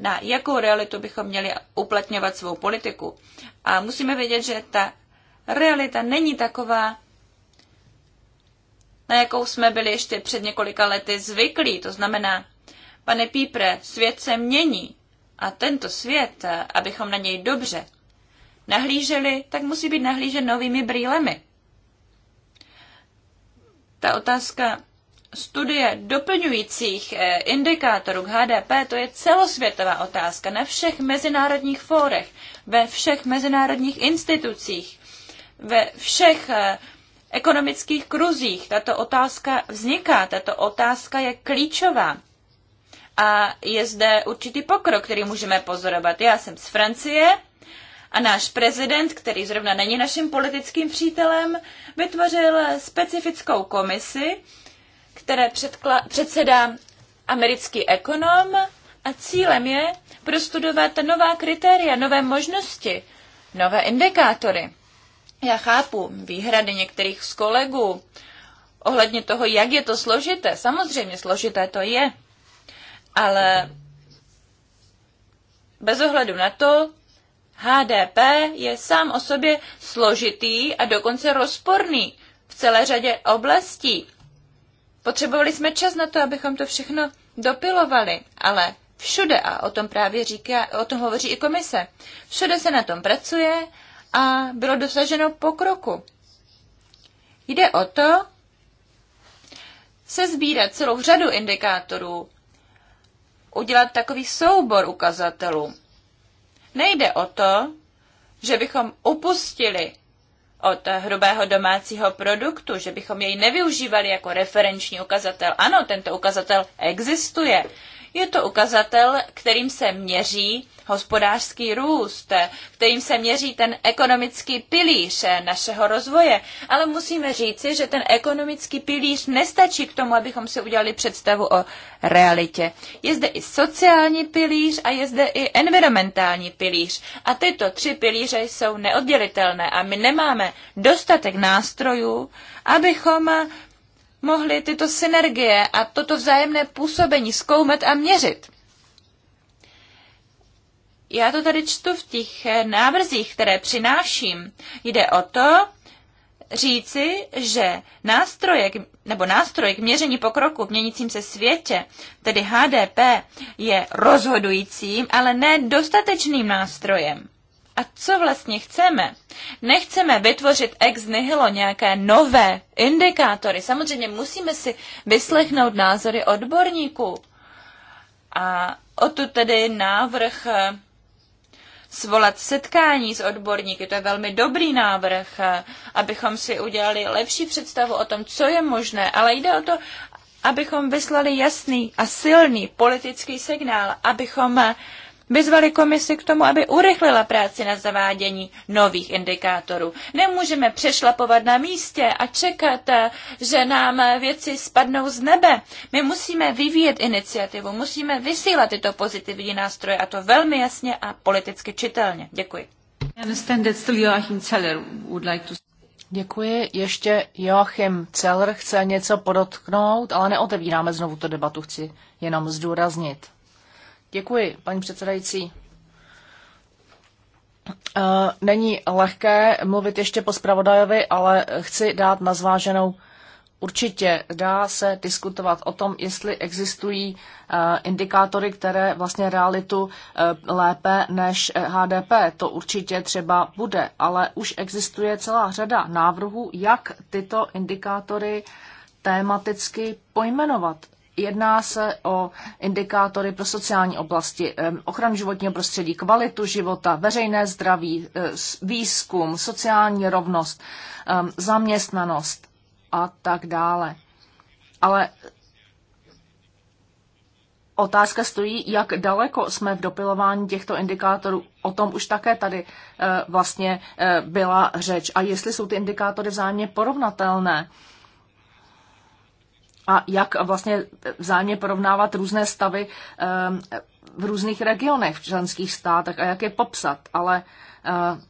na jakou realitu bychom měli uplatňovat svou politiku. A musíme vědět, že ta realita není taková, na jakou jsme byli ještě před několika lety zvyklí. To znamená, pane Pípre, svět se mění a tento svět, abychom na něj dobře nahlíželi, tak musí být nahlížen novými brýlemi. Ta otázka studie doplňujících eh, indikátorů k HDP, to je celosvětová otázka na všech mezinárodních fórech, ve všech mezinárodních institucích, ve všech eh, ekonomických kruzích tato otázka vzniká, tato otázka je klíčová. A je zde určitý pokrok, který můžeme pozorovat. Já jsem z Francie a náš prezident, který zrovna není naším politickým přítelem, vytvořil specifickou komisi, které předsedá americký ekonom a cílem je prostudovat nová kritéria, nové možnosti, nové indikátory. Já chápu výhrady některých z kolegů ohledně toho, jak je to složité. Samozřejmě složité to je, ale bez ohledu na to, HDP je sám o sobě složitý a dokonce rozporný v celé řadě oblastí. Potřebovali jsme čas na to, abychom to všechno dopilovali, ale všude, a o tom právě říká, o tom hovoří i komise, všude se na tom pracuje a bylo dosaženo pokroku. Jde o to, se sbírat celou řadu indikátorů, udělat takový soubor ukazatelů. Nejde o to, že bychom upustili od hrubého domácího produktu, že bychom jej nevyužívali jako referenční ukazatel. Ano, tento ukazatel existuje, je to ukazatel, kterým se měří hospodářský růst, kterým se měří ten ekonomický pilíř našeho rozvoje. Ale musíme říci, že ten ekonomický pilíř nestačí k tomu, abychom si udělali představu o realitě. Je zde i sociální pilíř a je zde i environmentální pilíř. A tyto tři pilíře jsou neoddělitelné a my nemáme dostatek nástrojů, abychom mohli tyto synergie a toto vzájemné působení zkoumat a měřit. Já to tady čtu v těch návrzích, které přináším. Jde o to, říci, že nástroje, nebo nástroj k měření pokroku v měnícím se světě, tedy HDP, je rozhodujícím, ale ne dostatečným nástrojem. A co vlastně chceme? Nechceme vytvořit ex nihilo nějaké nové indikátory. Samozřejmě musíme si vyslechnout názory odborníků. A o tu tedy návrh eh, svolat setkání s odborníky, to je velmi dobrý návrh, eh, abychom si udělali lepší představu o tom, co je možné, ale jde o to, abychom vyslali jasný a silný politický signál, abychom eh, vyzvali komisi k tomu, aby urychlila práci na zavádění nových indikátorů. Nemůžeme přešlapovat na místě a čekat, že nám věci spadnou z nebe. My musíme vyvíjet iniciativu, musíme vysílat tyto pozitivní nástroje a to velmi jasně a politicky čitelně. Děkuji. Děkuji. Ještě Joachim Celer chce něco podotknout, ale neotevíráme znovu tu debatu, chci jenom zdůraznit. Děkuji, paní předsedající. Eh, není lehké mluvit ještě po zpravodajovi, ale chci dát na zváženou Určitě dá se diskutovat o tom, jestli existují eh, indikátory, které vlastně realitu eh, lépe než HDP. To určitě třeba bude, ale už existuje celá řada návrhů, jak tyto indikátory tematicky pojmenovat. Jedná se o indikátory pro sociální oblasti, ochranu životního prostředí, kvalitu života, veřejné zdraví, e, výzkum, sociální rovnost, zaměstnanost a tak dále. Ale Otázka stojí, jak daleko jsme v dopilování těchto indikátorů. O tom už také tady e, vlastně e, byla řeč. A jestli jsou ty indikátory vzájemně porovnatelné a jak vlastně vzájemně porovnávat různé stavy ehm, v různých regionech v členských státech a jak je popsat. Ale ehm,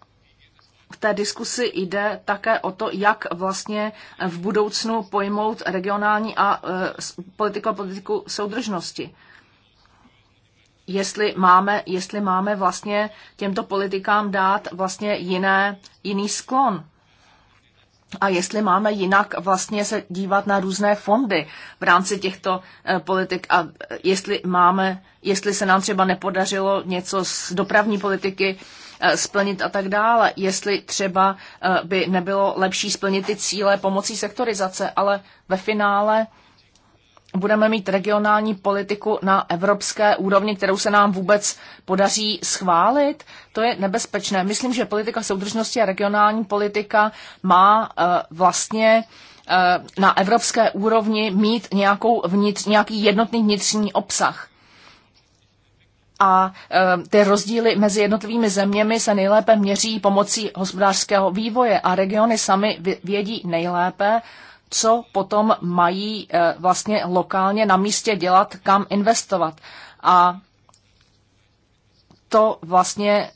v té diskusi jde také o to, jak vlastně v budoucnu pojmout regionální a e, politiku a politiku soudržnosti. Jestli máme, jestli máme vlastně těmto politikám dát vlastně jiné, jiný sklon, a jestli máme jinak vlastně se dívat na různé fondy v rámci těchto eh, politik a eh, jestli máme, jestli se nám třeba nepodařilo něco z dopravní politiky eh, splnit a tak dále, jestli třeba by nebylo lepší splnit ty cíle pomocí sektorizace, ale ve finále budeme mít regionální politiku na evropské úrovni, kterou se nám vůbec podaří schválit, to je nebezpečné. Myslím, že politika soudržnosti a regionální politika má eh, vlastně eh, na evropské úrovni mít nějakou vnitř, nějaký jednotný vnitřní obsah. A eh, ty rozdíly mezi jednotlivými zeměmi se nejlépe měří pomocí hospodářského vývoje a regiony sami vědí nejlépe, co potom mají eh, vlastně lokálně na místě dělat, kam investovat. A to vlastně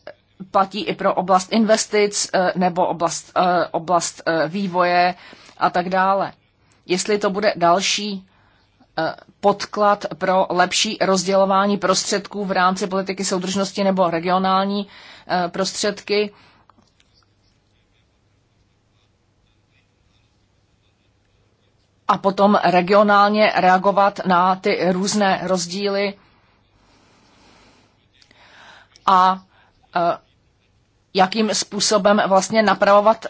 platí i pro oblast investic eh, nebo oblast, eh, oblast vývoje a tak dále. Jestli to bude další podklad pro lepší rozdělování prostředků v rámci politiky soudržnosti nebo regionální prostředky, a potom regionálně reagovat na ty různé rozdíly a e, jakým způsobem vlastně napravovat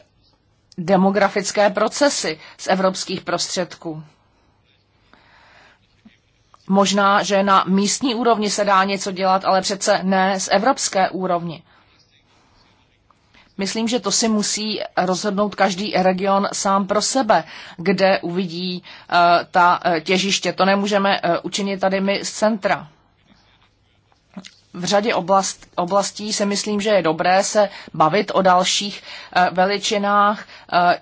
demografické procesy z evropských prostředků. Možná, že na místní úrovni se dá něco dělat, ale přece ne z evropské úrovni. Myslím, že to si musí rozhodnout každý region sám pro sebe, kde uvidí eh, ta eh, těžiště. To nemůžeme eh, učinit tady my z centra. V řadě oblast, oblastí se myslím, že je dobré se bavit o dalších veličinách,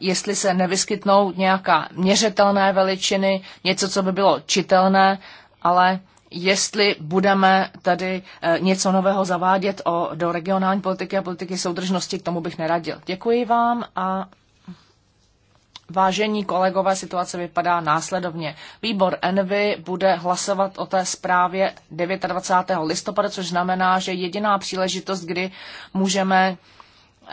jestli se nevyskytnou nějaká měřitelné veličiny, něco, co by bylo čitelné, ale jestli budeme tady eh, něco nového zavádět o, do regionální politiky a politiky soudržnosti, k tomu bych neradil. Děkuji vám a Vážení kolegové, situace vypadá následovně. Výbor Envy bude hlasovat o té zprávě 29. listopadu, což znamená, že jediná příležitost, kdy můžeme uh,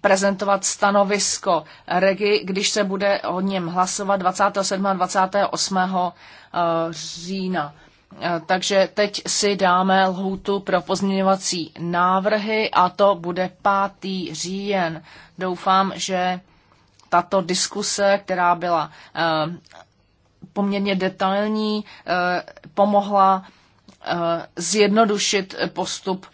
prezentovat stanovisko Regi, když se bude o něm hlasovat 27. a 28. Eh, října. Eh, takže teď si dáme lhůtu pro pozměňovací návrhy a to bude 5. říjen. Doufám, že tato diskuse, která byla eh, poměrně detailní, pomohla zjednodušit postup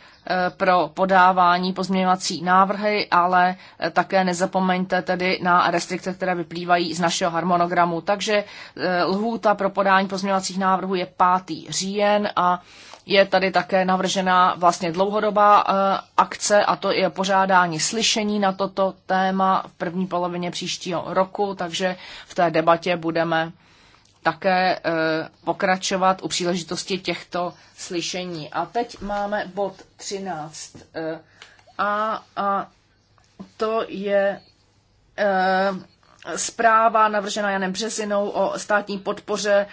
pro podávání pozměňovací návrhy, ale také nezapomeňte tedy na restrikce, které vyplývají z našeho harmonogramu. Takže e, lhůta pro podání pozměňovacích návrhů je 5. říjen a je tady také navržena vlastně dlouhodobá e, akce a to je pořádání slyšení na toto téma v první polovině příštího roku, takže v té debatě budeme také eh, pokračovat u příležitosti těchto slyšení. A teď máme bod 13. Eh, a, a to je eh, zpráva navržená Janem Březinou o státní podpoře,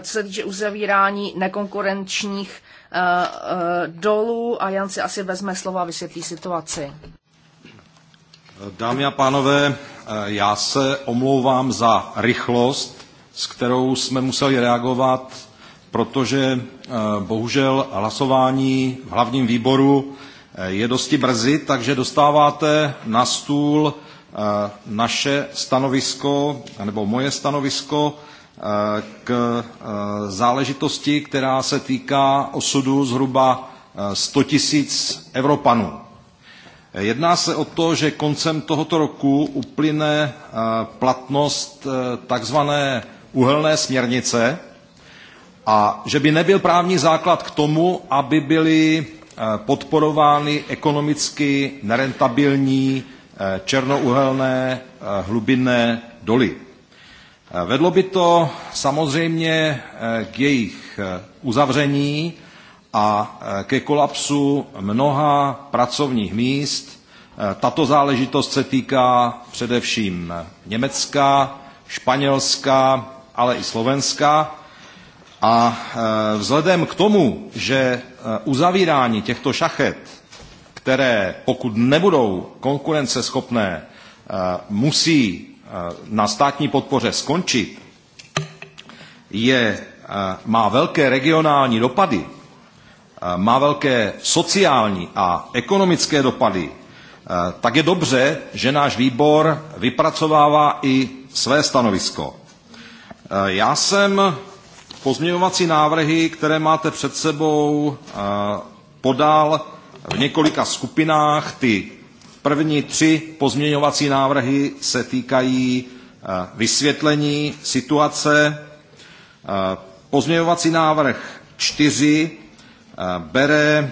co se týče uzavírání nekonkurenčních dolů. A Jan si asi vezme slova a vysvětlí situaci. Dámy a pánové, já se omlouvám za rychlost, s kterou jsme museli reagovat, protože eh, bohužel hlasování v hlavním výboru eh, je dosti brzy, takže dostáváte na stůl eh, naše stanovisko, nebo moje stanovisko k záležitosti, která se týká osudu zhruba 100 tisíc Evropanů. Jedná se o to, že koncem tohoto roku uplyne platnost takzvané uhelné směrnice a že by nebyl právní základ k tomu, aby byly eh, podporovány ekonomicky nerentabilní eh, černouhelné eh, hlubinné doly. Vedlo by to samozřejmě k jejich uzavření a ke kolapsu mnoha pracovních míst. Tato záležitost se týká především Německa, Španělska, ale i Slovenska. A e, vzhledem k tomu, že e, uzavírání těchto šachet, které pokud nebudou konkurenceschopné, e, musí na státní podpoře skončit, je, má velké regionální dopady, má velké sociální a ekonomické dopady, tak je dobře, že náš výbor vypracovává i své stanovisko. Eh, já jsem pozměňovací návrhy, které máte před sebou, eh, podal v několika skupinách. Ty první tři pozměňovací návrhy se týkají eh, vysvětlení situace. Pozměňovací návrh čtyři bere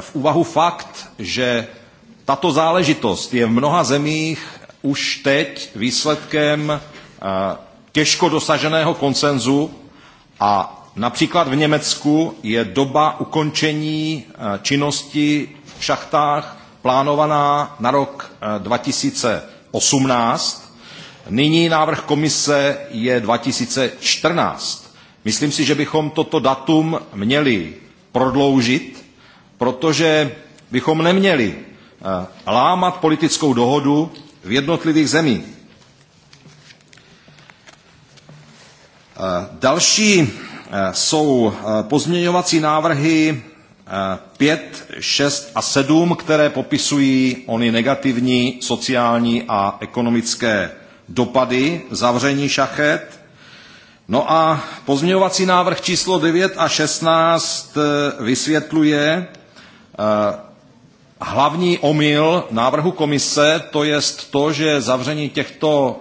v úvahu fakt, že tato záležitost je v mnoha zemích už teď výsledkem těžko dosaženého konsenzu a například v Německu je doba ukončení eh, činnosti v šachtách plánovaná na rok 2018. Eh, Nyní návrh komise je 2014. Myslím si, že bychom toto datum měli prodloužit, protože bychom neměli eh, lámat politickou dohodu v jednotlivých zemích. Eh, další eh, jsou eh, pozměňovací návrhy 5, 6 a 7, které popisují ony negativní sociální a ekonomické dopady zavření šachet. No a pozměňovací návrh číslo 9 a 16 vysvětluje hlavní omyl návrhu komise, to je to, že zavření těchto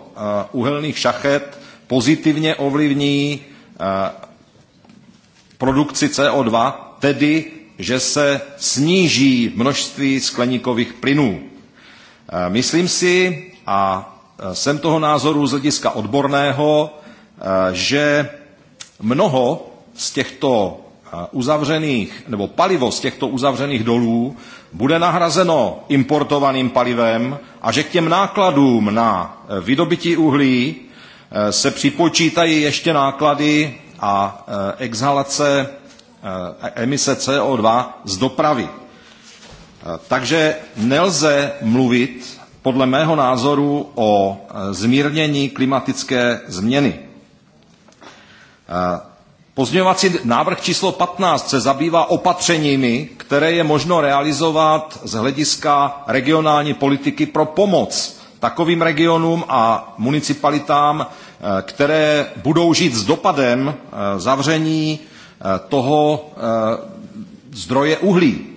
uhelných šachet pozitivně ovlivní eh, produkci CO2, tedy že se sníží množství skleníkových plynů. Eh, myslím si, a eh, jsem toho názoru z hlediska odborného, že mnoho z těchto uzavřených, nebo palivo z těchto uzavřených dolů bude nahrazeno importovaným palivem a že k těm nákladům na vydobití uhlí Eh, se připočítají ještě náklady a eh, exhalace eh, e-, emise CO2 z dopravy. Takže nelze mluvit podle mého názoru o zmírnění klimatické změny. Pozměňovací návrh číslo 15 se zabývá opatřeními, které je možno realizovat z hlediska regionální politiky pro pomoc takovým regionům a municipalitám, eh, které budou žít s dopadem eh, zavření eh, toho zdroje uhlí.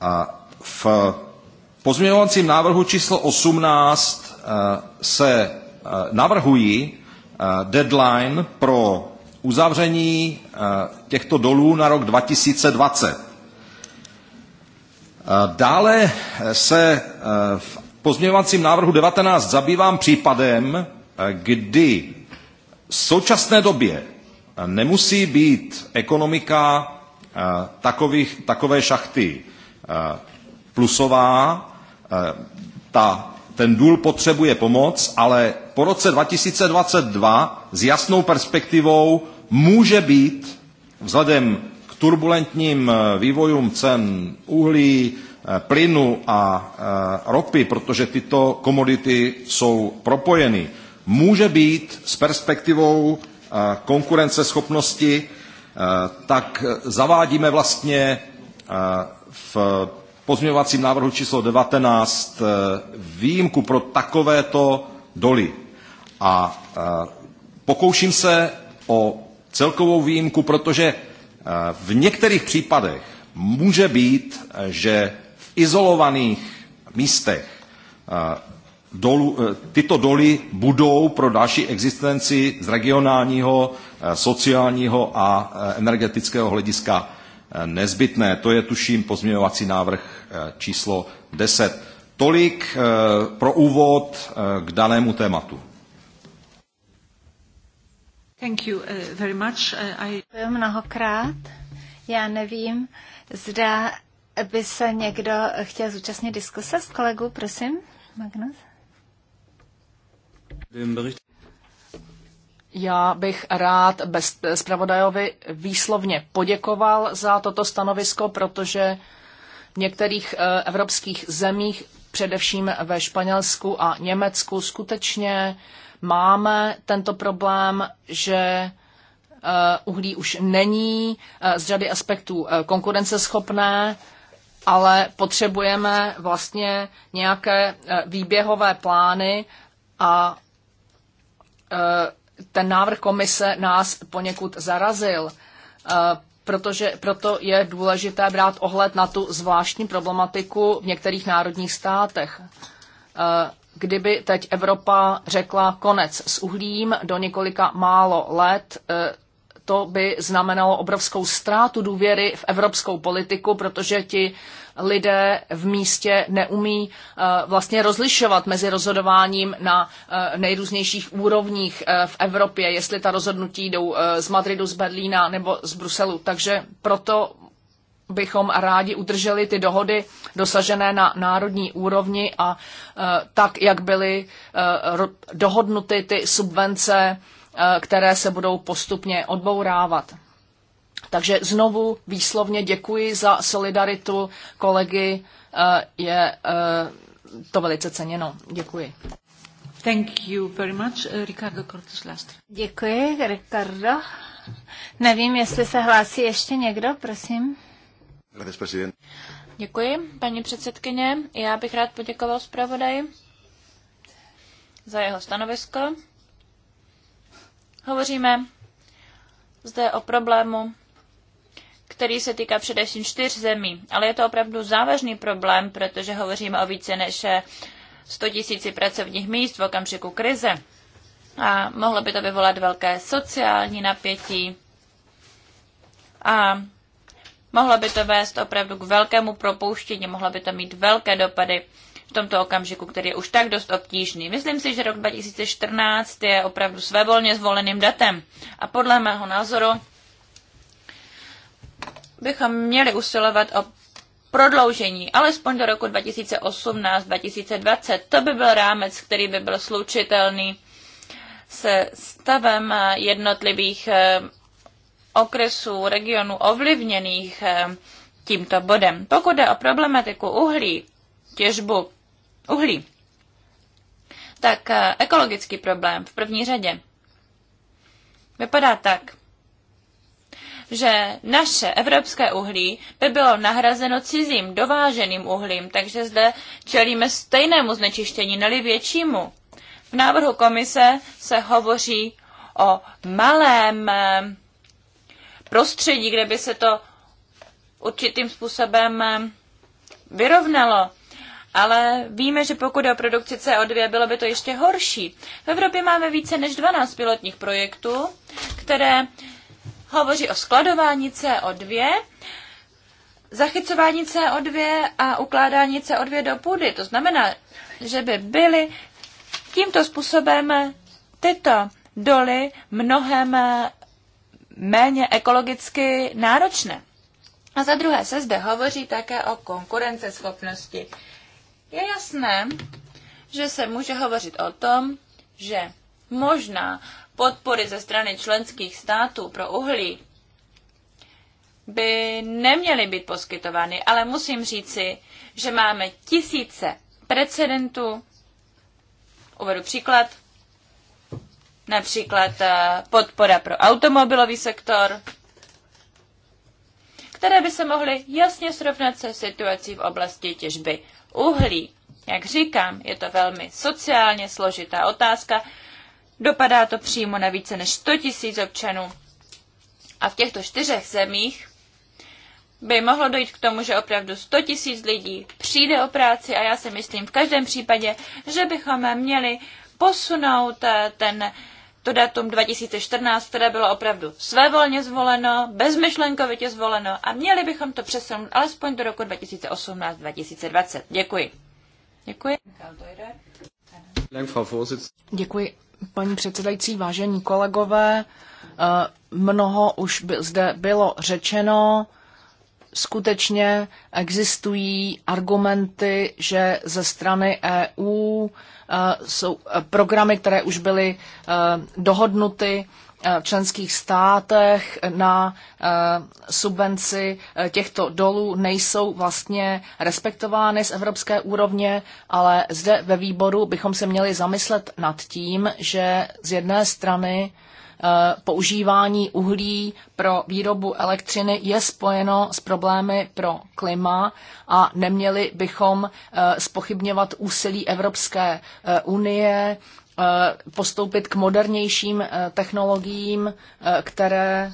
A v pozměňovacím návrhu číslo 18 se navrhují deadline pro uzavření těchto dolů na rok 2020. Dále se v pozměňovacím návrhu 19 zabývám případem, eh, kdy v současné době nemusí být ekonomika eh, takových, takové šachty eh, plusová, ta, ten důl potřebuje pomoc, ale po roce 2022 s jasnou perspektivou může být vzhledem k turbulentním vývojům cen uhlí, Eh, plynu a eh, ropy, protože tyto komodity jsou propojeny, může být s perspektivou eh, konkurenceschopnosti, tak zavádíme vlastně v pozměňovacím návrhu číslo 19 výjimku pro takovéto doly. A pokouším se o celkovou výjimku, protože v některých případech může být, že izolovaných místech Dolu, e, tyto doly budou pro další existenci z regionálního, e, sociálního a e, energetického hlediska nezbytné. To je, tuším, pozměňovací návrh číslo 10. Tolik pro úvod k danému tématu. Thank you uh, very much. Uh, I... Mnohokrát. Já nevím, zda by se někdo chtěl zúčastnit diskuse s kolegou, prosím, Magnus. Já bych rád bez, zpravodajovi výslovně poděkoval za toto stanovisko, protože v některých eh, evropských zemích, především ve Španělsku a Německu, skutečně máme tento problém, že eh, uhlí už není eh, z řady aspektů konkurenceschopné ale potřebujeme vlastně nějaké eh, výběhové plány a eh, ten návrh komise nás poněkud zarazil, eh, protože proto je důležité brát ohled na tu zvláštní problematiku v některých národních státech. Kdyby teď Evropa řekla konec s uhlím do několika málo let, to by znamenalo obrovskou ztrátu důvěry v evropskou politiku, protože ti lidé v místě neumí eh, vlastně rozlišovat mezi rozhodováním na eh, nejrůznějších úrovních eh, v Evropě, jestli ta rozhodnutí jdou z Madridu, z Berlína nebo z Bruselu. Takže proto bychom rádi udrželi ty dohody dosažené na národní úrovni a tak, jak byly dohodnuty ty subvence Eh, které se budou postupně odbourávat. Takže znovu výslovně děkuji za solidaritu kolegy. Eh, je eh, to velice ceněno. Děkuji. Thank you very much, Ricardo Cortes Lastra. Děkuji, Ricardo. Nevím, jestli se hlásí ještě někdo, prosím. Děkuji, paní předsedkyně. Já bych rád poděkoval zpravodaji za jeho stanovisko. Hovoříme zde o problému, který se týká především čtyř zemí, ale je to opravdu závažný problém, protože hovoříme o více než 100 tisíci pracovních míst v okamžiku krize. A mohlo by to vyvolat velké sociální napětí a mohlo by to vést opravdu k velkému propouštění, mohlo by to mít velké dopady v tomto okamžiku, který je už tak dost obtížný. Myslím si, že rok 2014 je opravdu svévolně zvoleným datem a podle mého názoru bychom měli usilovat o prodloužení, alespoň do roku 2018-2020. To by byl rámec, který by byl slučitelný se stavem jednotlivých eh, okresů, regionů ovlivněných eh, tímto bodem. Pokud jde o problematiku uhlí, těžbu uhlí. Tak eh, ekologický problém v první řadě vypadá tak, že naše evropské uhlí by bylo nahrazeno cizím dováženým uhlím, takže zde čelíme stejnému znečištění, neli většímu. V návrhu komise se hovoří o malém eh, prostředí, kde by se to určitým způsobem eh, vyrovnalo ale víme, že pokud je o produkci CO2, bylo by to ještě horší. V Evropě máme více než 12 pilotních projektů, které hovoří o skladování CO2, zachycování CO2 a ukládání CO2 do půdy. To znamená, že by byly tímto způsobem tyto doly mnohem méně ekologicky náročné. A za druhé se zde hovoří také o konkurenceschopnosti. Je jasné, že se může hovořit o tom, že možná podpory ze strany členských států pro uhlí by neměly být poskytovány, ale musím říci, že máme tisíce precedentů. Uvedu příklad. Například eh, podpora pro automobilový sektor, které by se mohly jasně srovnat se situací v oblasti těžby uhlí. Jak říkám, je to velmi sociálně složitá otázka. Dopadá to přímo na více než 100 tisíc občanů. A v těchto čtyřech zemích by mohlo dojít k tomu, že opravdu 100 tisíc lidí přijde o práci a já si myslím v každém případě, že bychom měli posunout eh, ten to datum 2014, které bylo opravdu svévolně zvoleno, bezmyšlenkovitě zvoleno a měli bychom to přesunout alespoň do roku 2018-2020. Děkuji. Děkuji. Děkuji, paní předsedající, vážení kolegové. Eh, mnoho už zde bylo řečeno skutečně existují argumenty, že ze strany EU eh, jsou eh, programy, které už byly eh, dohodnuty v členských státech na subvenci těchto dolů nejsou vlastně respektovány z evropské úrovně, ale zde ve výboru bychom se měli zamyslet nad tím, že z jedné strany Eh, používání uhlí pro výrobu elektřiny je spojeno s problémy pro klima a neměli bychom eh, spochybňovat úsilí Evropské eh, unie postoupit k modernějším technologiím, které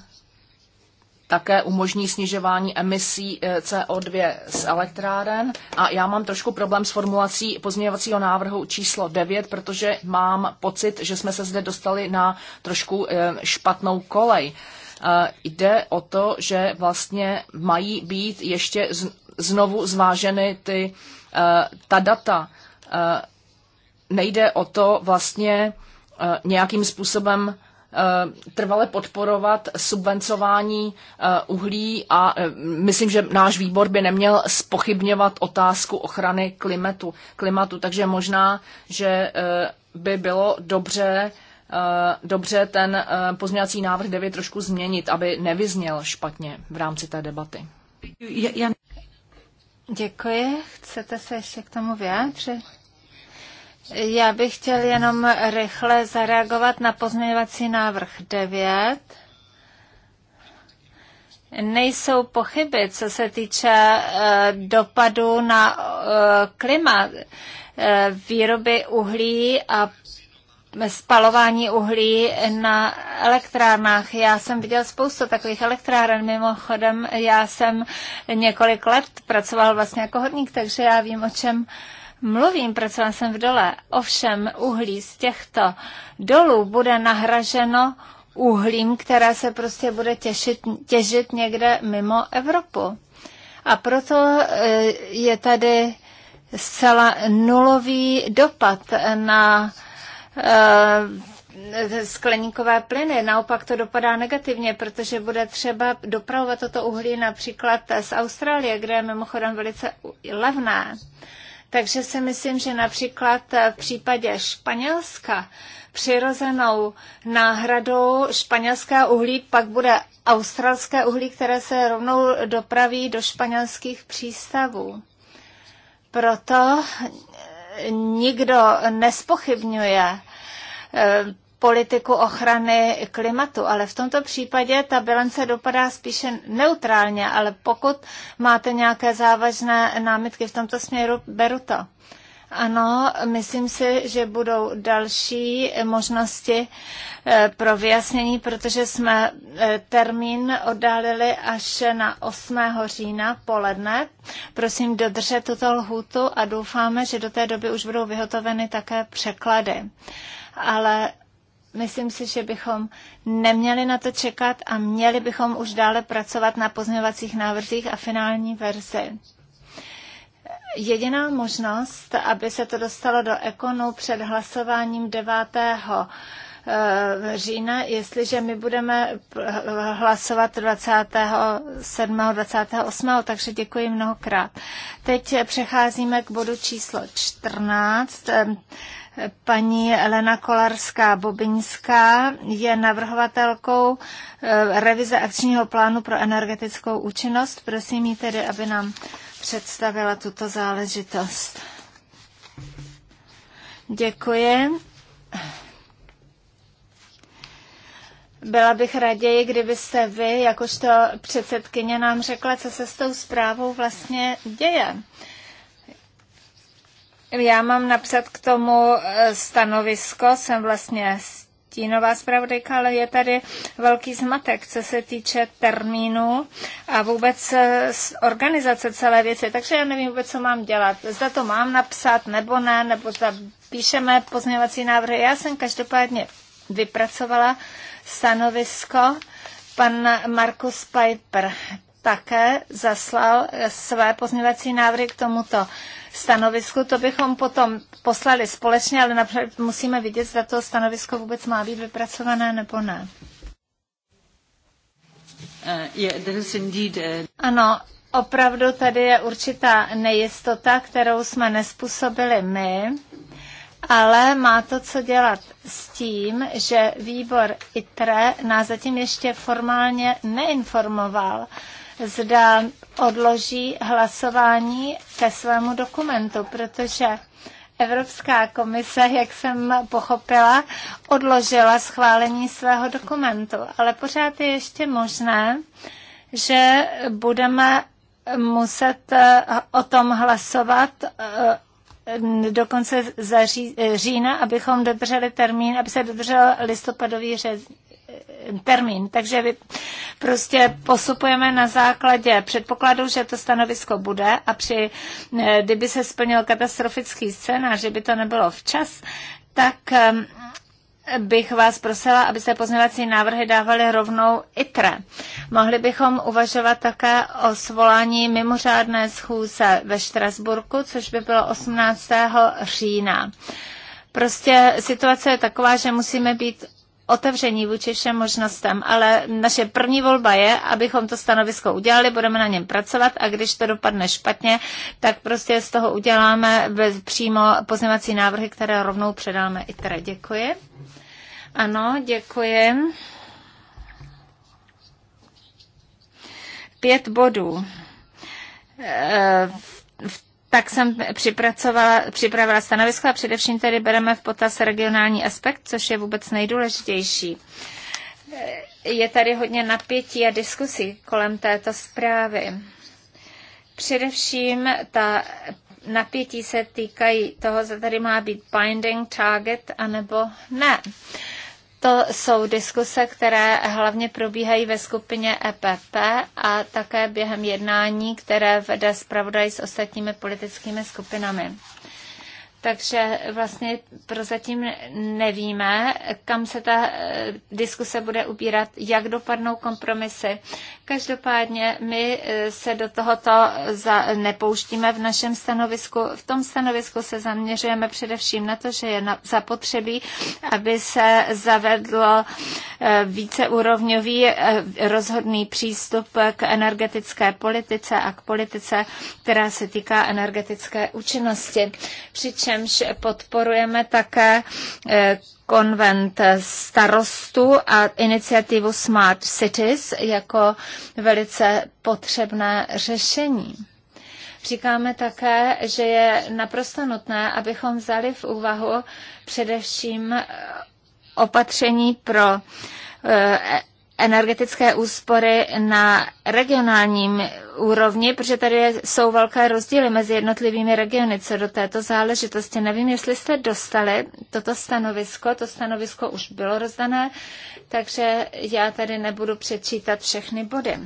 také umožní snižování emisí eh, CO2 z elektráren. A já mám trošku problém s formulací pozměňovacího návrhu číslo 9, protože mám pocit, že jsme se zde dostali na trošku eh, špatnou kolej. Eh, jde o to, že vlastně mají být ještě znovu zváženy ty, ta data. Nejde o to vlastně nějakým způsobem Eh, trvale podporovat subvencování eh, uhlí a eh, myslím, že náš výbor by neměl spochybňovat otázku ochrany klimatu. klimatu. Takže možná, že by bylo dobře, dobře ten pozměňovací návrh 9 trošku změnit, aby nevyzněl špatně v rámci té debaty. Děkuji. Chcete se ještě k tomu vyjádřit? Já bych chtěl jenom rychle zareagovat na pozměňovací návrh 9. Nejsou pochyby, co se týče eh, dopadu na eh, klima, eh, výroby uhlí a spalování uhlí na elektrárnách. Já jsem viděl spoustu takových elektráren. Mimochodem, já jsem několik let pracoval vlastně jako hodník, takže já vím, o čem uh, mluvím, pracovala jsem v dole. Ovšem uhlí z těchto dolů bude nahraženo uhlím, které se prostě bude těšit, těžit někde mimo Evropu. A proto eh, je tady zcela nulový dopad na eh, skleníkové plyny. Naopak to dopadá negativně, protože bude třeba dopravovat toto uhlí například z Austrálie, kde je mimochodem velice levné. Takže si myslím, že například v případě Španělska přirozenou náhradou španělské uhlí pak bude australské uhlí, které se rovnou dopraví do španělských přístavů. Proto nikdo nespochybňuje eh, politiku ochrany klimatu, ale v tomto případě ta bilance dopadá spíše neutrálně, ale pokud máte nějaké závažné námitky v tomto směru, beru to. Ano, myslím si, že budou další možnosti eh, pro vyjasnění, protože jsme eh, termín oddálili až na 8. října poledne. Prosím, dodržet tuto lhůtu a doufáme, že do té doby už budou vyhotoveny také překlady. Ale myslím si, že bychom neměli na to čekat a měli bychom už dále pracovat na pozměvacích návrzích a finální verzi. Jediná možnost, aby se to dostalo do ekonu před hlasováním 9 eh, října, jestliže my budeme hlasovat 27. 28. takže děkuji mnohokrát. Teď přecházíme k bodu číslo 14 Paní Elena Kolarská-Bobiňská je navrhovatelkou eh, revize akčního plánu pro energetickou účinnost. Prosím ji tedy, aby nám představila tuto záležitost. Děkuji. Byla bych raději, kdybyste vy, jakožto předsedkyně, nám řekla, co se s tou zprávou vlastně děje. Já mám napsat k tomu eh, stanovisko, jsem vlastně stínová zpravodajka, ale je tady velký zmatek, co se týče termínu a vůbec eh, organizace celé věci. Takže já nevím vůbec, co mám dělat. Zda to mám napsat, nebo ne, nebo zda píšeme pozměňovací návrhy. Já jsem každopádně vypracovala stanovisko. Pan Markus Piper také zaslal eh, své pozměňovací návrhy k tomuto stanovisku. To bychom potom poslali společně, ale například musíme vidět, zda to stanovisko vůbec má být vypracované nebo ne. Uh, yeah, indeed, uh... Ano, opravdu tady je určitá nejistota, kterou jsme nespůsobili my, ale má to co dělat s tím, že výbor ITRE nás zatím ještě formálně neinformoval zda odloží hlasování ke svému dokumentu, protože Evropská komise, jak jsem pochopila, odložila schválení svého dokumentu, ale pořád je ještě možné, že budeme muset eh, o tom hlasovat eh, do konce eh, října, abychom dodrželi termín, aby se dodržel listopadový Eh, termín. Takže vy prostě posupujeme na základě předpokladu, že to stanovisko bude a při, eh, kdyby se splnil katastrofický scénář, že by to nebylo včas, tak ehm, bych vás prosila, abyste pozměňovací návrhy dávali rovnou ITRE. Mohli bychom uvažovat také o svolání mimořádné schůze ve Štrasburku, což by bylo 18. října. Prostě situace je taková, že musíme být otevření vůči všem možnostem, ale naše první volba je, abychom to stanovisko udělali, budeme na něm pracovat a když to dopadne špatně, tak prostě z toho uděláme bez přímo pozněvací návrhy, které rovnou předáme i teda. Děkuji. Ano, děkuji. Pět bodů. E, v tak jsem připravila stanovisko a především tedy bereme v potaz regionální aspekt, což je vůbec nejdůležitější. Je tady hodně napětí a diskusí kolem této zprávy. Především ta napětí se týkají toho, zda tady má být binding target anebo ne. Uh, to jsou diskuse, které hlavně probíhají ve skupině EPP a také během jednání, které vede zpravodaj s ostatními politickými skupinami. Takže vlastně prozatím nevíme, kam se ta eh, diskuse bude ubírat, jak dopadnou kompromisy. Každopádně my eh, se do tohoto za, nepouštíme v našem stanovisku. V tom stanovisku se zaměřujeme především na to, že je na, zapotřebí, aby se zavedlo eh, víceúrovňový rozhodný přístup k energetické politice a k politice, která se týká energetické účinnosti. Přičem přičemž podporujeme také eh, konvent starostů a iniciativu Smart Cities jako velice potřebné řešení. Říkáme také, že je naprosto nutné, abychom vzali v úvahu především eh, opatření pro eh, energetické úspory na regionálním úrovni, protože tady jsou velké rozdíly mezi jednotlivými regiony co do této záležitosti. Nevím, jestli jste dostali toto stanovisko, to stanovisko už bylo rozdané, takže já tady nebudu přečítat všechny body.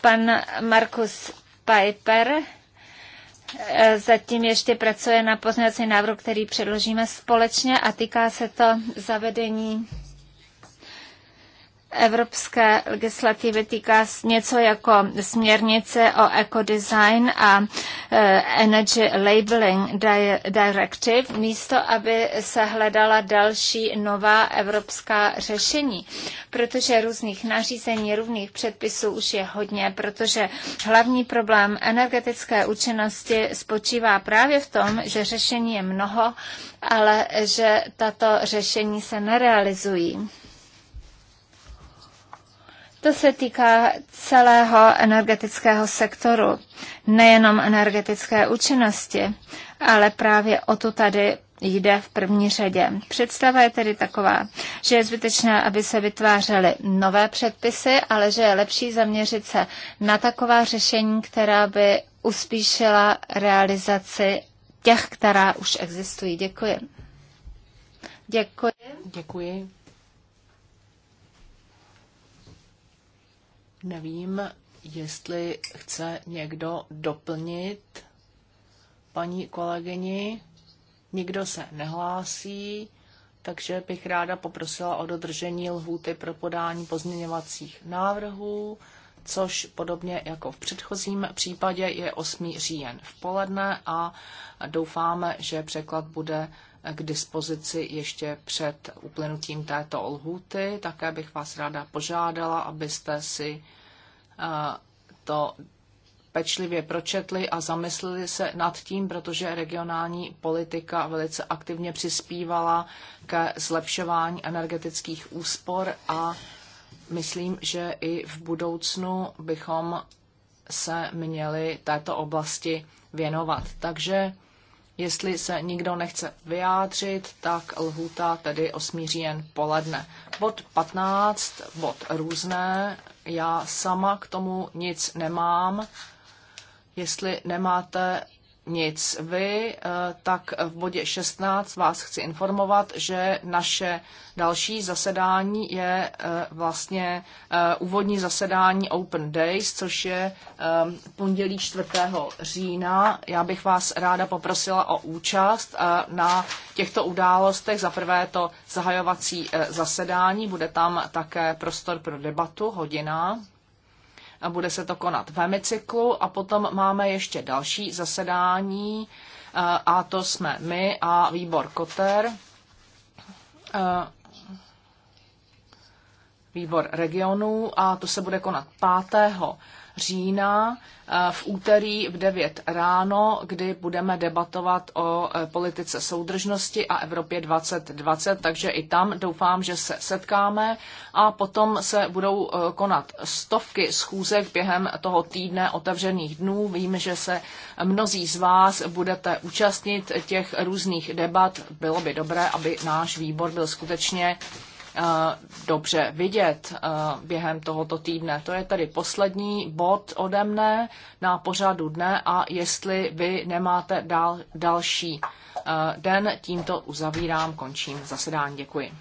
Pan Markus Piper Zatím ještě pracuje na pozměňovací návrhu, který předložíme společně a týká se to zavedení evropské legislativy týká něco jako směrnice o ekodesign a e, Energy Labeling Directive, místo aby se hledala další nová evropská řešení, protože různých nařízení, různých předpisů už je hodně, protože hlavní problém energetické účinnosti spočívá právě v tom, že řešení je mnoho, ale že tato řešení se nerealizují. To se týká celého energetického sektoru, nejenom energetické účinnosti, ale právě o to tady jde v první řadě. Představa je tedy taková, že je zbytečné, aby se vytvářely nové předpisy, ale že je lepší zaměřit se na taková řešení, která by uspíšila realizaci těch, která už existují. Děkuji. Děkuji. Děkuji. Nevím, jestli chce někdo doplnit paní kolegyni. Nikdo se nehlásí, takže bych ráda poprosila o dodržení lhůty pro podání pozměňovacích návrhů, což podobně jako v předchozím případě je 8. říjen v poledne a doufáme, že překlad bude k dispozici ještě před uplynutím této lhůty. Také bych vás ráda požádala, abyste si eh, to pečlivě pročetli a zamysleli se nad tím, protože regionální politika velice aktivně přispívala ke zlepšování energetických úspor a myslím, že i v budoucnu bychom se měli této oblasti věnovat. Takže Jestli se nikdo nechce vyjádřit, tak lhůta tedy osmíří jen poledne. Bod 15, bod různé, já sama k tomu nic nemám. Jestli nemáte nic vy, eh, tak v bodě 16 vás chci informovat, že naše další zasedání je eh, vlastně eh, úvodní zasedání Open Days, což je pondělí 4. října. Já bych vás ráda poprosila o účast na těchto událostech. Za prvé to zahajovací zasedání, bude tam také prostor pro debatu, hodina a bude se to konat v hemicyklu a potom máme ještě další zasedání eh, a to jsme my a výbor Koter, eh, výbor regionů a to se bude konat 5 října eh, v úterý v 9 ráno, kdy budeme debatovat o eh, politice soudržnosti a Evropě 2020, takže i tam doufám, že se setkáme a potom se budou eh, konat stovky schůzek během toho týdne otevřených dnů. Vím, že se mnozí z vás budete účastnit těch různých debat. Bylo by dobré, aby náš výbor byl skutečně Eh, dobře vidět eh, během tohoto týdne. To je tedy poslední bod ode mne na pořadu dne a jestli vy nemáte dal další eh, den, tímto uzavírám, končím zasedání. Děkuji.